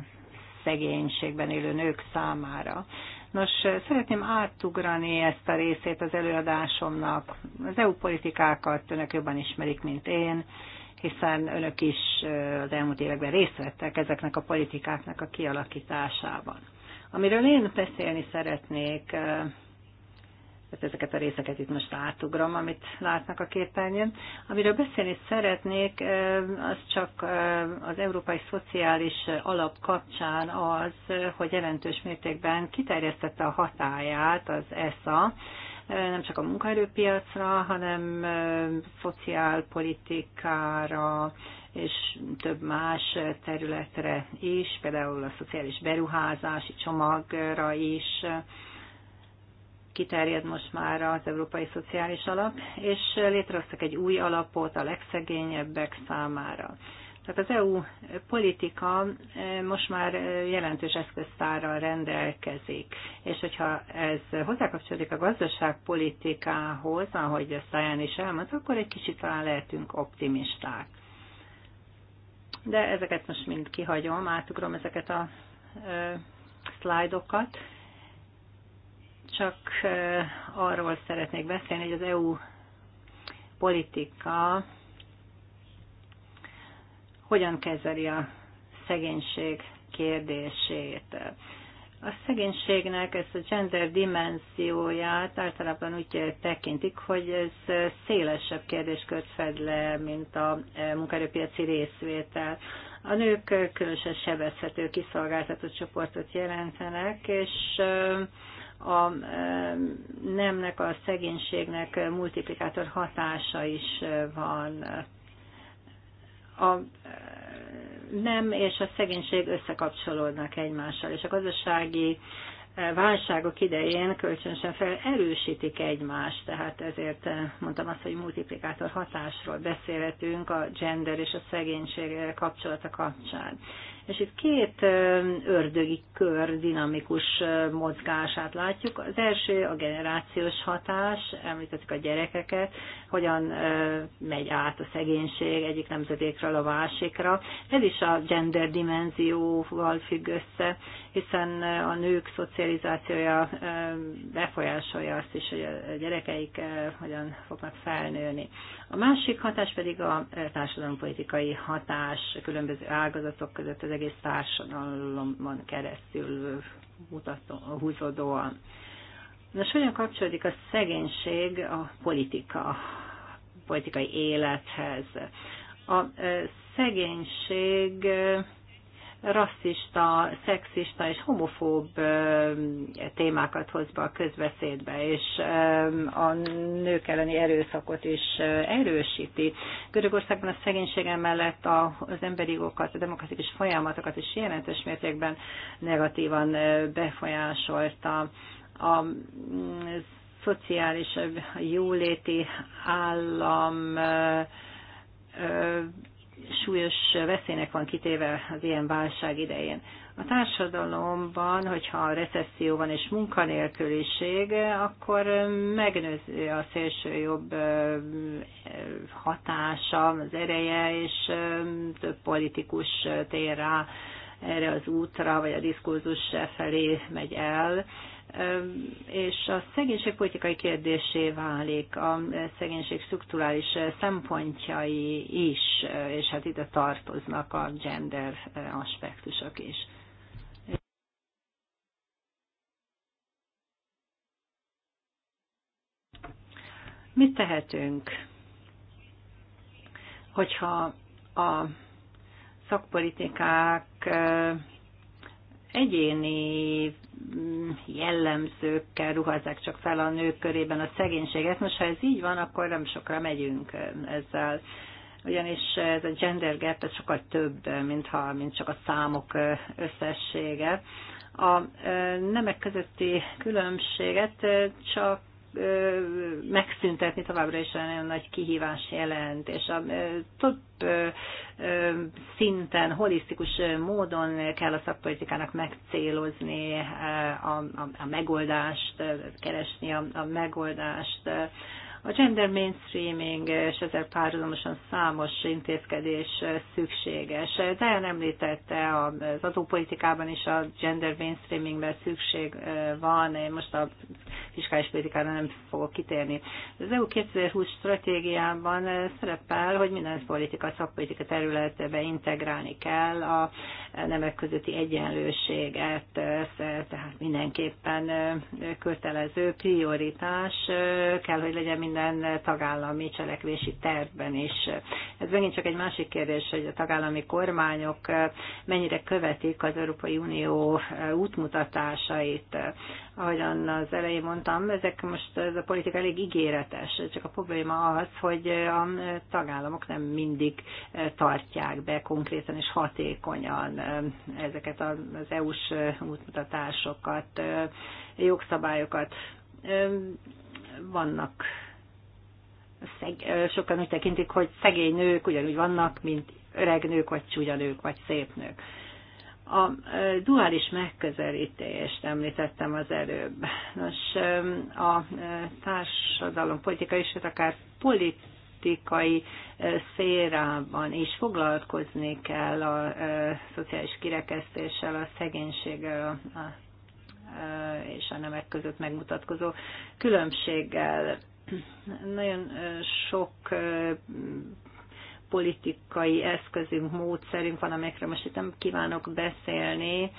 szegénységben élő nők számára. Nos, szeretném átugrani ezt a részét az előadásomnak. Az EU politikákat önök jobban ismerik, mint én hiszen önök is az elmúlt években részt vettek ezeknek a politikáknak a kialakításában. Amiről én beszélni szeretnék, tehát ezeket a részeket itt most átugrom, amit látnak a képernyőn. Amiről beszélni szeretnék, az csak az Európai Szociális Alap kapcsán az, hogy jelentős mértékben kiterjesztette a hatáját az ESA, nem csak a munkaerőpiacra, hanem szociálpolitikára és több más területre is, például a szociális beruházási csomagra is kiterjed most már az Európai Szociális Alap, és létrehoztak egy új alapot a legszegényebbek számára. Tehát az EU politika e, most már e, jelentős eszköztárral rendelkezik, és hogyha ez hozzákapcsolódik a gazdaságpolitikához, ahogy ezt Aján is elmondta, akkor egy kicsit talán lehetünk optimisták. De ezeket most mind kihagyom, átugrom ezeket a e, szlájdokat. Csak e, arról szeretnék beszélni, hogy az EU politika hogyan kezeli a szegénység kérdését. A szegénységnek ezt a gender dimenzióját általában úgy tekintik, hogy ez szélesebb kérdéskört fed le, mint a munkaerőpiaci részvétel. A nők különösen sebezhető, kiszolgáltatott csoportot jelentenek, és a nemnek, a szegénységnek multiplikátor hatása is van a e, nem és a szegénység összekapcsolódnak egymással, és a gazdasági e, válságok idején kölcsönösen felerősítik egymást, tehát ezért e, mondtam azt, hogy multiplikátor hatásról beszélhetünk a gender és a szegénység kapcsolata kapcsán. És itt két ördögi kör dinamikus mozgását látjuk. Az első a generációs hatás, említettük a gyerekeket, hogyan megy át a szegénység egyik nemzedékről a másikra. Ez is a gender dimenzióval függ össze, hiszen a nők szocializációja befolyásolja azt is, hogy a gyerekeik hogyan fognak felnőni. A másik hatás pedig a e, társadalompolitikai hatás, a különböző ágazatok között az egész társadalomban keresztül mutató, húzódóan. Nos, hogyan kapcsolódik a szegénység a politika, politikai élethez? A e, szegénység e, rasszista, szexista és homofób témákat hoz be a közbeszédbe, és a nők elleni erőszakot is erősíti. Görögországban a szegénysége mellett az emberi jogokat, a demokratikus folyamatokat is jelentős mértékben negatívan befolyásolta. A mm, szociális, jóléti állam súlyos veszélynek van kitéve az ilyen válság idején. A társadalomban, hogyha recesszió van és munkanélküliség, akkor megnőzi a szélső jobb hatása, az ereje, és több politikus tér rá erre az útra, vagy a diszkózus e felé megy el és a szegénység politikai kérdésé válik, a szegénység strukturális szempontjai is, és hát ide tartoznak a gender aspektusok is. Mit tehetünk, hogyha a szakpolitikák egyéni mm, jellemzőkkel ruházzák csak fel a nők körében a szegénységet. Most, ha ez így van, akkor nem sokra megyünk ezzel ugyanis ez a gender gap ez sokkal több, mint, ha, mint csak a számok összessége. A nemek közötti különbséget csak megszüntetni továbbra is nagyon nagy kihívás jelent, és a több szinten, holisztikus módon kell a szakpolitikának megcélozni a, a, a megoldást, keresni a, a megoldást a gender mainstreaming és ezzel párhuzamosan számos intézkedés szükséges. Nagyon említette az adópolitikában is a gender mainstreamingben szükség van, én most a fiskális politikára nem fogok kitérni. Az EU 2020 stratégiában szerepel, hogy minden politika, szakpolitika területbe integrálni kell a nemek közötti egyenlőséget, tehát mindenképpen kötelező prioritás kell, hogy legyen minden minden tagállami cselekvési tervben is. Ez megint csak egy másik kérdés, hogy a tagállami kormányok mennyire követik az Európai Unió útmutatásait. Ahogyan az elején mondtam, ezek most ez a politika elég ígéretes, csak a probléma az, hogy a tagállamok nem mindig tartják be konkrétan és hatékonyan ezeket az EU-s útmutatásokat, jogszabályokat. Vannak szeg, sokan úgy tekintik, hogy szegény nők ugyanúgy vannak, mint öreg nők, vagy csúnya nők, vagy szép nők. A duális megközelítést említettem az előbb. Nos, a társadalom politikai, sőt akár politikai szérában is foglalkozni kell a szociális kirekesztéssel, a szegénységgel, a, a, és a nemek között megmutatkozó különbséggel nagyon sok politikai eszközünk, módszerünk van, amelyekre most itt nem kívánok beszélni,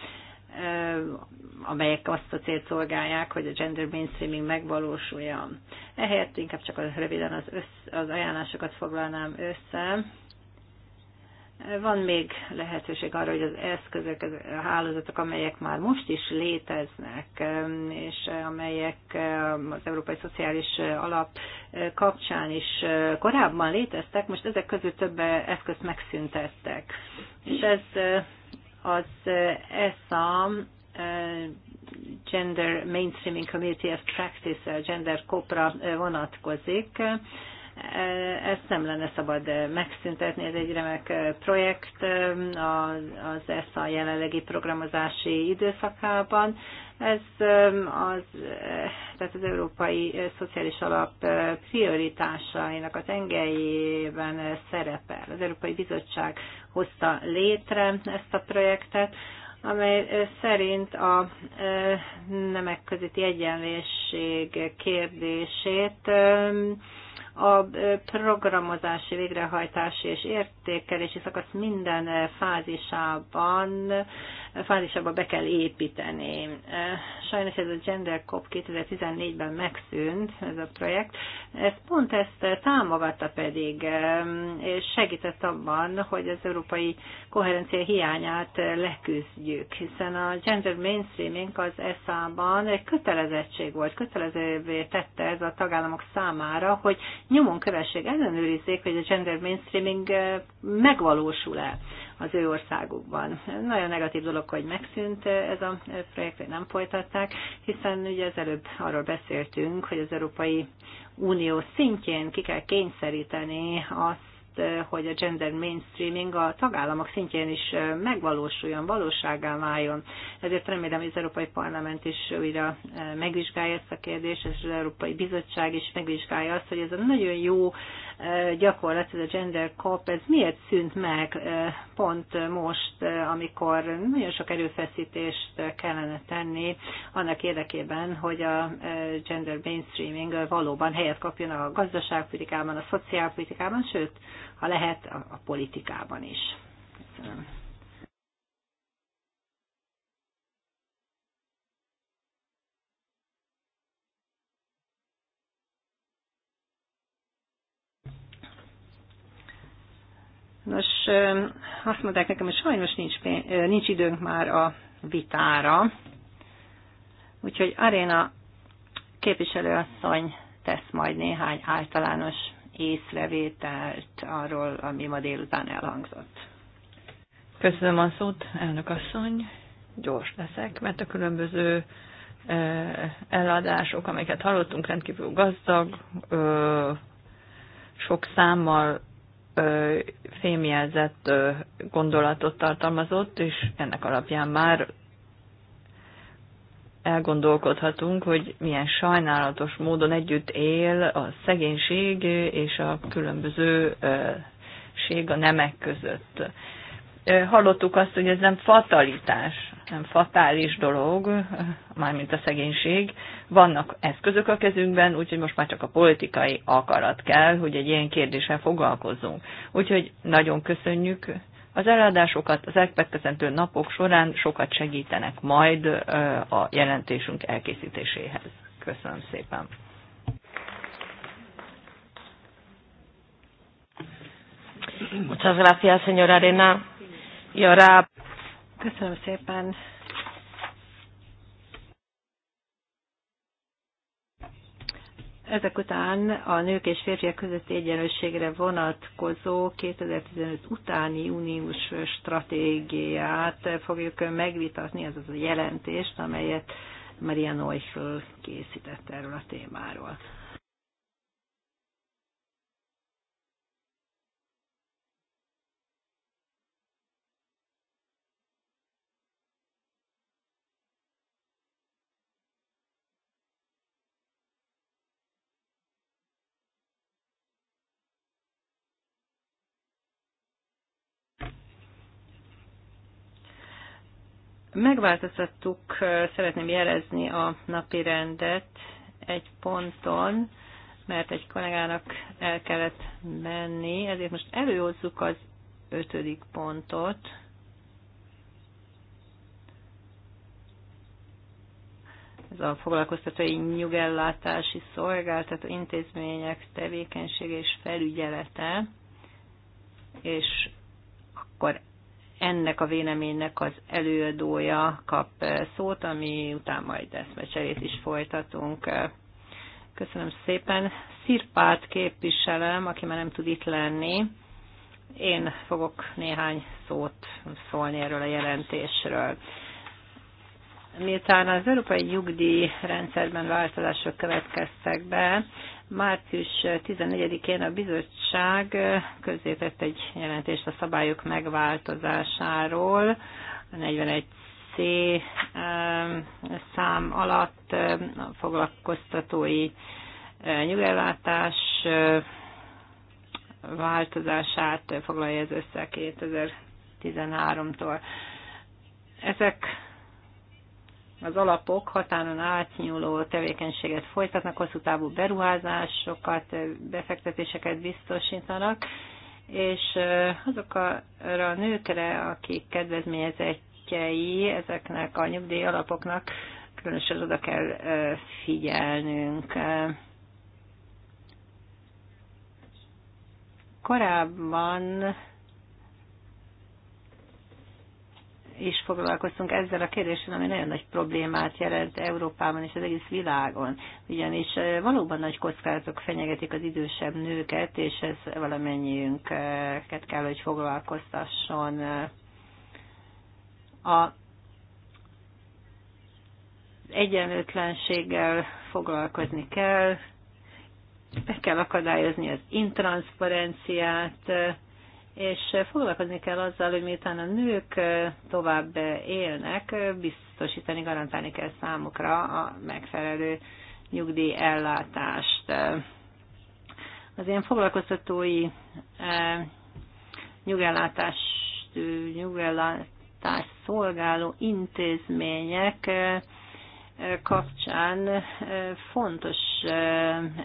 amelyek azt a célt szolgálják, hogy a gender mainstreaming megvalósuljon. Ehelyett inkább csak röviden az, össz, az ajánlásokat foglalnám össze. Van még lehetőség arra, hogy az eszközök, a hálózatok, amelyek már most is léteznek, és amelyek az Európai Szociális Alap kapcsán is korábban léteztek, most ezek közül több eszközt megszüntettek. És ez az ESA Gender Mainstreaming Committee, of Practice, Gender Copra vonatkozik, ezt nem lenne szabad megszüntetni, ez egy remek projekt az ESZA jelenlegi programozási időszakában. Ez az, tehát az Európai Szociális Alap prioritásainak az engelyében szerepel. Az Európai Bizottság hozta létre ezt a projektet, amely szerint a nemek közötti egyenlőség kérdését a programozási, végrehajtási és értékelési szakasz minden fázisában, fázisában be kell építeni. Sajnos ez a Gender COP 2014-ben megszűnt, ez a projekt. Ez pont ezt támogatta pedig, és segített abban, hogy az európai koherencia hiányát leküzdjük, hiszen a gender mainstreaming az esa ban egy kötelezettség volt, kötelezővé tette ez a tagállamok számára, hogy nyomon kövessék, ellenőrizzék, hogy a gender mainstreaming eh, megvalósul-e az ő országukban. Nagyon negatív dolog, hogy megszűnt eh, ez a eh, projekt, hogy nem folytatták, hiszen ugye az előbb arról beszéltünk, hogy az Európai Unió szintjén ki kell kényszeríteni azt, azt, eh, hogy a gender mainstreaming a tagállamok szintjén is eh, megvalósuljon, valóságá váljon. Ezért remélem, hogy az Európai Parlament is újra eh, megvizsgálja ezt a kérdést, és az Európai Bizottság is megvizsgálja azt, hogy ez a nagyon jó gyakorlat, ez a gender cop, ez miért szűnt meg pont most, amikor nagyon sok erőfeszítést kellene tenni annak érdekében, hogy a gender mainstreaming valóban helyet kapjon a gazdaságpolitikában, a szociálpolitikában, sőt, ha lehet, a politikában is. Köszönöm. Nos, azt mondták nekem, hogy sajnos nincs, nincs időnk már a vitára, úgyhogy Aréna képviselőasszony tesz majd néhány általános észrevételt arról, ami ma délután elhangzott. Köszönöm a szót, elnök asszony. Gyors leszek, mert a különböző eladások, amiket hallottunk, rendkívül gazdag, sok számmal fémjelzett gondolatot tartalmazott, és ennek alapján már elgondolkodhatunk, hogy milyen sajnálatos módon együtt él a szegénység és a különböző a nemek között hallottuk azt, hogy ez nem fatalitás, nem fatális dolog, mármint a szegénység. Vannak eszközök a kezünkben, úgyhogy most már csak a politikai akarat kell, hogy egy ilyen kérdéssel foglalkozzunk. Úgyhogy nagyon köszönjük az eladásokat az elkövetkezendő napok során sokat segítenek majd a jelentésünk elkészítéséhez. Köszönöm szépen. Muchas gracias, señora Arena. Ja, rá. Köszönöm szépen. Ezek után a nők és férfiak közötti egyenlőségre vonatkozó 2015 utáni uniós stratégiát fogjuk megvitatni, ez az a jelentést, amelyet Maria Neufel készített erről a témáról. Megváltoztattuk, szeretném jelezni a napi rendet egy ponton, mert egy kollégának el kellett menni, ezért most előhozzuk az ötödik pontot. Ez a foglalkoztatói nyugellátási szolgáltató intézmények tevékenysége és felügyelete, és akkor ennek a véleménynek az előadója kap eh, szót, ami után majd eszmecserét is folytatunk. Köszönöm szépen. Szirpát képviselem, aki már nem tud itt lenni. Én fogok néhány szót szólni erről a jelentésről. Miután az európai nyugdíj rendszerben változások következtek be, Március 14-én a bizottság közzétett egy jelentést a szabályok megváltozásáról, a 41 C szám alatt a foglalkoztatói nyugellátás változását foglalja ez össze 2013-tól. Ezek az alapok határon átnyúló tevékenységet folytatnak, hosszú távú beruházásokat, befektetéseket biztosítanak, és azokra a nőkre, akik kedvezményezettjei ezeknek a nyugdíj alapoknak, különösen oda kell figyelnünk. Korábban is foglalkoztunk ezzel a kérdéssel, ami nagyon nagy problémát jelent Európában és az egész világon. Ugyanis valóban nagy kockázatok fenyegetik az idősebb nőket, és ez valamennyiünket kell, hogy foglalkoztasson. A egyenlőtlenséggel foglalkozni kell, meg kell akadályozni az intranszparenciát, és eh, foglalkozni kell azzal, hogy miután a nők eh, tovább eh, élnek, biztosítani, garantálni kell számukra a megfelelő nyugdíj ellátást. Az ilyen foglalkoztatói nyugellátást, nyugellátást szolgáló intézmények kapcsán fontos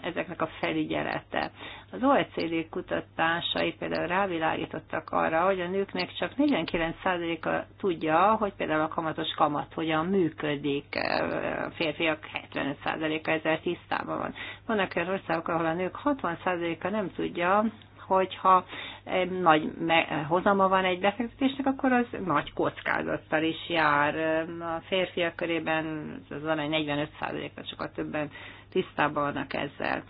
ezeknek a felügyelete. Az OECD kutatásai például rávilágítottak arra, hogy a nőknek csak 49%-a tudja, hogy például a kamatos kamat hogyan működik, a férfiak 75%-a ezzel tisztában van. Vannak olyan országok, ahol a nők 60%-a nem tudja, hogyha eh, nagy hozama van egy befektetésnek, akkor az nagy kockázattal is jár. Eh, a férfiak körében az van egy 45 a sokkal többen tisztában vannak ezzel.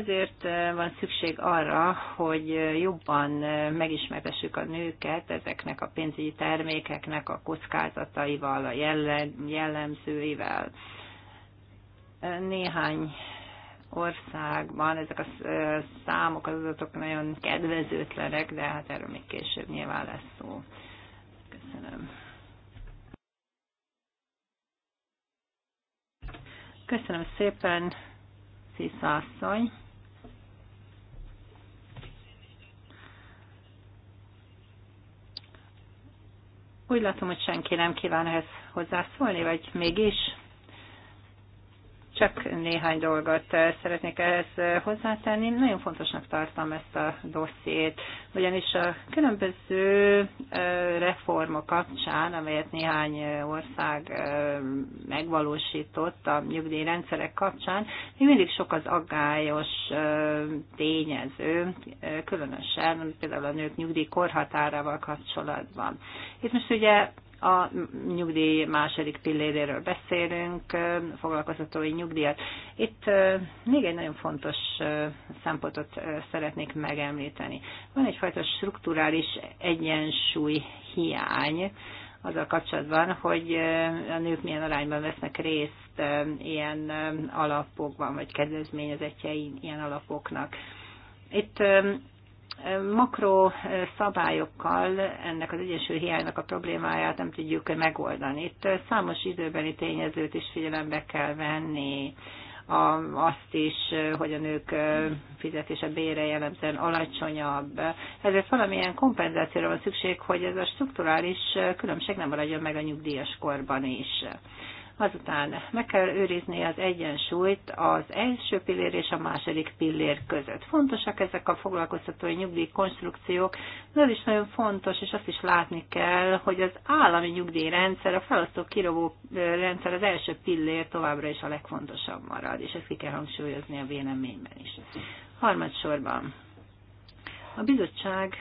Ezért eh, van szükség arra, hogy jobban megismertessük a nőket ezeknek a pénzügyi termékeknek a kockázataival, a jellemzőivel. Néhány országban. Ezek a számok, az adatok nagyon kedvezőtlenek, de hát erről még később nyilván lesz szó. Köszönöm. Köszönöm szépen, Szisza asszony. Úgy látom, hogy senki nem kíván ehhez hozzászólni, vagy mégis? Csak néhány dolgot eh, szeretnék ehhez eh, hozzátenni. Nagyon fontosnak tartom ezt a dossziét, ugyanis a különböző eh, reformok kapcsán, amelyet néhány ország megvalósított a nyugdíjrendszerek kapcsán, még mindig sok az aggályos tényező, különösen például a nők nyugdíjkorhatárával kapcsolatban. Itt most ugye a nyugdíj második pilléréről beszélünk, foglalkoztatói nyugdíjat. Itt még egy nagyon fontos szempontot szeretnék megemlíteni. Van egyfajta strukturális egyensúly hiány, azzal kapcsolatban, hogy a nők milyen arányban vesznek részt ilyen alapokban, vagy kedvezményezettjei ilyen alapoknak. Itt makro eh, szabályokkal ennek az egyensúly hiánynak a problémáját nem tudjuk megoldani. Itt eh, számos időbeli tényezőt is figyelembe kell venni, a, azt is, eh, hogy a nők fizetése bére jellemzően alacsonyabb. Ezért valamilyen kompenzációra van szükség, hogy ez a strukturális különbség nem maradjon meg a nyugdíjas korban is. Azután meg kell őrizni az egyensúlyt az első pillér és a második pillér között. Fontosak ezek a foglalkoztatói nyugdíj konstrukciók, de az is nagyon fontos, és azt is látni kell, hogy az állami nyugdíjrendszer, a felosztó kirovó rendszer az első pillér továbbra is a legfontosabb marad, és ezt ki kell hangsúlyozni a véleményben is. Harmadsorban a bizottság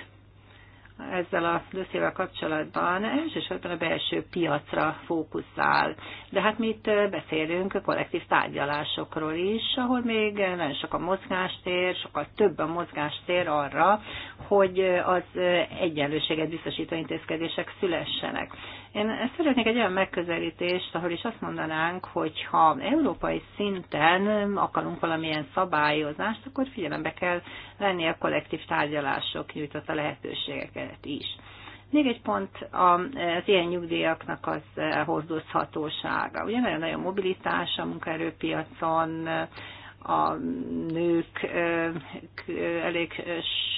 ezzel a dossziéval kapcsolatban elsősorban a belső piacra fókuszál. De hát mi itt beszélünk a kollektív tárgyalásokról is, ahol még nagyon sok a mozgástér, sokkal több a mozgástér arra, hogy az egyenlőséget biztosító intézkedések szülessenek. Én szeretnék egy olyan megközelítést, ahol is azt mondanánk, hogy ha európai szinten akarunk valamilyen szabályozást, akkor figyelembe kell venni a kollektív tárgyalások nyújtotta lehetőségeket is. Még egy pont az ilyen nyugdíjaknak az hordozhatósága. Ugye nagyon-nagyon mobilitás a munkaerőpiacon, a nők, elég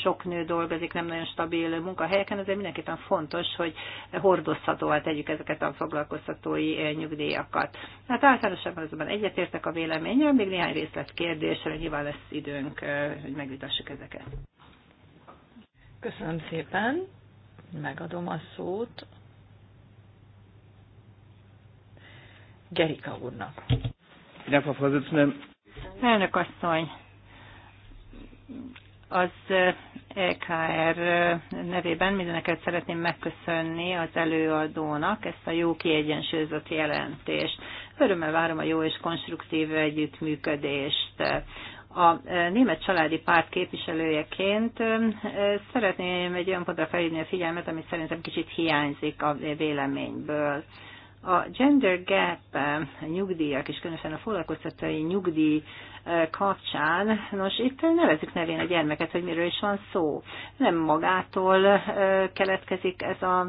sok nő dolgozik, nem nagyon stabil munkahelyeken, azért mindenképpen fontos, hogy hordozhatóvá tegyük ezeket a foglalkoztatói nyugdíjakat. Hát általánosabban azonban egyetértek a véleményem, még néhány részlet kérdésre, nyilván lesz időnk, hogy megvitassuk ezeket. Köszönöm szépen, megadom a szót Gerika úrnak. Ja, Frau Vorsitzende, Elnök asszony, az EKR nevében mindeneket szeretném megköszönni az előadónak ezt a jó kiegyensúlyozott jelentést. Örömmel várom a jó és konstruktív együttműködést. A német családi párt képviselőjeként szeretném egy olyan pontra felhívni a figyelmet, ami szerintem kicsit hiányzik a véleményből a gender gap eh, a nyugdíjak, és különösen a foglalkoztatói nyugdíj eh, kapcsán, nos itt nevezük nevén a gyermeket, hogy miről is van szó. Nem magától eh, keletkezik ez a,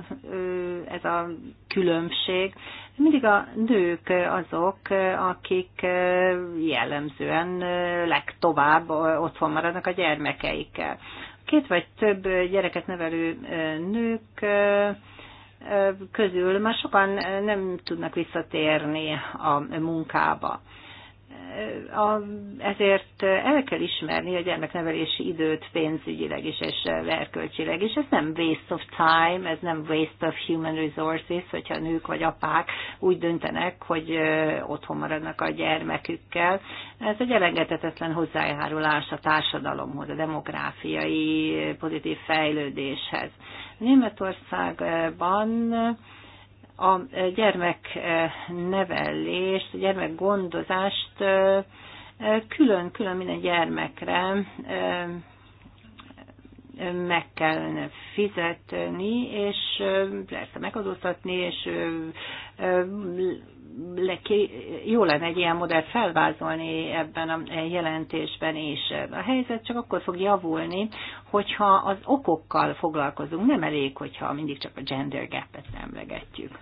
ez a különbség. Mindig a nők azok, akik jellemzően legtovább otthon maradnak a gyermekeikkel. Két vagy több gyereket nevelő nők közül már sokan nem tudnak visszatérni a munkába a, ezért el kell ismerni a gyermeknevelési időt pénzügyileg is és erkölcsileg is. Ez nem waste of time, ez nem waste of human resources, hogyha nők vagy apák úgy döntenek, hogy otthon maradnak a gyermekükkel. Ez egy elengedhetetlen hozzájárulás a társadalomhoz, a demográfiai pozitív fejlődéshez. Németországban a gyermeknevelést, eh, a gyermekgondozást eh, eh, külön-külön minden gyermekre meg kell fizetni, és persze megadóztatni, és jó lenne egy ilyen modell felvázolni ebben a jelentésben is. A helyzet csak akkor fog javulni, hogyha az okokkal foglalkozunk. Nem elég, hogyha mindig csak a gender gap-et emlegetjük.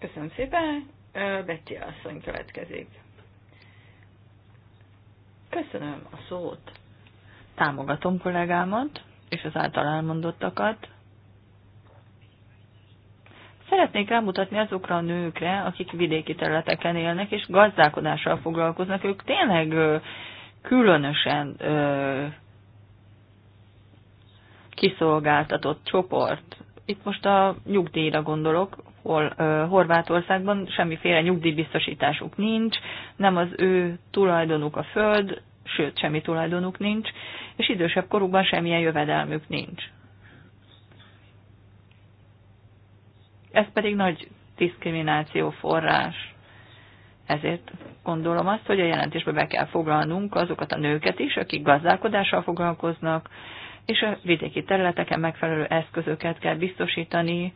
Köszönöm szépen. Betty asszony következik. Köszönöm a szót. Támogatom kollégámat és az által elmondottakat. Szeretnék rámutatni azokra a nőkre, akik vidéki területeken élnek, és gazdálkodással foglalkoznak. Ők tényleg különösen kiszolgáltatott csoport. Itt most a nyugdíjra gondolok, hol ö, Horvátországban semmiféle nyugdíjbiztosításuk nincs, nem az ő tulajdonuk a föld, sőt, semmi tulajdonuk nincs, és idősebb korukban semmilyen jövedelmük nincs. ez pedig nagy diszkrimináció forrás. Ezért gondolom azt, hogy a jelentésbe be kell foglalnunk azokat a nőket is, akik gazdálkodással foglalkoznak, és a vidéki területeken megfelelő eszközöket kell biztosítani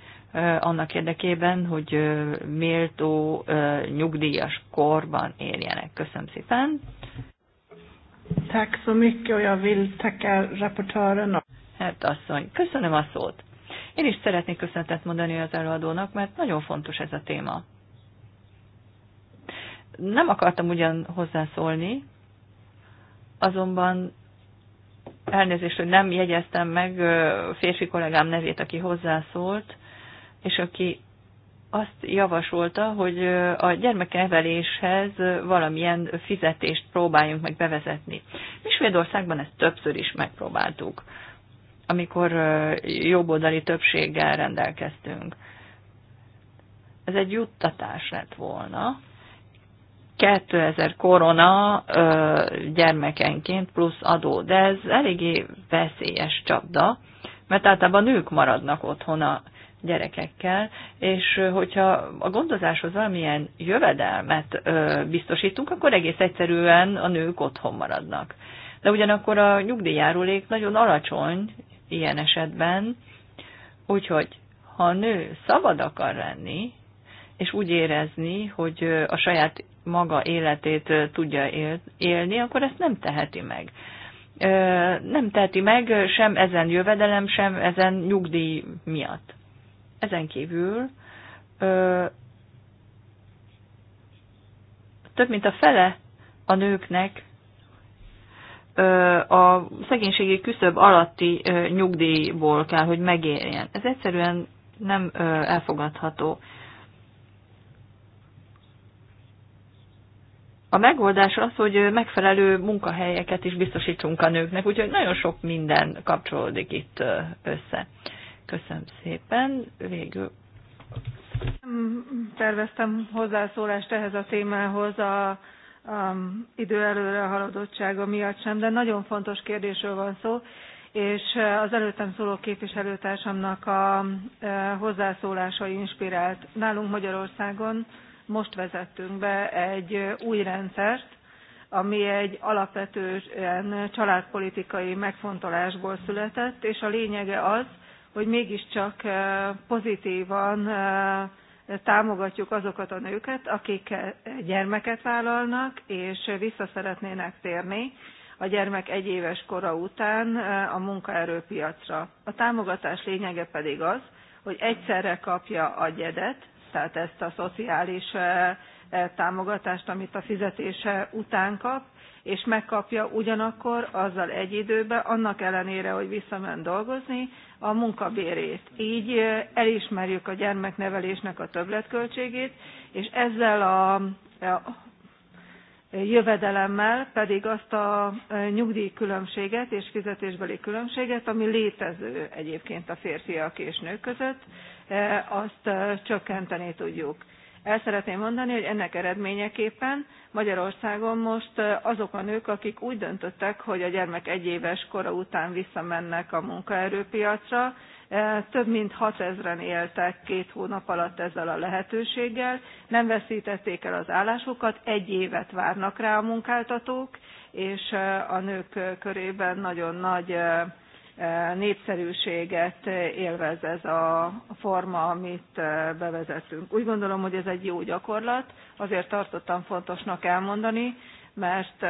annak érdekében, hogy méltó nyugdíjas korban éljenek. Köszönöm szépen! Tack så mycket och jag vill tacka rapportören. Hát asszony, köszönöm a szót. Én is szeretnék köszöntet mondani az előadónak, mert nagyon fontos ez a téma. Nem akartam ugyan hozzászólni, azonban elnézést, hogy nem jegyeztem meg férfi kollégám nevét, aki hozzászólt, és aki azt javasolta, hogy a gyermekeveléshez valamilyen fizetést próbáljunk meg bevezetni. Mi Svédországban ezt többször is megpróbáltuk amikor jobboldali többséggel rendelkeztünk. Ez egy juttatás lett volna. 2000 korona gyermekenként plusz adó, de ez eléggé veszélyes csapda, mert általában nők maradnak otthon a gyerekekkel, és hogyha a gondozáshoz valamilyen jövedelmet ö, biztosítunk, akkor egész egyszerűen a nők otthon maradnak. De ugyanakkor a nyugdíjjárulék nagyon alacsony, ilyen esetben. Úgyhogy, ha a nő szabad akar lenni, és úgy érezni, hogy a saját maga életét tudja élni, akkor ezt nem teheti meg. Nem teheti meg sem ezen jövedelem, sem ezen nyugdíj miatt. Ezen kívül több mint a fele a nőknek a szegénységi küszöb alatti nyugdíjból kell, hogy megérjen. Ez egyszerűen nem elfogadható. A megoldás az, hogy megfelelő munkahelyeket is biztosítsunk a nőknek, úgyhogy nagyon sok minden kapcsolódik itt össze. Köszönöm szépen. Végül. Nem terveztem hozzászólást ehhez a témához. A um, idő előre haladottsága miatt sem, de nagyon fontos kérdésről van szó, és az előttem szóló képviselőtársamnak a hozzászólása inspirált. Nálunk Magyarországon most vezettünk be egy új rendszert, ami egy alapvetően családpolitikai megfontolásból született, és a lényege az, hogy mégiscsak pozitívan támogatjuk azokat a nőket akik gyermeket vállalnak és vissza szeretnének térni a gyermek egyéves kora után eh, a munkaerőpiacra. a támogatás lényege pedig az hogy egyszerre kapja a gyedet tehát ezt a szociális eh, eh, támogatást amit a fizetése után kap és megkapja ugyanakkor azzal egy időben, annak ellenére, hogy visszament dolgozni, a munkabérét. Így elismerjük a gyermeknevelésnek a többletköltségét, és ezzel a, a jövedelemmel pedig azt a nyugdíjkülönbséget és fizetésbeli különbséget, ami létező egyébként a férfiak és nők között, azt csökkenteni tudjuk el szeretném mondani hogy ennek eredményeképpen magyarországon most azok a nők akik úgy döntöttek hogy a gyermek egyéves kora után visszamennek a munkaerőpiacra több mint hatezren éltek két hónap alatt ezzel a lehetőséggel nem vesztették el az állásukat egy évet várnak rá a munkáltatók és a nők körében nagyon nagy népszerűséget élvez ez a forma, amit bevezetünk. Úgy gondolom, hogy ez egy jó gyakorlat, azért tartottam fontosnak elmondani, mert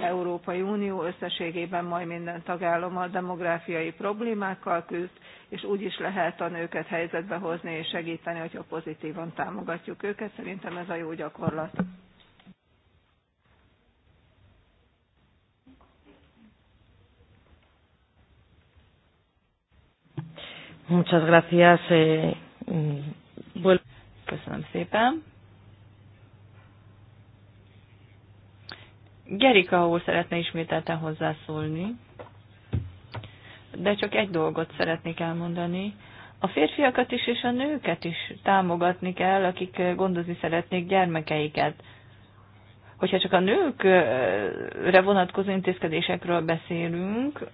Európai Unió összességében majd minden tagállam a demográfiai problémákkal küzd, és úgy is lehet a nőket helyzetbe hozni és segíteni, hogyha pozitívan támogatjuk őket. Szerintem ez a jó gyakorlat. Muchas gracias. Eh, mm, vuelvo. Köszönöm szépen. Gerika úr szeretne ismételten hozzászólni, de csak egy dolgot szeretnék elmondani. A férfiakat is és a nőket is támogatni kell, akik eh, gondozni szeretnék gyermekeiket. Hogyha csak a nőkre vonatkozó intézkedésekről beszélünk,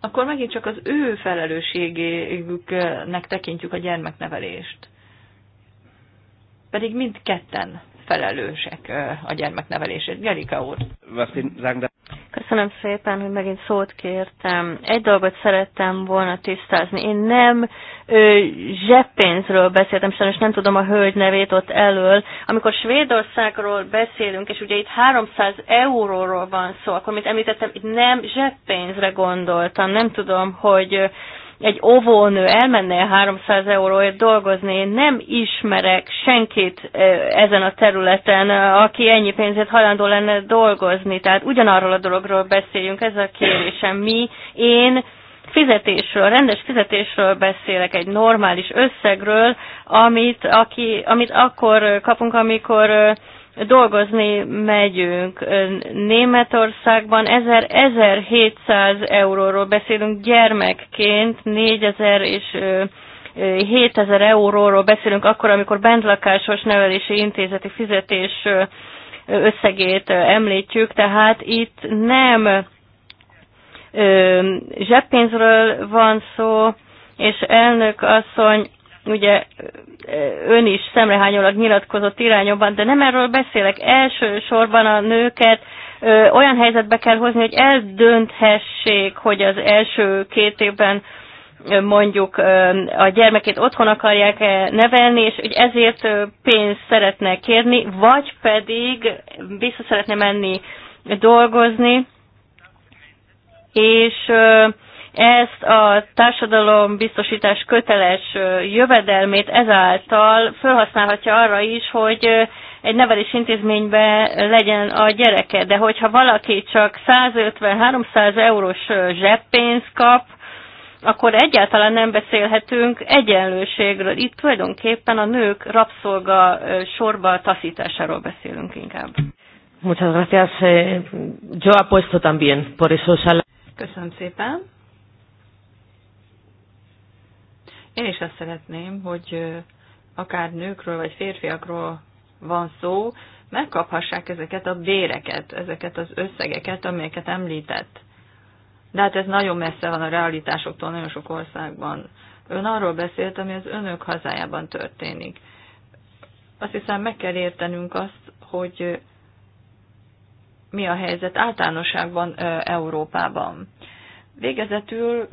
akkor megint csak az ő felelősségüknek tekintjük a gyermeknevelést. Pedig mind felelősek a gyermeknevelésért. Gerika úr. Köszönöm szépen, hogy megint szót kértem. Egy dolgot szerettem volna tisztázni. Én nem ö, zseppénzről beszéltem, sajnos nem tudom a hölgy nevét ott elől. Amikor Svédországról beszélünk, és ugye itt 300 euróról van szó, akkor, mint említettem, itt nem zseppénzre gondoltam. Nem tudom, hogy ö, egy óvónő elmenne 300 euróért dolgozni, én nem ismerek senkit ezen a területen, aki ennyi pénzért hajlandó lenne dolgozni. Tehát ugyanarról a dologról beszéljünk, ez a kérésem. Mi, én fizetésről, rendes fizetésről beszélek, egy normális összegről, amit, aki, amit akkor kapunk, amikor dolgozni megyünk. Németországban 1700 euróról beszélünk gyermekként, 4000 és 7000 euróról beszélünk akkor, amikor bentlakásos nevelési intézeti fizetés összegét említjük, tehát itt nem zseppénzről van szó, és elnök asszony ugye ön is szemrehányólag nyilatkozott irányokban, de nem erről beszélek. Elsősorban a nőket ö, olyan helyzetbe kell hozni, hogy eldönthessék, hogy az első két évben mondjuk a gyermekét otthon akarják -e nevelni, és hogy ezért pénzt szeretne kérni, vagy pedig vissza szeretne menni dolgozni, és ezt a társadalom biztosítás köteles jövedelmét ezáltal felhasználhatja arra is, hogy egy nevelés intézménybe legyen a gyereke. De hogyha valaki csak 150-300 eurós zseppénzt kap, akkor egyáltalán nem beszélhetünk egyenlőségről. Itt tulajdonképpen a nők rabszolga sorba taszításáról beszélünk inkább. Muchas gracias. Eh, yo apuesto también por esos Köszönöm szépen. Én is azt szeretném, hogy akár nőkről vagy férfiakról van szó, megkaphassák ezeket a béreket, ezeket az összegeket, amelyeket említett. De hát ez nagyon messze van a realitásoktól nagyon sok országban. Ön arról beszélt, ami az önök hazájában történik. Azt hiszem meg kell értenünk azt, hogy mi a helyzet általánosságban Európában. Végezetül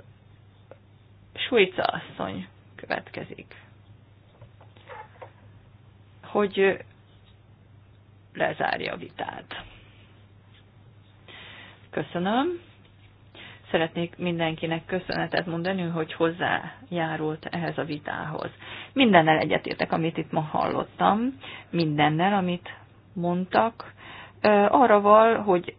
Suica asszony következik. Hogy lezárja a vitát. Köszönöm. Szeretnék mindenkinek köszönetet mondani, hogy hozzájárult ehhez a vitához. Mindennel egyetértek, amit itt ma hallottam, mindennel, amit mondtak, arra val, hogy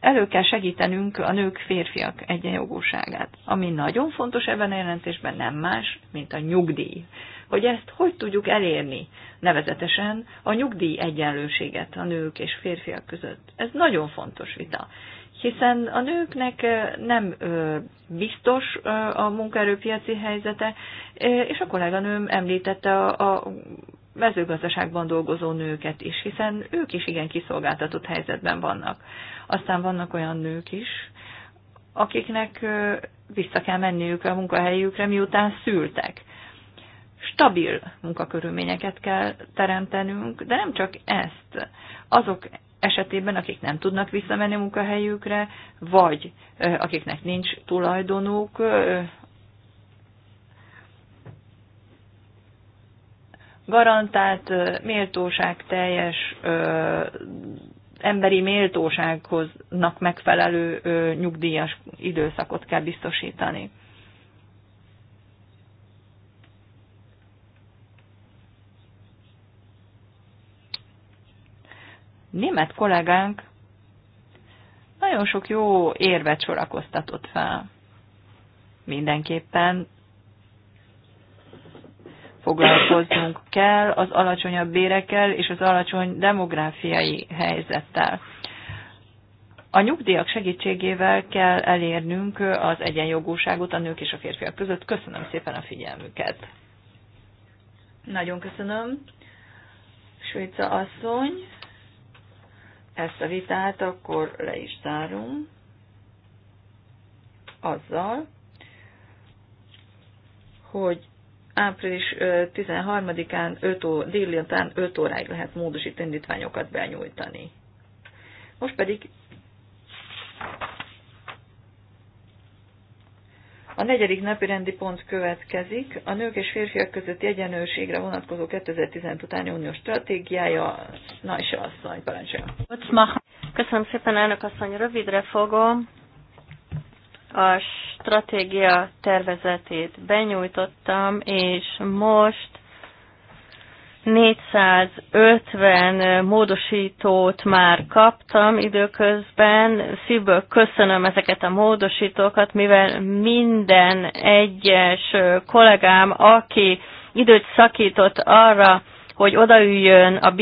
elő kell segítenünk a nők férfiak egyenjogúságát, ami nagyon fontos ebben a jelentésben, nem más, mint a nyugdíj. Hogy ezt hogy tudjuk elérni, nevezetesen a nyugdíj egyenlőséget a nők és férfiak között. Ez nagyon fontos vita, hiszen a nőknek nem biztos a munkaerőpiaci helyzete, és a kolléganőm említette a mezőgazdaságban dolgozó nőket is, hiszen ők is igen kiszolgáltatott helyzetben vannak. Aztán vannak olyan nők is, akiknek vissza kell menniük a munkahelyükre, miután szültek. Stabil munkakörülményeket kell teremtenünk, de nem csak ezt. Azok esetében, akik nem tudnak visszamenni a munkahelyükre, vagy akiknek nincs tulajdonuk, garantált méltóság teljes emberi méltósághoznak megfelelő nyugdíjas időszakot kell biztosítani. Német kollégánk nagyon sok jó érvet sorakoztatott fel. Mindenképpen foglalkoznunk kell az alacsonyabb bérekkel és az alacsony demográfiai helyzettel. A nyugdíjak segítségével kell elérnünk az egyenjogúságot a nők és a férfiak között. Köszönöm szépen a figyelmüket. Nagyon köszönöm. Svéca asszony, ezt a vitát akkor le is zárom azzal, hogy április 13-án 5 ó, délután 5 óráig lehet módosít indítványokat benyújtani. Most pedig a negyedik napi rendi pont következik, a nők és férfiak közötti egyenlőségre vonatkozó 2015 utáni uniós stratégiája. Na és asszony, parancsolja. Köszönöm szépen, elnök asszony, rövidre fogom. A stratégia tervezetét benyújtottam, és most 450 módosítót már kaptam időközben. Szívből köszönöm ezeket a módosítókat, mivel minden egyes kollégám, aki időt szakított arra, hogy odaüljön a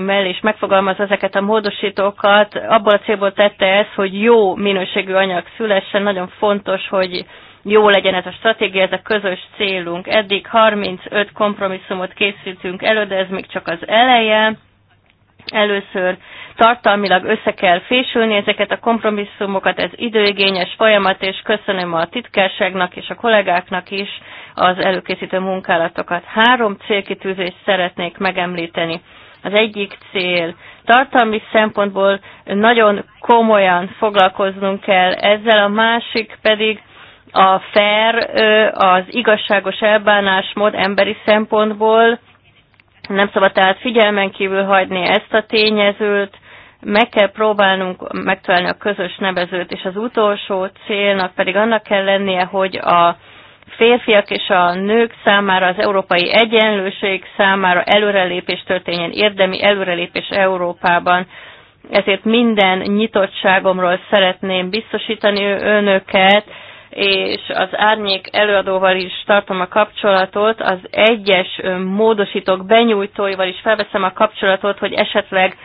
mellé, és megfogalmaz ezeket a módosítókat. Abból a célból tette ez, hogy jó minőségű anyag szülessen. Nagyon fontos, hogy jó legyen ez a stratégia, ez a közös célunk. Eddig 35 kompromisszumot készítünk elő, de ez még csak az eleje. Először tartalmilag össze kell fésülni ezeket a kompromisszumokat, ez időigényes folyamat, és köszönöm a titkárságnak és a kollégáknak is az előkészítő munkálatokat. Három célkitűzést szeretnék megemlíteni. Az egyik cél tartalmi szempontból nagyon komolyan foglalkoznunk kell ezzel, a másik pedig a fair, az igazságos elbánásmód emberi szempontból. Nem szabad tehát figyelmen kívül hagyni ezt a tényezőt, meg kell próbálnunk megtalálni a közös nevezőt, és az utolsó célnak pedig annak kell lennie, hogy a férfiak és a nők számára, az európai egyenlőség számára előrelépés történjen, érdemi előrelépés Európában. Ezért minden nyitottságomról szeretném biztosítani önöket, és az árnyék előadóval is tartom a kapcsolatot, az egyes módosítók benyújtóival is felveszem a kapcsolatot, hogy esetleg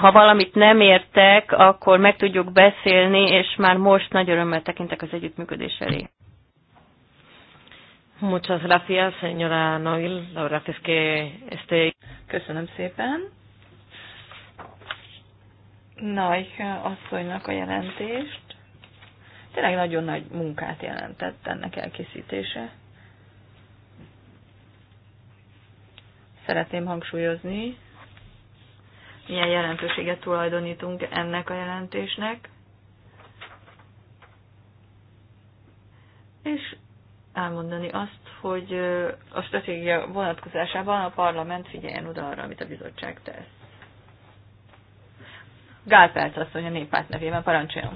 ha valamit nem értek, akkor meg tudjuk beszélni, és már most nagy örömmel tekintek az együttműködés elé. Muchas gracias, señora Noil. La verdad es que este... Köszönöm szépen. Nagy asszonynak a jelentést. Tényleg nagyon nagy munkát jelentett ennek elkészítése. Szeretném hangsúlyozni, milyen jelentőséget tulajdonítunk ennek a jelentésnek. És elmondani azt, hogy a stratégia vonatkozásában a parlament figyeljen oda arra, amit a bizottság tesz. Gál Perc asszony a néppárt nevében, parancsoljon.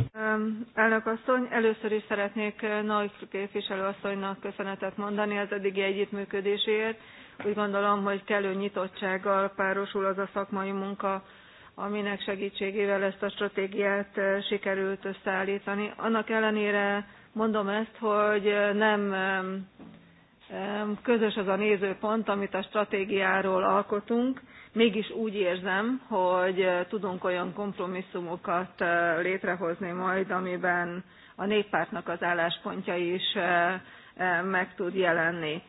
Elnök asszony, először is szeretnék Nagy képviselő asszonynak köszönetet mondani az eddigi együttműködéséért. Úgy gondolom, hogy kellő nyitottsággal párosul az a szakmai munka, aminek segítségével ezt a stratégiát sikerült összeállítani. Annak ellenére mondom ezt hogy nem közös az a nézőpont amit a stratégiáról alkotunk mégis úgy érzem hogy tudunk olyan kompromisszumokat létrehozni majd amiben a néppártnak az álláspontja is meg tud jelenni.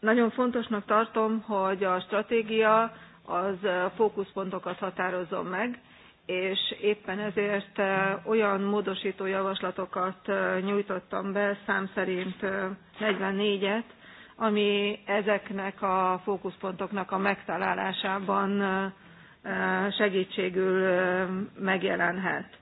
nagyon fontosnak tartom hogy a stratégia az fókuszpontokat határozzon meg és éppen ezért olyan módosító javaslatokat nyújtottam be szám szerint 44-et, ami ezeknek a fókuszpontoknak a megtalálásában segítségül megjelenhet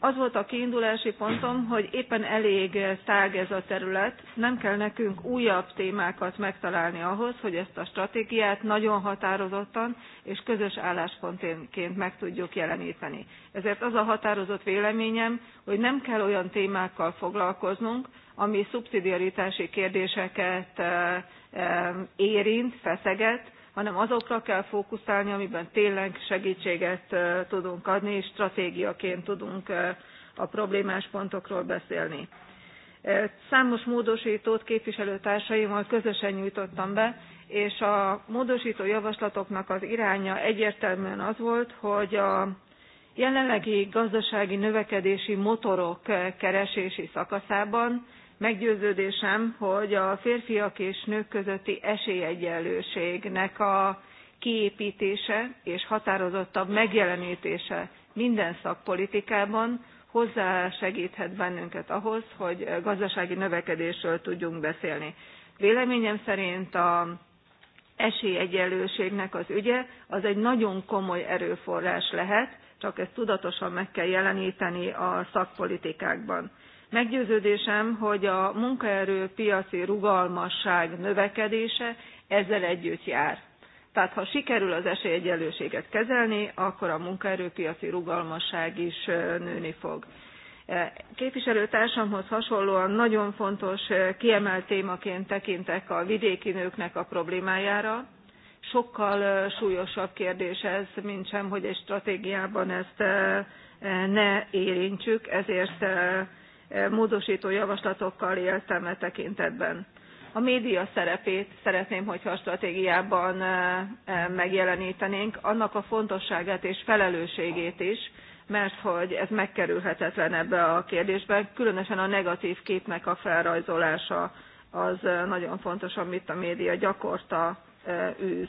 az volt a kiindulási pontom hogy éppen elég tág ez a terület nem kell nekünk újabb témákat megtalálni ahhoz hogy ezt a stratégiát nagyon határozottan és közös álláspontként meg tudjuk jeleníteni. ezért az a határozott véleményem hogy nem kell olyan témákkal foglalkoznunk ami szubszidiaritási kérdéseket eh, eh, érint feszeget hanem azokra kell fókuszálni amiben tényleg segtséget tudunk adni és stratégiaként tudunk a problémás pontokról beszélni. számos módosítót képviselőtársaimmal közösen nyújtottam be és a módosító javaslatoknak az iránya egyértelműen az volt hogy a jelenlegi gazdasági növekedési motorok keresési szakaszában meggyőződésem hogy a férfiak és nők közötti esélyegyenlőségnek a kiépítése és határozottabb megjelenítése minden szakpolitikában hozzásegíthet bennünket ahhoz hogy gazdasági növekedésről tudjunk beszélni. véleményem szerint a esélyegyenlőségnek az ügye az egy nagyon komoly erőforrás lehet csak ezt tudatosan meg kell jelenteni a szakpolitikákban meggyőződésem hogy a munkaerőpiaci rugalmasság növekedése ezzel együtt jár tehát ha sikerül az esélyegyenlőséget kezelni akkor a munkaerőpiaci rugalmasság is nőni fog. képviselőtársamhoz hasonlóan nagyon fontos kiemelt témaként tekintek a vidéki nőknek a problémájára sokkal súlyosabb kérdés ez mint sem, hogy egy stratégiában ezt ne érintsük ezért E, módostó javaslatokkal éltem e tekintetben. a média szerepét szeretném hogyha a stratégiában e, e, megjelenítenénk, annak a fontosságát és felelősségét is mert hogy ez megkerülhetetlen ebbe a kérdésben különösen a negatív képnek a felrajzolása az nagyon fontos amit a média gyakorta űz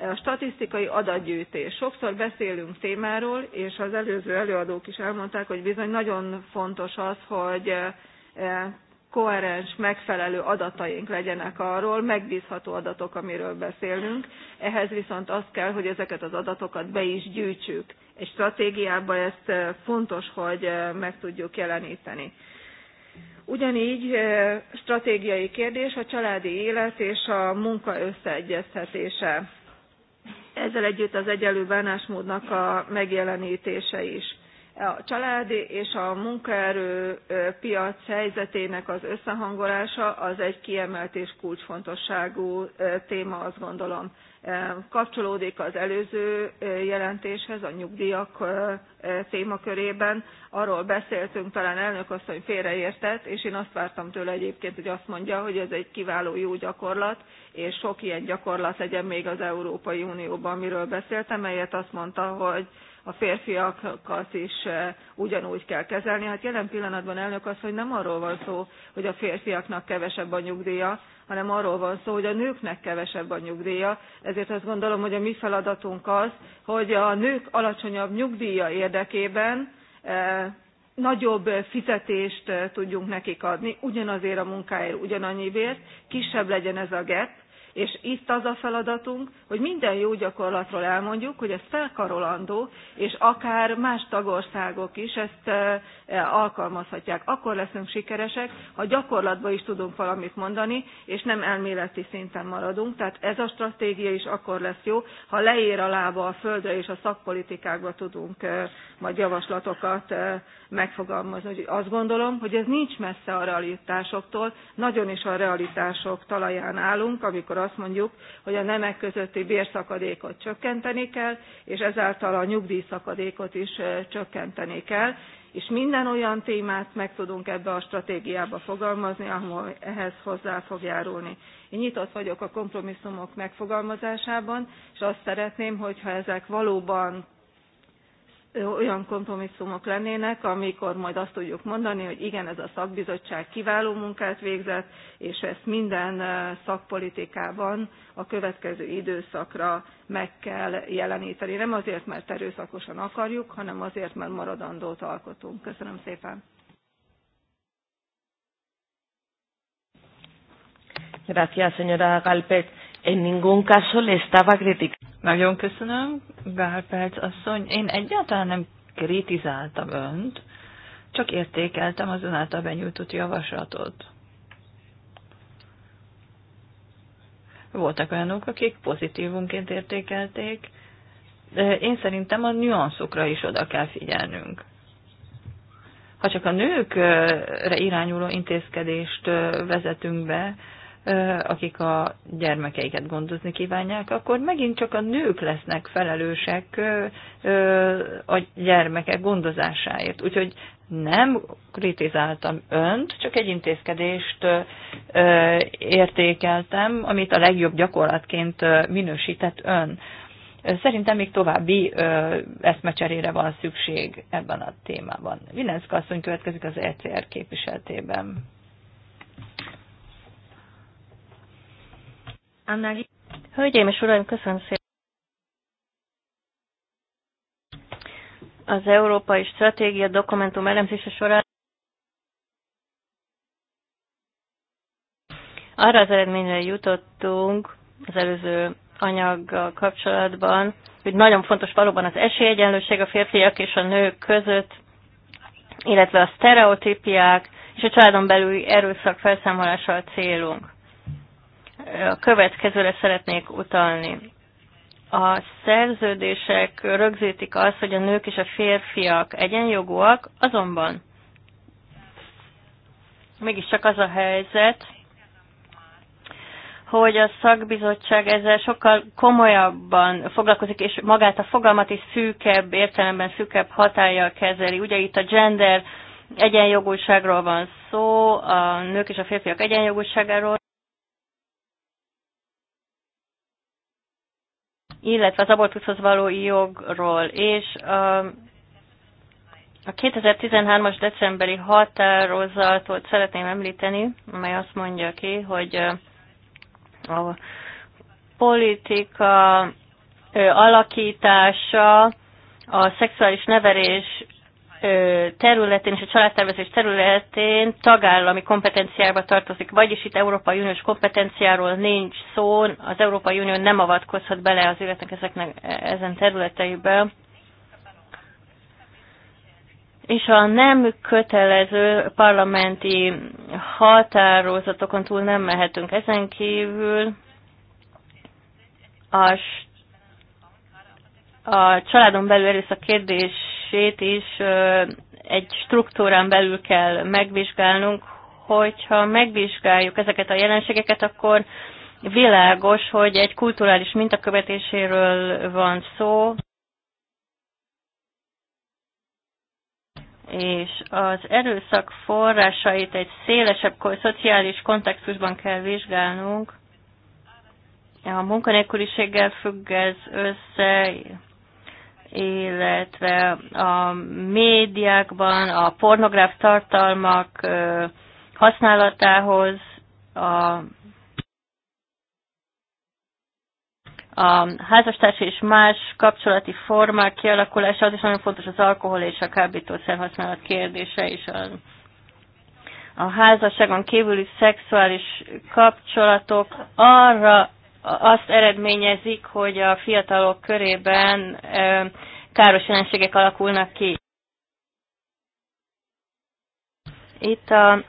a statisztikai adatgyűjtés sokszor beszélünk témáról és az előző előadók is elmondták hogy bizony nagyon fontos az hogy eh, koherens megfelelő adataink legyenek arról megbízható adatok amiről beszélünk ehhez viszont az kell hogy ezeket az adatokat be is gyűjtsük egy stratégiában ezt eh, fontos hogy eh, meg tudjuk jeleníteni. ugyanígy stratégiai kérdés a családi élet és a munka összeegyeztetése ezzel együtt az egyenlő bánásmódnak a megjelenítése is. A családi és a munkaerő piac helyzetének az összehangolása az egy kiemelt és kulcsfontosságú téma, azt gondolom kapcsolódik az előző jelentéshez a nyugdjak témakörében arról beszéltünk talán elnök asszony félreértett és én azt vártam tőle egyébként hogy azt mondja hogy ez egy kiváló jó gyakorlat és sok ilyen gyakorlat legyen még az európai unióban amiről beszéltem melyet azt mondta hogy a férfiakat is ugyanúgy kell kezelni. Hát jelen pillanatban elnök asszony nem arról van szó, hogy a férfiaknak kevesebb a nyugdíja, hanem arról van szó hogy a nőknek kevesebb a nyugdja ezért azt gondolom hogy a mi feladatunk az hogy a nők alacsonyabb nyugdja érdekében eh, nagyobb fizetést eh, tudjunk nekik adni ugyanazért a munkáért ugyanannyi bért kisebb legyen ez a gap és itt az a feladatunk hogy minden jó gyakorlatról elmondjuk hogy ez felkarolandó és akár más tagországok is ezt e, e, alkalmazhatják. akkor leszünk sikeresek ha gyakorlatban is tudunk valamit mondani és nem elméleti szinten maradunk tehát ez a stratégia is akkor lesz jó ha leér a lába a földre és a szakpolitikákba tudunk e, majd javaslatokat megfogalmazni. Úgyhogy azt gondolom hogy ez nincs messze a realitásoktól nagyon is a realitások talaján állunk amikor azt mondjuk hogy a nemek közötti bérszakadékot csökkenteni kell és ezáltal a nyugdjszakadékot is csökkenteni kell és minden olyan témát meg tudunk ebbe a stratégiába fogalmazni ahol ehhez hozzá fog járulni. én nyitott vagyok a kompromisszumok megfogalmazásában és azt szeretném hogyha ezek valóban olyan kompromisszumok lennének amikor majd azt tudjuk mondani hogy igen ez a szakbizottság kiváló munkát végzett és ezt minden eh, szakpolitikában a következő időszakra meg kell jeleníteni. nem azért mert erőszakosan akarjuk hanem azért mert maradandót alkotunk. köszönöm szépen! Gracias, señora Galpet en ningún caso le estaba criticando. Nagyon köszönöm, Gál Perc asszony. Én egyáltalán nem kritizáltam önt, csak értékeltem az ön által benyújtott javaslatot. Voltak olyanok, akik pozitívunként értékelték, de én szerintem a nüanszokra is oda kell figyelnünk. Ha csak a nőkre irányuló intézkedést vezetünk be, akik a gyermekeiket gondozni kívánják, akkor megint csak a nők lesznek felelősek a gyermekek gondozásáért. Úgyhogy nem kritizáltam önt, csak egy intézkedést értékeltem, amit a legjobb gyakorlatként minősített ön. Szerintem még további eszmecserére van szükség ebben a témában. Vinenszka asszony következik az ECR képviseltében. Hölgyeim és uraim, köszönöm szépen. Az Európai Stratégia dokumentum elemzése során arra az eredményre jutottunk az előző anyaggal kapcsolatban, hogy nagyon fontos valóban az esélyegyenlőség a férfiak és a nők között, illetve a sztereotípiák és a családon belüli erőszak felszámolása a célunk a következőre szeretnék utalni. A szerződések rögzítik azt, hogy a nők és a férfiak egyenjogúak, azonban mégiscsak az a helyzet, hogy a szakbizottság ezzel sokkal komolyabban foglalkozik, és magát a fogalmat is szűkebb értelemben, szűkebb hatállyal kezeli. Ugye itt a gender egyenjogúságról van szó, a nők és a férfiak egyenjogúságáról, illetve az abortuszhoz való jogról, és um, a a 2013-as decemberi határozatot szeretném említeni, amely azt mondja ki, hogy uh, a politika uh, alakítása a szexuális nevelés területén és a családtervezés területén tagállami kompetenciába tartozik, vagyis itt Európai Uniós kompetenciáról nincs szó, az Európai Unió nem avatkozhat bele az életnek ezeknek ezen területeibe. És a nem kötelező parlamenti határozatokon túl nem mehetünk. Ezen kívül a, a családon belül erőszak kérdés kérdését, is egy struktúrán belül kell megvizsgálnunk, hogyha megvizsgáljuk ezeket a jelenségeket, akkor világos, hogy egy kulturális mintakövetéséről van szó, és az erőszak forrásait egy szélesebb szociális kontextusban kell vizsgálnunk. A munkanélküliséggel függ ez össze, illetve a médiákban a pornográf tartalmak használatához, a, a házastársi és más kapcsolati formák kialakulása, az is nagyon fontos az alkohol és a kábítószer használat kérdése is. A, a házasságon kívüli szexuális kapcsolatok arra azt eredményezik, hogy a fiatalok körében káros jelenségek alakulnak ki. Itt a,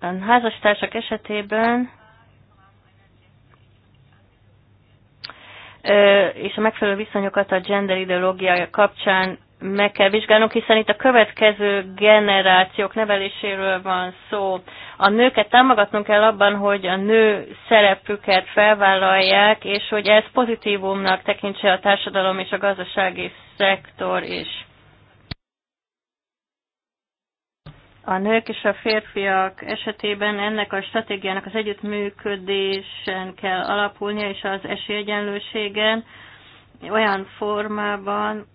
házastársak esetében és a megfelelő viszonyokat a gender ideológia kapcsán meg kell vizsgálnunk, hiszen itt a következő generációk neveléséről van szó. A nőket támogatnunk kell abban, hogy a nő szerepüket felvállalják, és hogy ez pozitívumnak tekintse a társadalom és a gazdasági szektor is. A nők és a férfiak esetében ennek a stratégiának az együttműködésen kell alapulnia, és az esélyegyenlőségen olyan formában,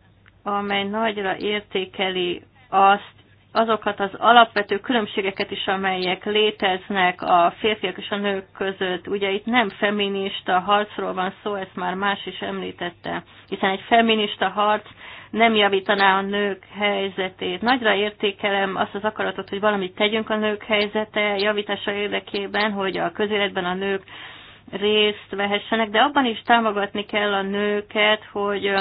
amely nagyra értékeli azt, azokat az alapvető különbségeket is, amelyek léteznek a férfiak és a nők között. Ugye itt nem feminista harcról van szó, ezt már más is említette, hiszen egy feminista harc nem javítaná a nők helyzetét. Nagyra értékelem azt az akaratot, hogy valamit tegyünk a nők helyzete javítása érdekében, hogy a közéletben a nők részt vehessenek, de abban is támogatni kell a nőket, hogy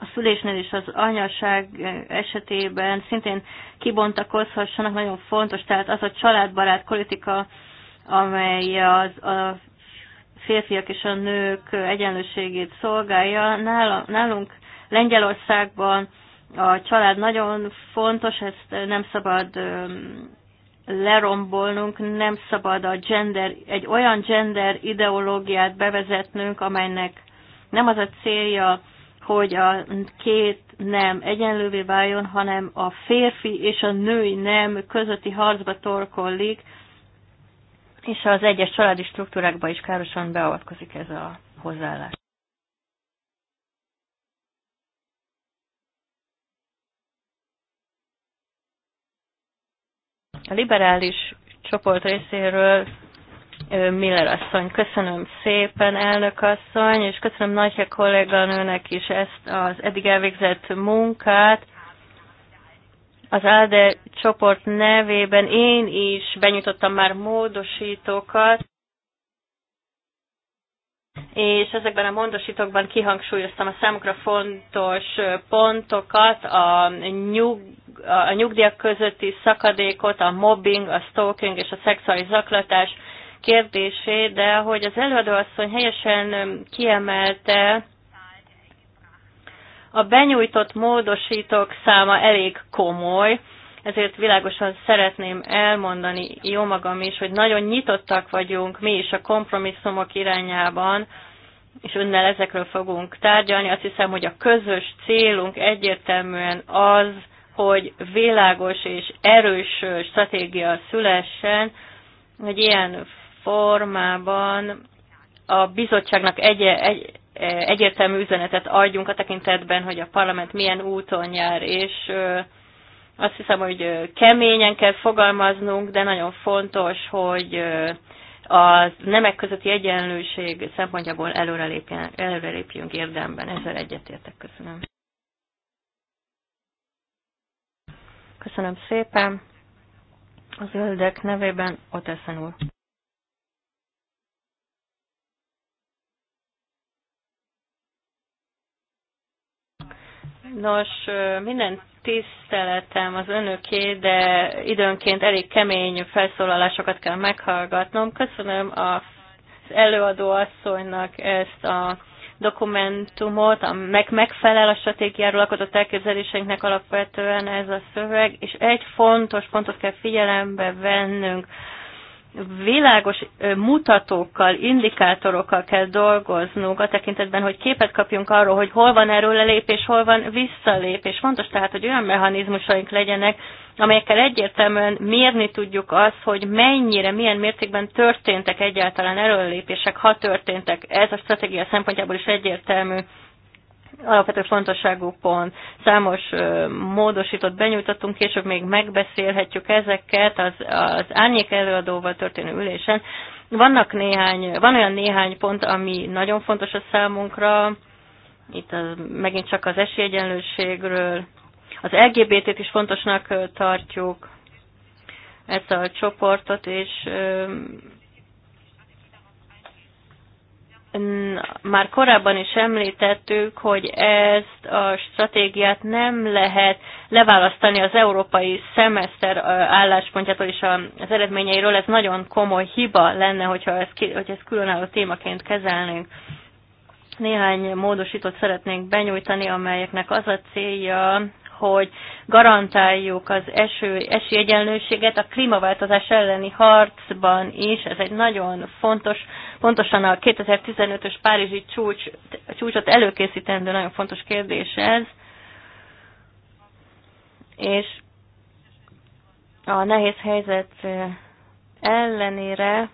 a szülésnél és az anyaság eh, esetében szintén kibontakozhassanak, nagyon fontos, tehát az a családbarát politika, amely az, a férfiak és a nők egyenlőségét szolgálja. Nálunk Lengyelországban a család nagyon fontos, ezt nem szabad lerombolnunk, nem szabad a gender, egy olyan gender ideológiát bevezetnünk, amelynek nem az a célja, hogy a két nem egyenlővé váljon, hanem a férfi és a női nem közötti harcba torkollik, és az egyes családi struktúrákba is károsan beavatkozik ez a hozzáállás. A liberális csoport részéről Miller asszony. Köszönöm szépen, elnök asszony, és köszönöm Nagyja kolléganőnek is ezt az eddig elvégzett munkát. Az ALDE csoport nevében én is benyújtottam már módosítókat, és ezekben a módosítókban kihangsúlyoztam a számukra fontos pontokat, a, nyug, a nyugdíjak közötti szakadékot, a mobbing, a stalking és a szexuális zaklatás kérdésé, de hogy az előadóasszony helyesen kiemelte, a benyújtott módosítók száma elég komoly, ezért világosan szeretném elmondani jó magam is, hogy nagyon nyitottak vagyunk mi is a kompromisszumok irányában, és önnel ezekről fogunk tárgyalni. Azt hiszem, hogy a közös célunk egyértelműen az, hogy világos és erős stratégia szülessen, hogy ilyen formában a bizottságnak egy, egy, egyértelmű üzenetet adjunk a tekintetben, hogy a parlament milyen úton jár, és azt hiszem, hogy keményen kell fogalmaznunk, de nagyon fontos, hogy a nemek közötti egyenlőség szempontjából előrelépjünk, érdemben. Ezzel egyetértek. Köszönöm. Köszönöm szépen. az öldek nevében Otessen úr. Nos, minden tiszteletem az önöké, de időnként elég kemény felszólalásokat kell meghallgatnom. Köszönöm az előadó asszonynak ezt a dokumentumot, meg megfelel a stratégiáról alkotott elképzeléseinknek alapvetően ez a szöveg, és egy fontos pontot kell figyelembe vennünk világos mutatókkal, indikátorokkal kell dolgoznunk a tekintetben, hogy képet kapjunk arról, hogy hol van erőlelépés, hol van visszalépés. Fontos tehát, hogy olyan mechanizmusaink legyenek, amelyekkel egyértelműen mérni tudjuk azt, hogy mennyire, milyen mértékben történtek egyáltalán erőlépések, ha történtek. Ez a stratégia szempontjából is egyértelmű alapvető fontosságú pont. Számos módosított benyújtottunk, később még megbeszélhetjük ezeket az, az árnyék előadóval történő ülésen. Vannak néhány, van olyan néhány pont, ami nagyon fontos a számunkra, itt az, megint csak az esélyegyenlőségről, az LGBT-t is fontosnak tartjuk, ezt a csoportot, és már korábban is említettük, hogy ezt a stratégiát nem lehet leválasztani az európai szemeszter álláspontjától és az eredményeiről. Ez nagyon komoly hiba lenne, hogyha ezt, hogy ezt különálló témaként kezelnénk. Néhány módosítót szeretnénk benyújtani, amelyeknek az a célja, hogy garantáljuk az eső, egyenlőséget a klímaváltozás elleni harcban is. Ez egy nagyon fontos, pontosan a 2015-ös Párizsi csúcs, csúcsot előkészítendő nagyon fontos kérdés ez. És a nehéz helyzet ellenére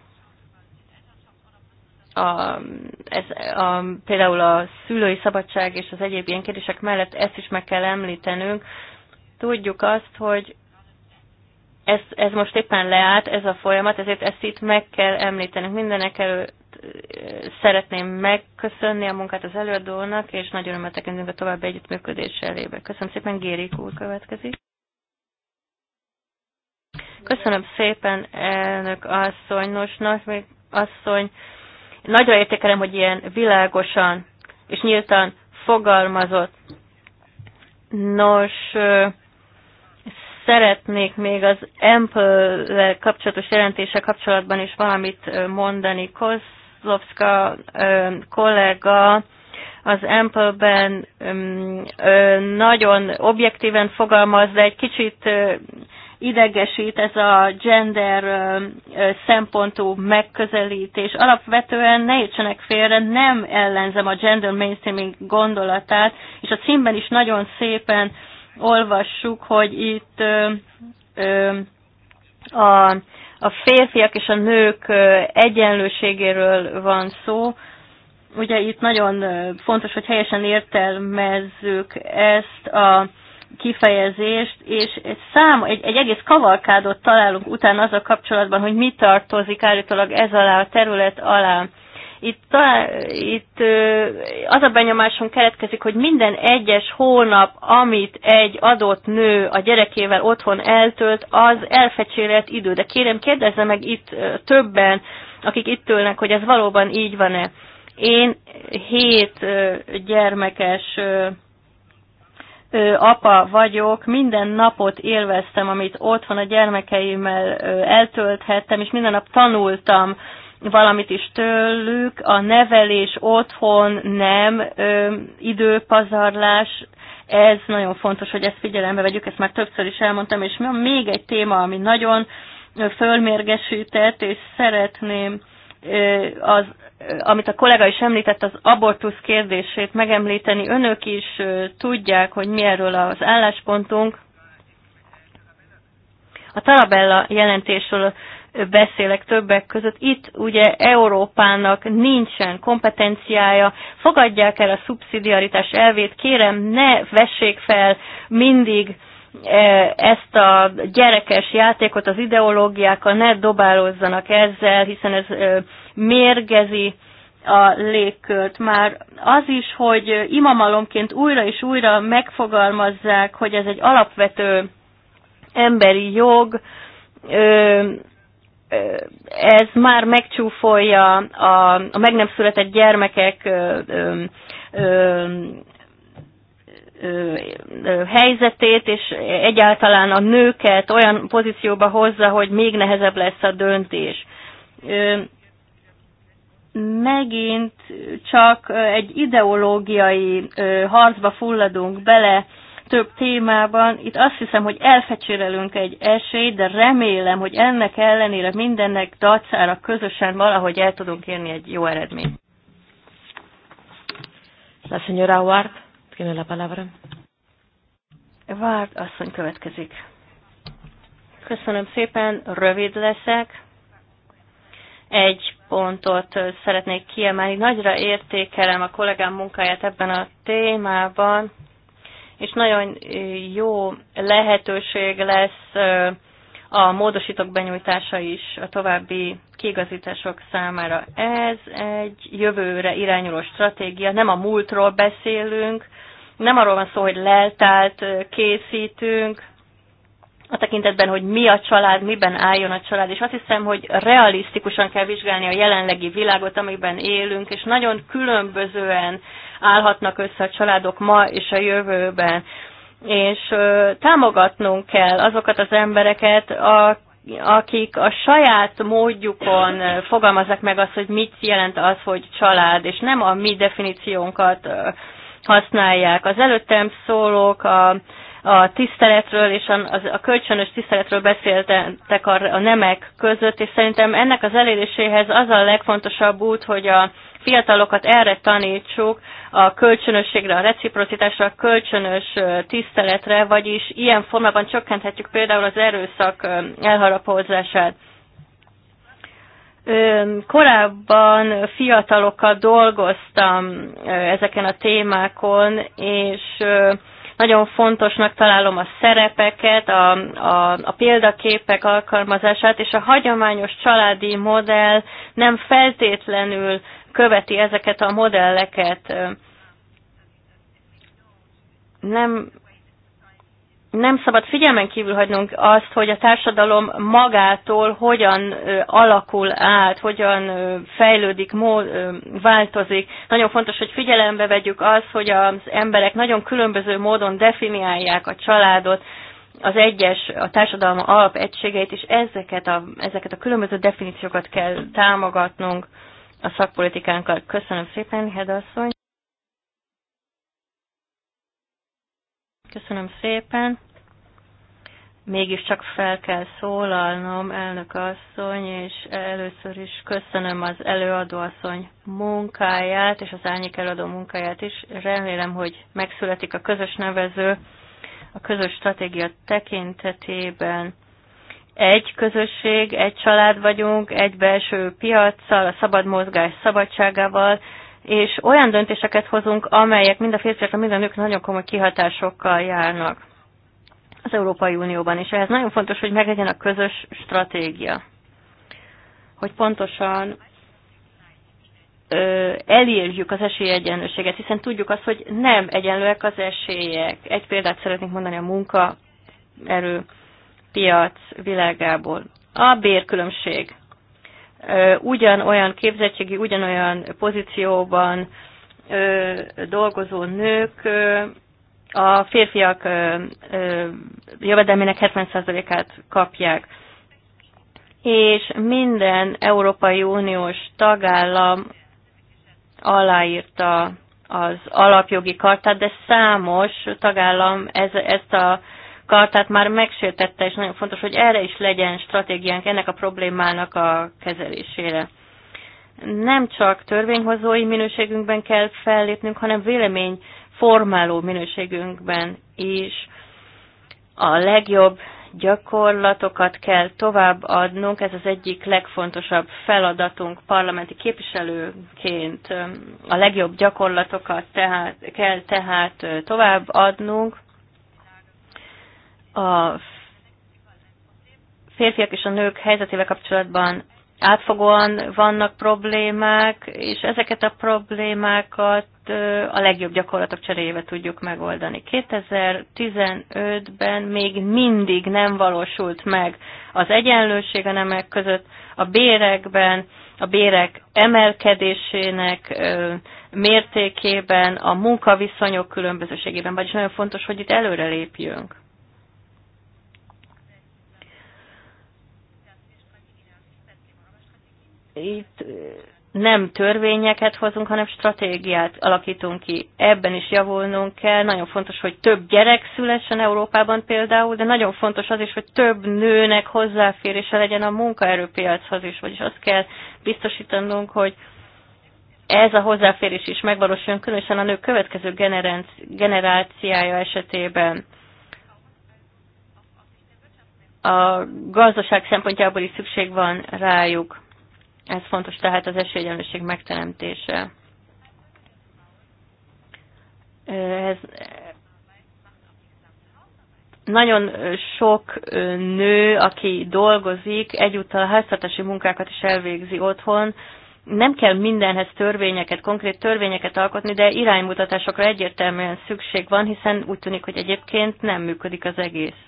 a, ez, a, például a szülői szabadság és az egyéb ilyen kérdések mellett ezt is meg kell említenünk. Tudjuk azt, hogy ez, ez most éppen leállt, ez a folyamat, ezért ezt itt meg kell említenünk. Mindenek előtt szeretném megköszönni a munkát az előadónak, és nagy örömmel tekintünk a további együttműködés elébe. Köszönöm szépen, Gérik úr következik. Köszönöm szépen, elnök asszony. Nos, még asszony, Nagyra értékelem, hogy ilyen világosan és nyíltan fogalmazott. Nos, szeretnék még az ample kapcsolatos jelentése kapcsolatban is valamit mondani. Kozlovska kollega az Ample-ben mm, nagyon objektíven fogalmaz, de egy kicsit idegesít ez a gender szempontú megközelítés. Alapvetően ne értsenek félre, nem ellenzem a gender mainstreaming gondolatát, és a címben is nagyon szépen olvassuk, hogy itt ö, ö, a, a férfiak és a nők egyenlőségéről van szó. Ugye itt nagyon fontos, hogy helyesen értelmezzük ezt a kifejezést, és egy, szám, egy, egy egész kavalkádot találunk utána az a kapcsolatban, hogy mi tartozik állítólag ez alá a terület alá. Itt, itt az a benyomásunk keletkezik, hogy minden egyes hónap, amit egy adott nő a gyerekével otthon eltölt, az elfecsérelt idő. De kérem, kérdezze meg itt többen, akik itt ülnek, hogy ez valóban így van-e. Én hét gyermekes apa vagyok, minden napot élveztem, amit otthon a gyermekeimmel eltölthettem, és minden nap tanultam valamit is tőlük. A nevelés otthon nem ö, időpazarlás, ez nagyon fontos, hogy ezt figyelembe vegyük, ezt már többször is elmondtam, és még egy téma, ami nagyon fölmérgesített, és szeretném az, amit a kollega is említett, az abortusz kérdését megemlíteni. Önök is tudják, hogy mi erről az álláspontunk. A Tarabella jelentésről beszélek többek között. Itt ugye Európának nincsen kompetenciája, fogadják el a szubszidiaritás elvét, kérem ne vessék fel mindig E, ezt a gyerekes játékot az ideológiákkal ne dobálozzanak ezzel, hiszen ez e, mérgezi a légkört. Már az is, hogy imamalomként újra és újra megfogalmazzák, hogy ez egy alapvető emberi jog, ez már megcsúfolja a, a meg nem született gyermekek helyzetét, és egyáltalán a nőket olyan pozícióba hozza, hogy még nehezebb lesz a döntés. Megint csak egy ideológiai harcba fulladunk bele több témában. Itt azt hiszem, hogy elfecsérelünk egy esélyt, de remélem, hogy ennek ellenére mindennek dacára közösen valahogy el tudunk érni egy jó eredményt. La señora Ward. Tiene la palabra. Várd asszony következik. Köszönöm szépen, rövid leszek. Egy pontot szeretnék kiemelni. Nagyra értékelem a kollégám munkáját ebben a témában, és nagyon jó lehetőség lesz a módosítók benyújtása is a további kiigazítások számára. Ez egy jövőre irányuló stratégia, nem a múltról beszélünk, nem arról van szó, hogy leltált készítünk, a tekintetben, hogy mi a család, miben álljon a család, és azt hiszem, hogy realisztikusan kell vizsgálni a jelenlegi világot, amiben élünk, és nagyon különbözően állhatnak össze a családok ma és a jövőben és támogatnunk kell azokat az embereket, a, akik a saját módjukon fogalmazzák meg azt, hogy mit jelent az, hogy család, és nem a mi definíciónkat használják. Az előttem szólók a, a tiszteletről és a, a, a kölcsönös tiszteletről beszéltek a, a nemek között, és szerintem ennek az eléréséhez az a legfontosabb út, hogy a fiatalokat erre tanítsuk, a kölcsönösségre, a reciprocitásra, a kölcsönös tiszteletre, vagyis ilyen formában csökkenthetjük például az erőszak elharapózását korábban fiatalokkal dolgoztam ezeken a témákon, és nagyon fontosnak találom a szerepeket, a, a, a példaképek alkalmazását, és a hagyományos családi modell nem feltétlenül követi ezeket a modelleket. Nem, nem szabad figyelmen kívül hagynunk azt, hogy a társadalom magától hogyan alakul át, hogyan fejlődik, változik. Nagyon fontos, hogy figyelembe vegyük azt, hogy az emberek nagyon különböző módon definiálják a családot, az egyes, a társadalom alapegységeit, és ezeket a, ezeket a különböző definíciókat kell támogatnunk a szakpolitikánkkal. Köszönöm szépen, Hedasszony. Köszönöm szépen. Mégiscsak fel kell szólalnom, elnök asszony, és először is köszönöm az előadó asszony munkáját, és az árnyék előadó munkáját is. Remélem, hogy megszületik a közös nevező a közös stratégia tekintetében egy közösség, egy család vagyunk, egy belső piaccal, a szabad mozgás szabadságával, és olyan döntéseket hozunk, amelyek mind a férfiakra, mind a nők nagyon komoly kihatásokkal járnak az Európai Unióban, és ehhez nagyon fontos, hogy meglegyen a közös stratégia, hogy pontosan ö, elérjük az esélyegyenlőséget, hiszen tudjuk azt, hogy nem egyenlőek az esélyek. Egy példát szeretnék mondani a munkaerő piac világából. A bérkülönbség. Ugyanolyan képzettségi, ugyanolyan pozícióban dolgozó nők a férfiak jövedelmének 70%-át kapják. És minden Európai Uniós tagállam aláírta az alapjogi kartát, de számos tagállam ez, ezt a kartát már megsértette, és nagyon fontos, hogy erre is legyen stratégiánk ennek a problémának a kezelésére. Nem csak törvényhozói minőségünkben kell fellépnünk, hanem vélemény formáló minőségünkben is a legjobb gyakorlatokat kell továbbadnunk, ez az egyik legfontosabb feladatunk parlamenti képviselőként. A legjobb gyakorlatokat tehát, kell tehát továbbadnunk, a férfiak és a nők helyzetével kapcsolatban átfogóan vannak problémák, és ezeket a problémákat a legjobb gyakorlatok cseréjével tudjuk megoldani. 2015-ben még mindig nem valósult meg az egyenlőség a nemek között, a bérekben, a bérek emelkedésének mértékében, a munkaviszonyok különbözőségében, vagyis nagyon fontos, hogy itt előre lépjünk. itt nem törvényeket hozunk, hanem stratégiát alakítunk ki. Ebben is javulnunk kell. Nagyon fontos, hogy több gyerek szülessen Európában például, de nagyon fontos az is, hogy több nőnek hozzáférése legyen a munkaerőpiachoz is, vagyis azt kell biztosítanunk, hogy ez a hozzáférés is megvalósuljon, különösen a nők következő generáciája esetében a gazdaság szempontjából is szükség van rájuk. Ez fontos tehát az esélyegyenlőség megteremtése. Ez nagyon sok nő, aki dolgozik, egyúttal a háztartási munkákat is elvégzi otthon, nem kell mindenhez törvényeket, konkrét törvényeket alkotni, de iránymutatásokra egyértelműen szükség van, hiszen úgy tűnik, hogy egyébként nem működik az egész.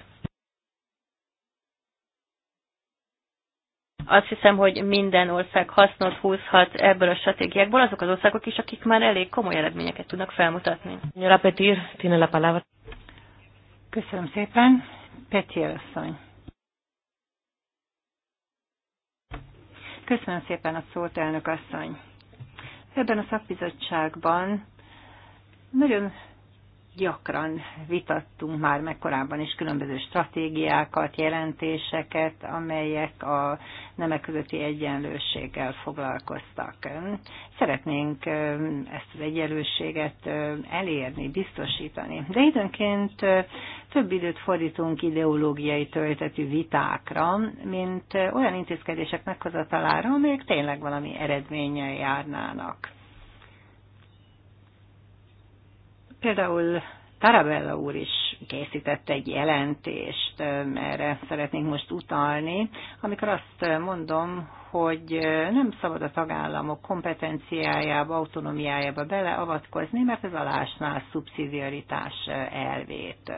Azt hiszem, hogy minden ország hasznot húzhat ebből a stratégiákból, azok az országok is, akik már elég komoly eredményeket tudnak felmutatni. Köszönöm szépen. Petir asszony. Köszönöm szépen a szót, elnök asszony. Ebben a szakbizottságban nagyon gyakran vitattunk már meg korábban is különböző stratégiákat, jelentéseket, amelyek a nemek közötti egyenlőséggel foglalkoztak. Szeretnénk ezt az egyenlőséget elérni, biztosítani, de időnként több időt fordítunk ideológiai töltetű vitákra, mint olyan intézkedések meghozatalára, amelyek tényleg valami eredménnyel járnának. Például Tarabella úr is készített egy jelentést, erre szeretnék most utalni, amikor azt mondom, hogy nem szabad a tagállamok kompetenciájába, autonomiájába beleavatkozni, mert ez alásná a szubszidiaritás elvét.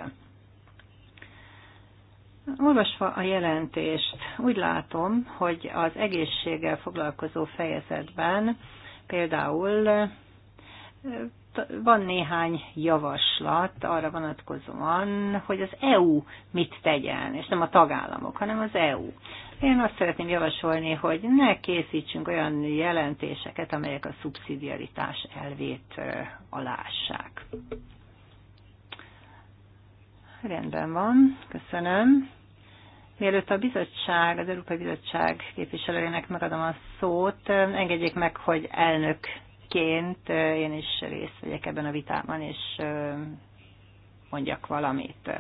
Olvasva a jelentést, úgy látom, hogy az egészséggel foglalkozó fejezetben például van néhány javaslat arra vonatkozóan, hogy az EU mit tegyen, és nem a tagállamok, hanem az EU. Én azt szeretném javasolni, hogy ne készítsünk olyan jelentéseket, amelyek a szubszidiaritás elvét alássák. Rendben van, köszönöm. Mielőtt a bizottság, az Európai Bizottság képviselőjének megadom a szót, engedjék meg, hogy elnök Egyébként én is részt vegyek ebben a vitában, és mondjak valamit.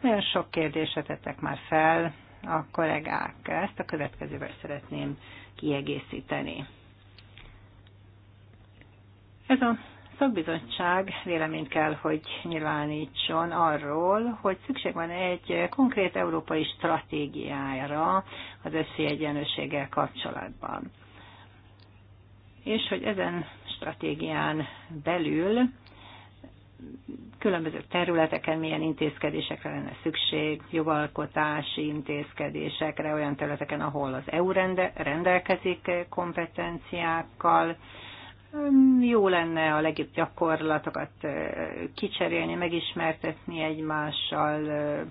Nagyon sok kérdésre tettek már fel a kollégák. Ezt a következővel szeretném kiegészíteni. Ez a szakbizottság véleményt kell, hogy nyilvánítson arról, hogy szükség van egy konkrét európai stratégiára az összi egyenlőséggel kapcsolatban és hogy ezen stratégián belül különböző területeken milyen intézkedésekre lenne szükség, jogalkotási intézkedésekre, olyan területeken, ahol az EU rende, rendelkezik kompetenciákkal, Hm, jó lenne a legjobb gyakorlatokat kicserélni, megismertetni egymással,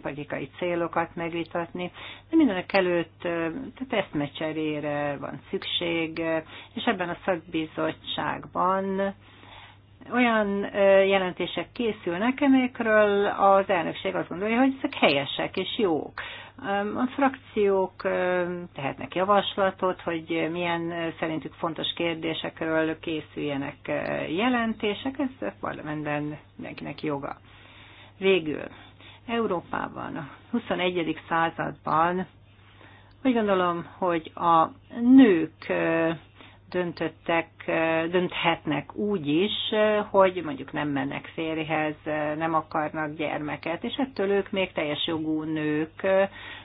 politikai célokat megvitatni, de mindenek előtt tehát eszmecserére van szükség, és ebben a szakbizottságban olyan jelentések készülnek, amikről az elnökség azt gondolja, hogy ezek helyesek és jók. A frakciók tehetnek javaslatot, hogy milyen szerintük fontos kérdésekről készüljenek jelentések, ez a parlamentben mindenkinek joga. Végül, Európában, a 21. században úgy gondolom, hogy a nők döntöttek, dönthetnek úgy is, hogy mondjuk nem mennek férjhez, nem akarnak gyermeket, és ettől ők még teljes jogú nők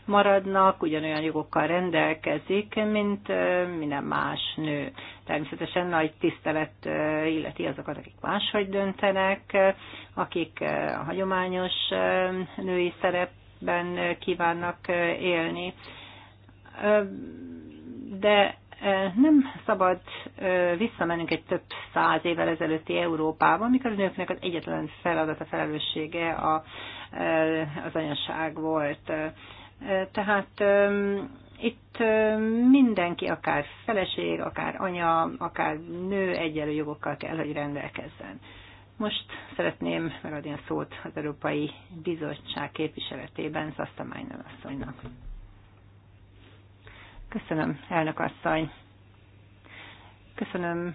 maradnak, ugyanolyan jogokkal rendelkezik, mint minden más nő. Természetesen nagy tisztelet illeti azokat, akik máshogy döntenek, akik a hagyományos női szerepben kívánnak élni. De nem szabad visszamennünk egy több száz évvel ezelőtti Európába, amikor a nőknek az egyetlen feladata, felelőssége a, az anyaság volt. Tehát itt mindenki, akár feleség, akár anya, akár nő egyenlő jogokkal kell, hogy rendelkezzen. Most szeretném megadni a szót az Európai Bizottság képviseletében Szasztamánynál asszonynak. Köszönöm, elnök asszony. Köszönöm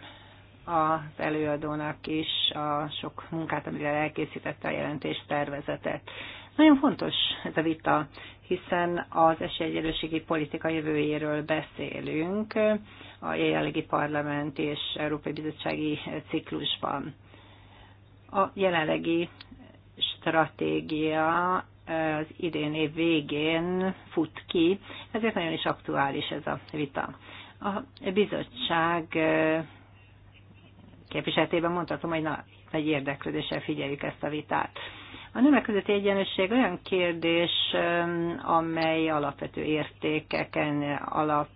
az előadónak is a sok munkát, amivel elkészítette a jelentés tervezetet. Nagyon fontos ez a vita, hiszen az esélyegyelőségi politika jövőjéről beszélünk a jelenlegi parlament és Európai Bizottsági ciklusban. A jelenlegi stratégia az idén év végén fut ki, ezért nagyon is aktuális ez a vita. A bizottság képviseletében mondhatom, hogy nagy érdeklődéssel figyeljük ezt a vitát. A nemek közötti egyenlőség olyan kérdés, amely alapvető értékeken alap,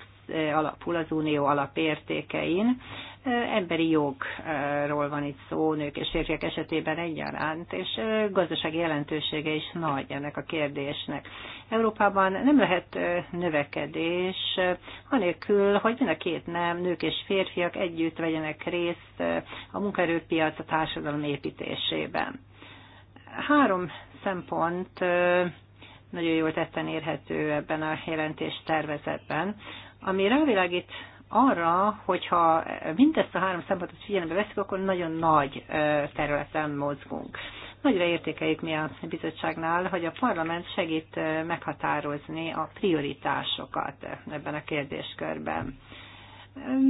alapul az unió alapértékein, emberi jogról van itt szó, nők és férfiak esetében egyaránt, és gazdasági jelentősége is nagy ennek a kérdésnek. Európában nem lehet növekedés, anélkül, hogy mind a két nem, nők és férfiak együtt vegyenek részt a munkaerőpiac a társadalom építésében. Három szempont nagyon jól tetten érhető ebben a jelentés tervezetben, ami rávilágít arra, hogyha mindezt a három szempontot figyelembe veszük, akkor nagyon nagy területen mozgunk. Nagyra értékeljük mi a bizottságnál, hogy a parlament segít meghatározni a prioritásokat ebben a kérdéskörben.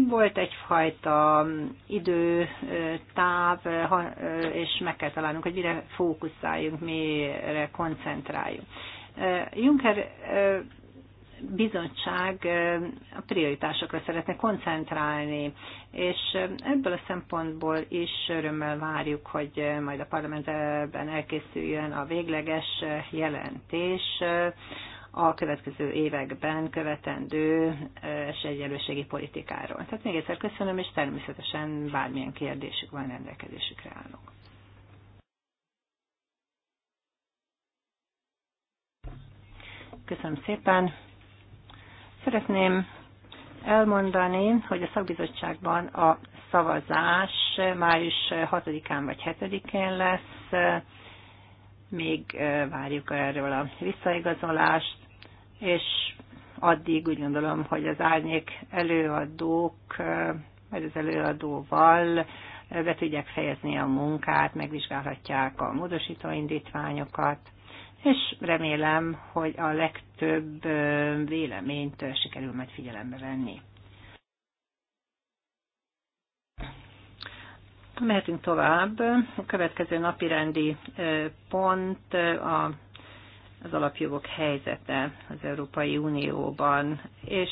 Volt egyfajta időtáv, és meg kell találnunk, hogy mire fókuszáljunk, mire koncentráljunk. Juncker bizottság a prioritásokra szeretne koncentrálni, és ebből a szempontból is örömmel várjuk, hogy majd a parlamentben elkészüljön a végleges jelentés a következő években követendő esélyegyenlőségi politikáról. Tehát még egyszer köszönöm, és természetesen bármilyen kérdésük van rendelkezésükre állunk. Köszönöm szépen. Szeretném elmondani, hogy a szakbizottságban a szavazás május 6-án vagy 7-én lesz, még várjuk erről a visszaigazolást, és addig úgy gondolom, hogy az árnyék előadók, vagy az előadóval be tudják fejezni a munkát, megvizsgálhatják a módosítóindítványokat. indítványokat, és remélem, hogy a legtöbb véleményt sikerül majd figyelembe venni. Mehetünk tovább. A következő napi rendi pont a, az alapjogok helyzete az Európai Unióban, és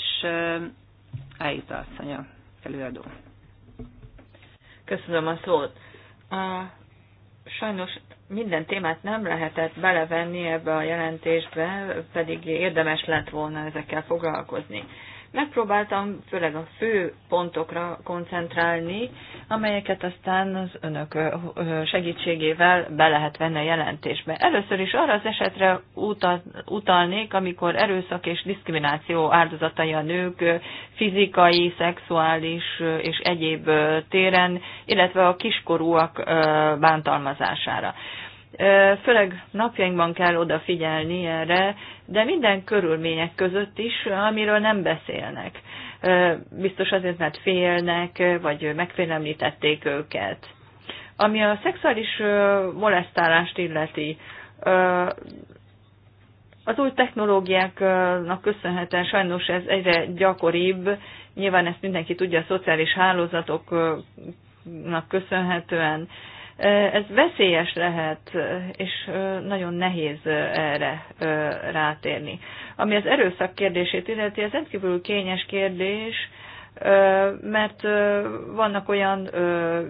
eljut a előadó. Köszönöm a szót. A sajnos minden témát nem lehetett belevenni ebbe a jelentésbe, pedig érdemes lett volna ezekkel foglalkozni. Megpróbáltam főleg a fő pontokra koncentrálni, amelyeket aztán az önök segítségével be lehet venni a jelentésbe. Először is arra az esetre utalnék, amikor erőszak és diszkrimináció áldozatai a nők fizikai, szexuális és egyéb téren, illetve a kiskorúak bántalmazására. Főleg napjainkban kell odafigyelni erre, de minden körülmények között is, amiről nem beszélnek. Biztos azért, mert félnek, vagy megfélemlítették őket. Ami a szexuális molesztálást illeti, az új technológiáknak köszönhetően sajnos ez egyre gyakoribb, nyilván ezt mindenki tudja a szociális hálózatoknak köszönhetően, ez veszélyes lehet, és nagyon nehéz erre rátérni. Ami az erőszak kérdését illeti, ez rendkívül kényes kérdés, mert vannak olyan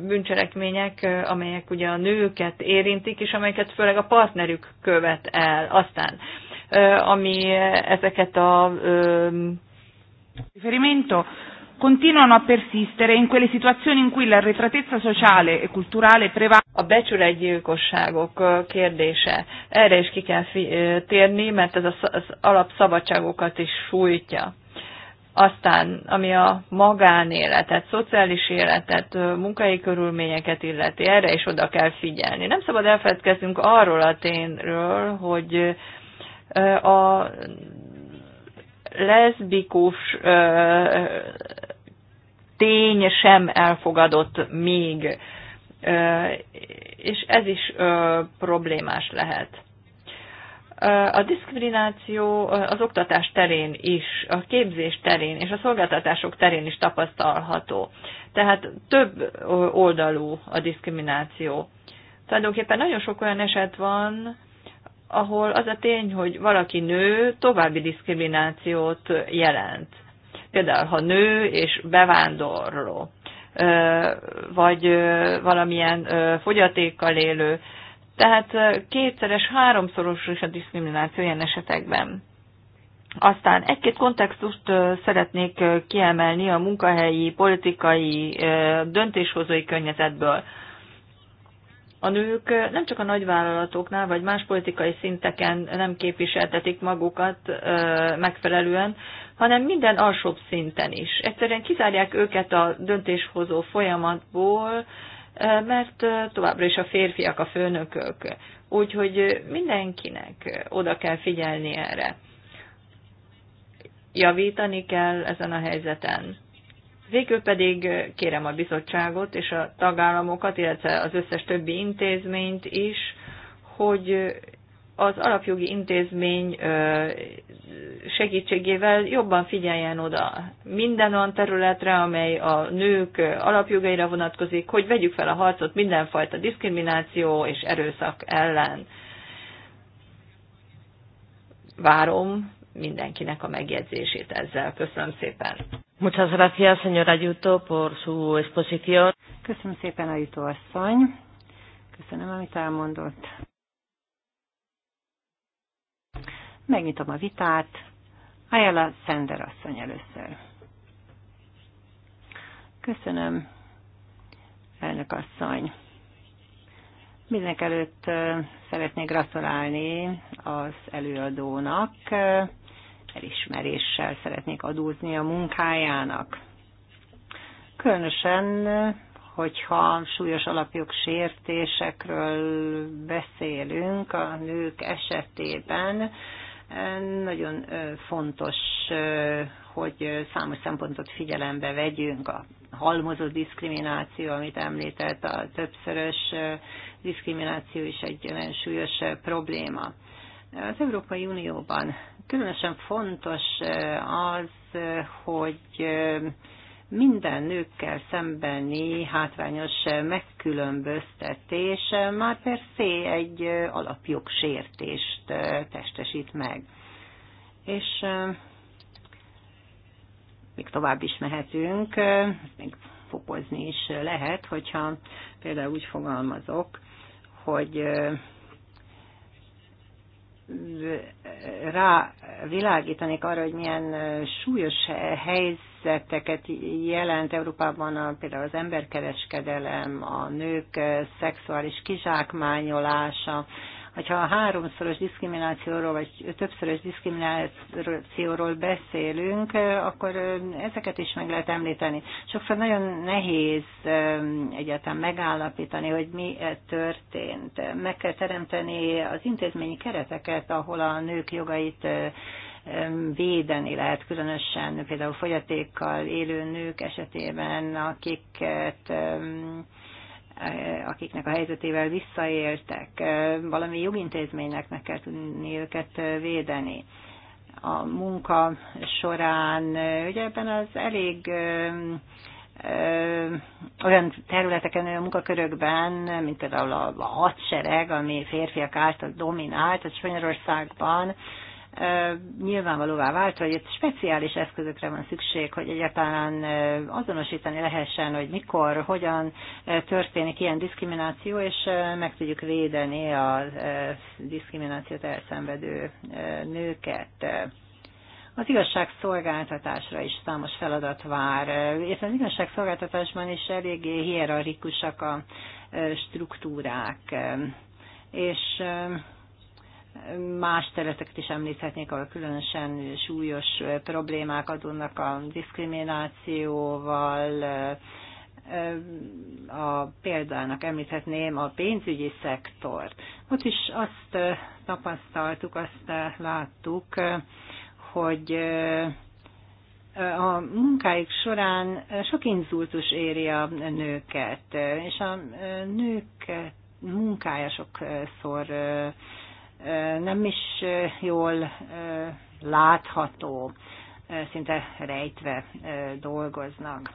bűncselekmények, amelyek ugye a nőket érintik, és amelyeket főleg a partnerük követ el. Aztán, ami ezeket a... Riferimento continuano a persistere in quelle situazioni in cui la retratezza sociale e culturale prevale. A becsületgyilkosságok eh, kérdése. Erre is ki kell eh, térni, mert ez az alapszabadságokat is sújtja. Aztán, ami a magánéletet, szociális életet, eh, munkai körülményeket illeti, erre is oda kell figyelni. Nem szabad elfeledkeznünk arról a tényről, hogy a leszbikus tény sem elfogadott még, és ez is problémás lehet. A diszkrimináció az oktatás terén is, a képzés terén és a szolgáltatások terén is tapasztalható. Tehát több oldalú a diszkrimináció. Tulajdonképpen nagyon sok olyan eset van, ahol az a tény, hogy valaki nő, további diszkriminációt jelent. Például, ha nő és bevándorló, vagy valamilyen fogyatékkal élő, tehát kétszeres, háromszoros is a diszkrimináció ilyen esetekben. Aztán egy-két kontextust szeretnék kiemelni a munkahelyi, politikai, döntéshozói környezetből. A nők nem csak a nagyvállalatoknál, vagy más politikai szinteken nem képviseltetik magukat megfelelően, hanem minden alsóbb szinten is. Egyszerűen kizárják őket a döntéshozó folyamatból, eh, mert eh, továbbra is a férfiak a főnökök. Úgyhogy mindenkinek eh, oda kell figyelni erre. Javítani kell ezen a helyzeten. Végül pedig kérem a bizottságot és a tagállamokat, illetve az összes többi intézményt is, hogy az alapjogi intézmény segítségével jobban figyeljen oda minden olyan területre, amely a nők alapjogaira vonatkozik, hogy vegyük fel a harcot mindenfajta diszkrimináció és erőszak ellen. Várom mindenkinek a megjegyzését ezzel. Köszönöm szépen. Muchas gracias, señora Ayuto, por su exposición. Köszönöm szépen, Ayuto asszony. Köszönöm, amit elmondott. Megnyitom a vitát. Ajala Szender asszony először. Köszönöm, elnök asszony. Mindenek szeretnék gratulálni az előadónak, elismeréssel szeretnék adózni a munkájának. Különösen, hogyha súlyos alapjog sértésekről beszélünk a nők esetében, nagyon fontos, hogy számos szempontot figyelembe vegyünk, a halmozott diszkrimináció, amit említett, a többszörös diszkrimináció is egy nagyon súlyos probléma. Az Európai Unióban különösen fontos az, hogy minden nőkkel szembeni hátrányos megkülönböztetés már persze egy alapjogsértést testesít meg. És még tovább is mehetünk, még fokozni is lehet, hogyha például úgy fogalmazok, hogy rávilágítanék arra, hogy milyen súlyos helyzeteket jelent Európában a, például az emberkereskedelem, a nők szexuális kizsákmányolása, Hogyha a háromszoros diszkriminációról, vagy többszörös diszkriminációról beszélünk, akkor ezeket is meg lehet említeni. Sokszor nagyon nehéz egyáltalán megállapítani, hogy mi e történt. Meg kell teremteni az intézményi kereteket, ahol a nők jogait védeni lehet, különösen például fogyatékkal élő nők esetében, akiket Eh, akiknek a helyzetével visszaéltek, eh, valami jogintézménynek meg kell tudni őket eh, védeni a munka során. Ugye ebben az elég olyan területeken, olyan munkakörökben, mint például a, a hadsereg, ami férfiak által dominált, a Spanyolországban nyilvánvalóvá vált, hogy itt speciális eszközökre van szükség, hogy egyáltalán azonosítani lehessen, hogy mikor, hogyan történik ilyen diszkrimináció, és meg tudjuk védeni a diszkriminációt elszenvedő nőket. Az igazságszolgáltatásra is számos feladat vár, és az igazságszolgáltatásban is eléggé hierarchikusak a struktúrák, és más területeket is említhetnék, ahol különösen súlyos problémák adódnak a diszkriminációval, a példának említhetném a pénzügyi szektort. Ott is azt tapasztaltuk, azt láttuk, hogy a munkáik során sok inzultus éri a nőket, és a nők munkája sokszor nem is jól látható, szinte rejtve dolgoznak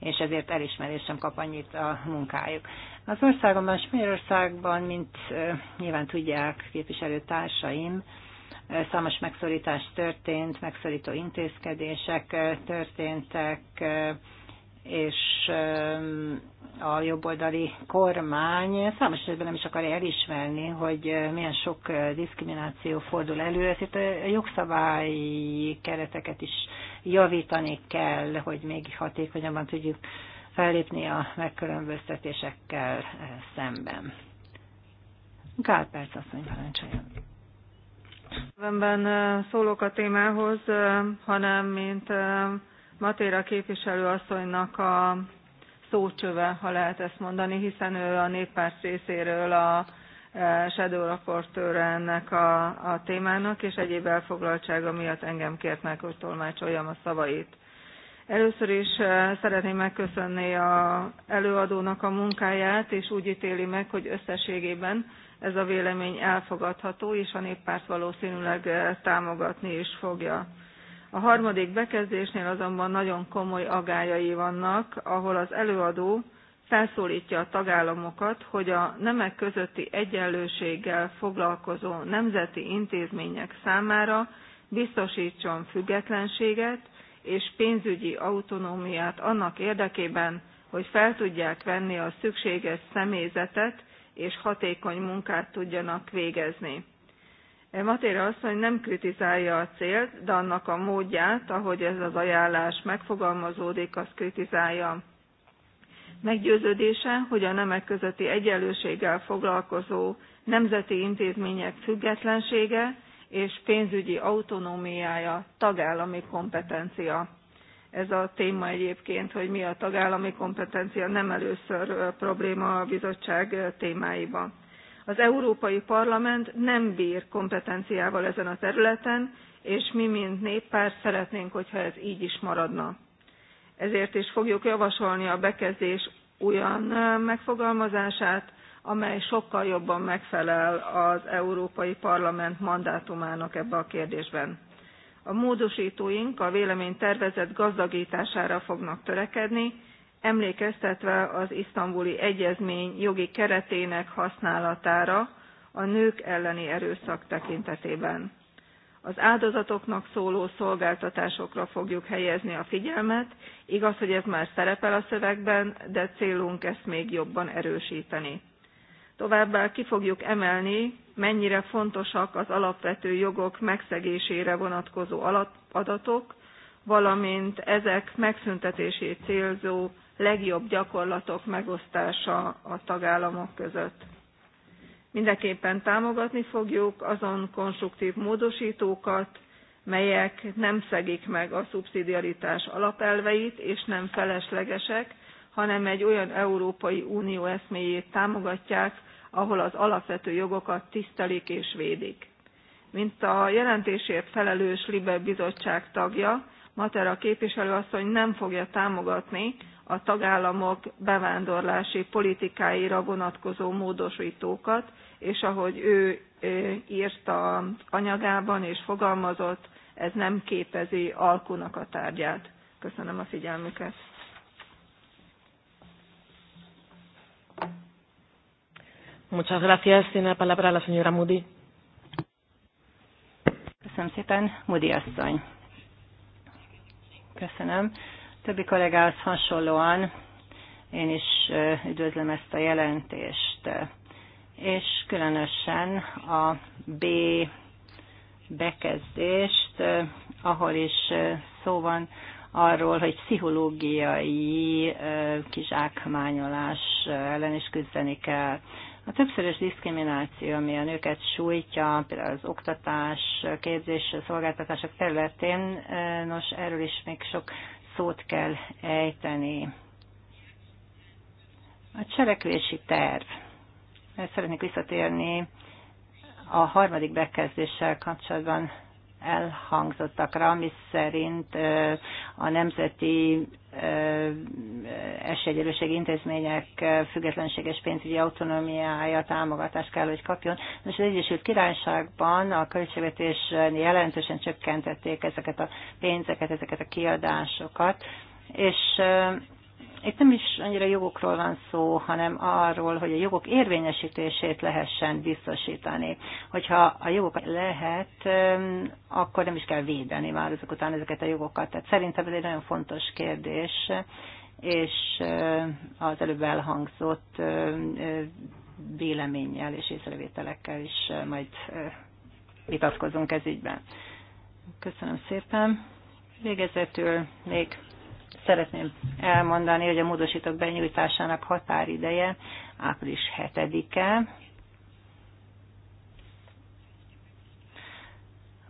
és ezért elismerés sem kap annyit a munkájuk. Az országomban, Spanyolországban, mint nyilván tudják képviselőtársaim, számos megszorítás történt, megszorító intézkedések történtek, és a jobboldali kormány számos esetben nem is akarja elismerni, hogy milyen sok diszkrimináció fordul elő, itt a jogszabályi kereteket is javítani kell, hogy még hatékonyabban tudjuk fellépni a megkülönböztetésekkel szemben. Gál Perc asszony parancsoljon. Ebben szólok a témához, hanem mint Matéra képviselő asszonynak a szócsöve, ha lehet ezt mondani, hiszen ő a néppárt részéről a e, shadow raportőr ennek a, a témának, és egyéb elfoglaltsága miatt engem kért meg, hogy tolmácsoljam a szavait. Először is e, szeretném megköszönni az előadónak a munkáját, és úgy ítéli meg, hogy összességében ez a vélemény elfogadható, és a néppárt valószínűleg e, támogatni is fogja a harmadik bekezdésnél azonban nagyon komoly agályai vannak ahol az előadó felszólítja a tagállamokat hogy a nemek közötti egyenlőséggel foglalkozó nemzeti intézmények számára biztosítson függetlenséget és pénzügyi autonómiát annak érdekében hogy fel tudják venni a szükséges személyzetet és hatékony munkát tudjanak végezni Matéra asszony nem kritizálja a célt, de annak a módját, ahogy ez az ajánlás megfogalmazódik, azt kritizálja. Meggyőződése, hogy a nemek közötti egyenlőséggel foglalkozó nemzeti intézmények függetlensége és pénzügyi autonómiája tagállami kompetencia. Ez a téma egyébként, hogy mi a tagállami kompetencia, nem először probléma a bizottság témáiban az európai parlament nem br kompetenciával ezen a területen és mi mint néppárt szeretnénk hogyha ez gy is maradna. ezért is fogjuk javasolni a bekezdés olyan megfogalmazását amely sokkal jobban megfelel az európai parlament mandátumának ebben a kérdésben. a módostóink a vélemény tervezet gazdagtására fognak törekedni emlékeztetve az isztambuli egyezmény jogi keretének használatára a nők elleni erőszak tekintetében. Az áldozatoknak szóló szolgáltatásokra fogjuk helyezni a figyelmet, igaz, hogy ez már szerepel a szövegben, de célunk ezt még jobban erősíteni. Továbbá ki fogjuk emelni, mennyire fontosak az alapvető jogok megszegésére vonatkozó adatok, valamint ezek megszüntetését célzó legjobb gyakorlatok megosztása a tagállamok között. Mindenképpen támogatni fogjuk azon konstruktív módosítókat, melyek nem szegik meg a szubszidiaritás alapelveit és nem feleslegesek, hanem egy olyan Európai Unió eszméjét támogatják, ahol az alapvető jogokat tisztelik és védik. Mint a jelentésért felelős Libe bizottság tagja, Matera képviselőasszony nem fogja támogatni a tagállamok bevándorlási politikáira vonatkozó módostókat és ahogy ő írta az anyagában és fogalmazott ez nem képezi alkunak a tárgyát. köszönöm a figyelmüket. Muchas gracias. Tiene la palabra la señora Moody. Köszönöm szépen, Moody asszony. Köszönöm többi kollégához hasonlóan én is üdvözlöm ezt a jelentést, és különösen a B bekezdést, ahol is szó van arról, hogy pszichológiai kizsákmányolás ellen is küzdeni kell. A többszörös diszkrimináció, ami a nőket sújtja, például az oktatás, képzés, szolgáltatások területén, nos, erről is még sok szót kell ejteni. A cselekvési terv. Szeretnék visszatérni a harmadik bekezdéssel kapcsolatban elhangzottakra, ami szerint a nemzeti Esélyegyelőség intézmények függetlenséges pénzügyi autonómiája támogatást kell, hogy kapjon. Most az Egyesült Királyságban a költségvetés jelentősen csökkentették ezeket a pénzeket, ezeket a kiadásokat, és itt nem is annyira jogokról van szó, hanem arról, hogy a jogok érvényesítését lehessen biztosítani. Hogyha a jogokat lehet, akkor nem is kell védeni már ezek után ezeket a jogokat. Tehát szerintem ez egy nagyon fontos kérdés, és az előbb elhangzott véleménnyel és észrevételekkel is majd vitatkozunk ez ügyben. Köszönöm szépen. Végezetül még Szeretném elmondani, hogy a módosítók benyújtásának határideje április 7-e.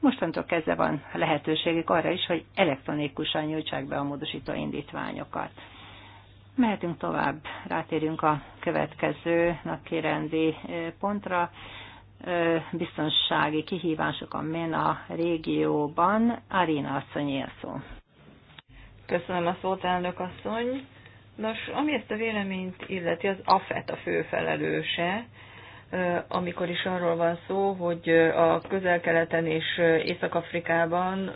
Mostantól kezdve van lehetőségük arra is, hogy elektronikusan nyújtsák be a módosító indítványokat. Mehetünk tovább, rátérünk a következő napkérendi eh, pontra eh, biztonsági kihívások a MENA régióban. Arina asszony szó. Köszönöm a szót, elnök asszony. Nos, ami ezt a véleményt illeti, az AFET a főfelelőse, amikor is arról van szó, hogy a közel-keleten és Észak-Afrikában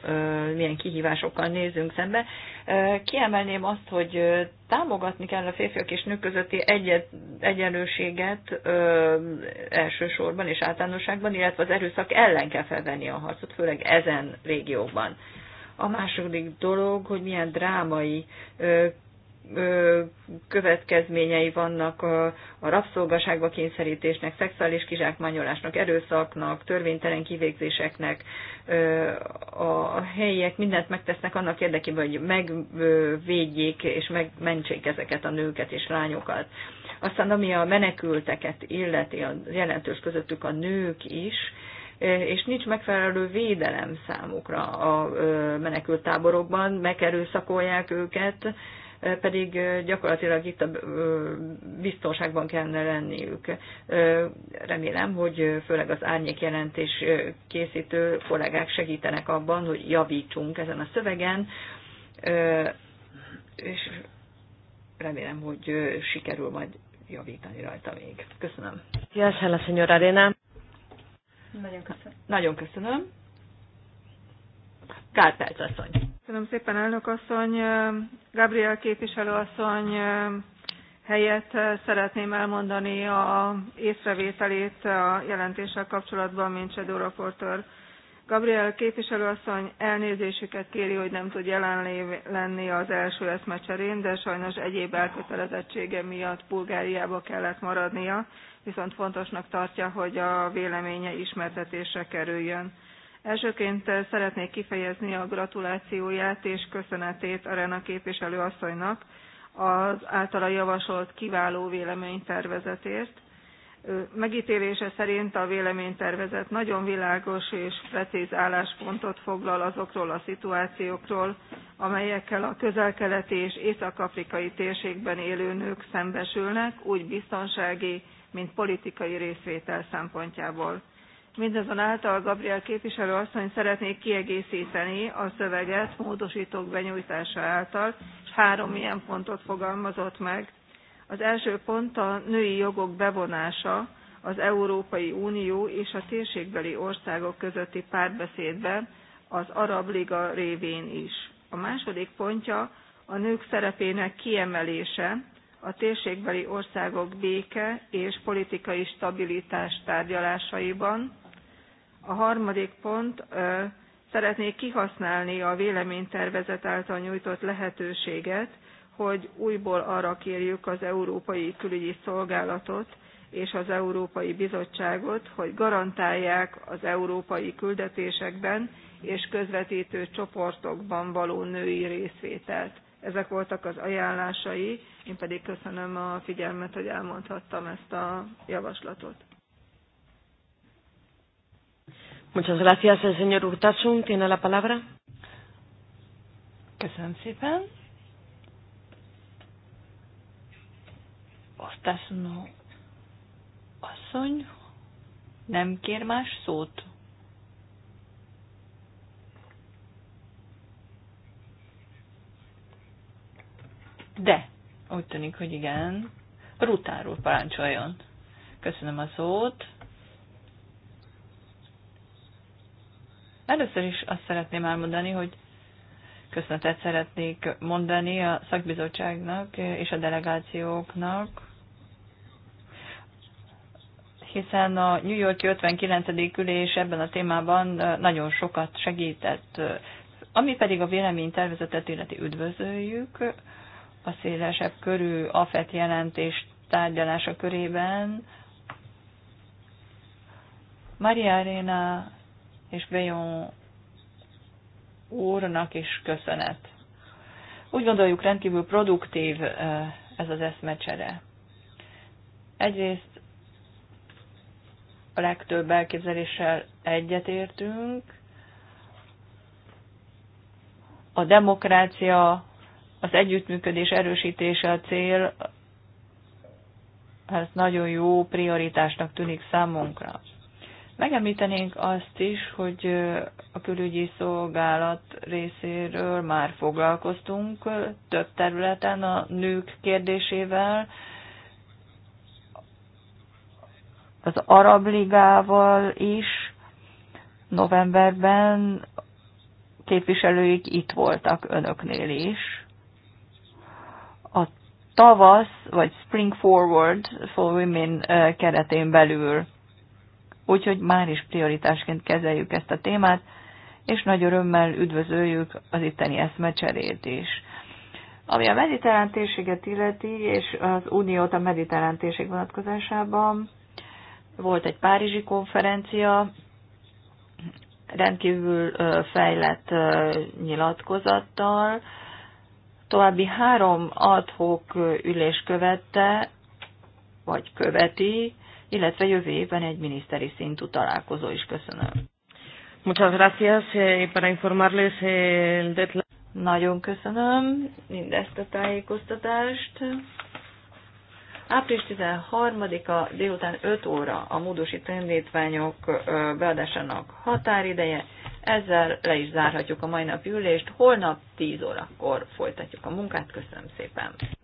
milyen kihívásokkal nézünk szembe. Kiemelném azt, hogy támogatni kell a férfiak és nők közötti egyet, egyenlőséget elsősorban és általánosságban, illetve az erőszak ellen kell felvenni a harcot, főleg ezen régióban. A második dolog, hogy milyen drámai következményei vannak a rabszolgaságba kényszerítésnek, szexuális kizsákmányolásnak, erőszaknak, törvénytelen kivégzéseknek. A helyiek mindent megtesznek annak érdekében, hogy megvédjék és megmentsék ezeket a nőket és lányokat. Aztán ami a menekülteket illeti, a jelentős közöttük a nők is, és nincs megfelelő védelem számukra a menekült táborokban, megerőszakolják őket, pedig gyakorlatilag itt a biztonságban kellene lenniük. Remélem, hogy főleg az árnyék jelentés készítő kollégák segítenek abban, hogy javítsunk ezen a szövegen, és remélem, hogy sikerül majd javítani rajta még. Köszönöm. Gracias a la señora Arena. Nagyon köszönöm. Nagyon köszönöm. Kárpács asszony. Köszönöm szépen, elnök asszony. Gabriel képviselő asszony helyett szeretném elmondani a észrevételét a jelentéssel kapcsolatban, mint Shadow Raportőr Gabriel képviselőasszony elnézésüket kéri, hogy nem tud jelen lenni az első eszmecserén, de sajnos egyéb elkötelezettsége miatt Bulgáriába kellett maradnia, viszont fontosnak tartja, hogy a véleménye ismertetésre kerüljön. Elsőként szeretnék kifejezni a gratulációját és köszönetét Arena képviselőasszonynak az általa javasolt kiváló véleménytervezetért megtélése szerint a véleménytervezet nagyon világos és precz álláspontot foglal azokról a szituációkról amelyekkel a közel keleti és észak afrikai térségben élő nők szembesülnek úgy biztonsági mint politikai részvétel szempontjából. mindazonáltal gabriel képviselő asszony szeretnék kiegészíteni a szöveget módosítók benyújtása által és három ilyen pontot fogalmazott meg az első pont a női jogok bevonása az európai unió és a térségbeli országok közötti párbeszédbe az arab liga révén is. a második pontja a nők szerepének kiemelése a térségbeli országok béke és politikai stabilitás tárgyalásaiban. a harmadik pont szeretnék kihasználni a véleménytervezet által nyújtott lehetőséget hogy újból arra kérjük az Európai Külügyi Szolgálatot és az Európai Bizottságot, hogy garantálják az európai küldetésekben és közvetítő csoportokban való női részvételt. Ezek voltak az ajánlásai, én pedig köszönöm a figyelmet, hogy elmondhattam ezt a javaslatot. Muchas gracias. El señor Urtasun tiene la palabra. Köszönöm szépen. Osztászonó asszony nem kér más szót. De, úgy tűnik, hogy igen. Rutáról parancsoljon. Köszönöm a szót. Először is azt szeretném elmondani, hogy köszönetet szeretnék mondani a szakbizottságnak és a delegációknak, hiszen a New Yorki 59. ülés ebben a témában nagyon sokat segített. Ami pedig a véleménytervezetet illeti üdvözöljük, a szélesebb körű AFET jelentés tárgyalása körében. Maria Arena és Bejon úrnak is köszönet. Úgy gondoljuk rendkívül produktív ez az eszmecsere. Egyrészt a legtöbb elképzeléssel egyetértünk. A demokrácia, az együttműködés erősítése a cél, ez nagyon jó prioritásnak tűnik számunkra. Megemlítenénk azt is, hogy a külügyi szolgálat részéről már foglalkoztunk több területen a nők kérdésével, az Arab Ligával is novemberben képviselőik itt voltak önöknél is. A tavasz, vagy Spring Forward for Women eh, keretén belül. Úgyhogy már is prioritásként kezeljük ezt a témát, és nagy örömmel üdvözöljük az itteni eszmecserét is. Ami a mediterrán térséget illeti, és az uniót a mediterrán térség vonatkozásában, volt egy párizsi konferencia, rendkívül fejlett nyilatkozattal. További három adhok ülés követte, vagy követi, illetve jövő évben egy miniszteri szintű találkozó is köszönöm. Muchas gracias eh, para informarles eh, el deadline. Nagyon köszönöm mindezt a tájékoztatást. Április 13-a délután 5 óra a módosi indítványok beadásának határideje. Ezzel le is zárhatjuk a mai napi ülést. Holnap 10 órakor folytatjuk a munkát. Köszönöm szépen!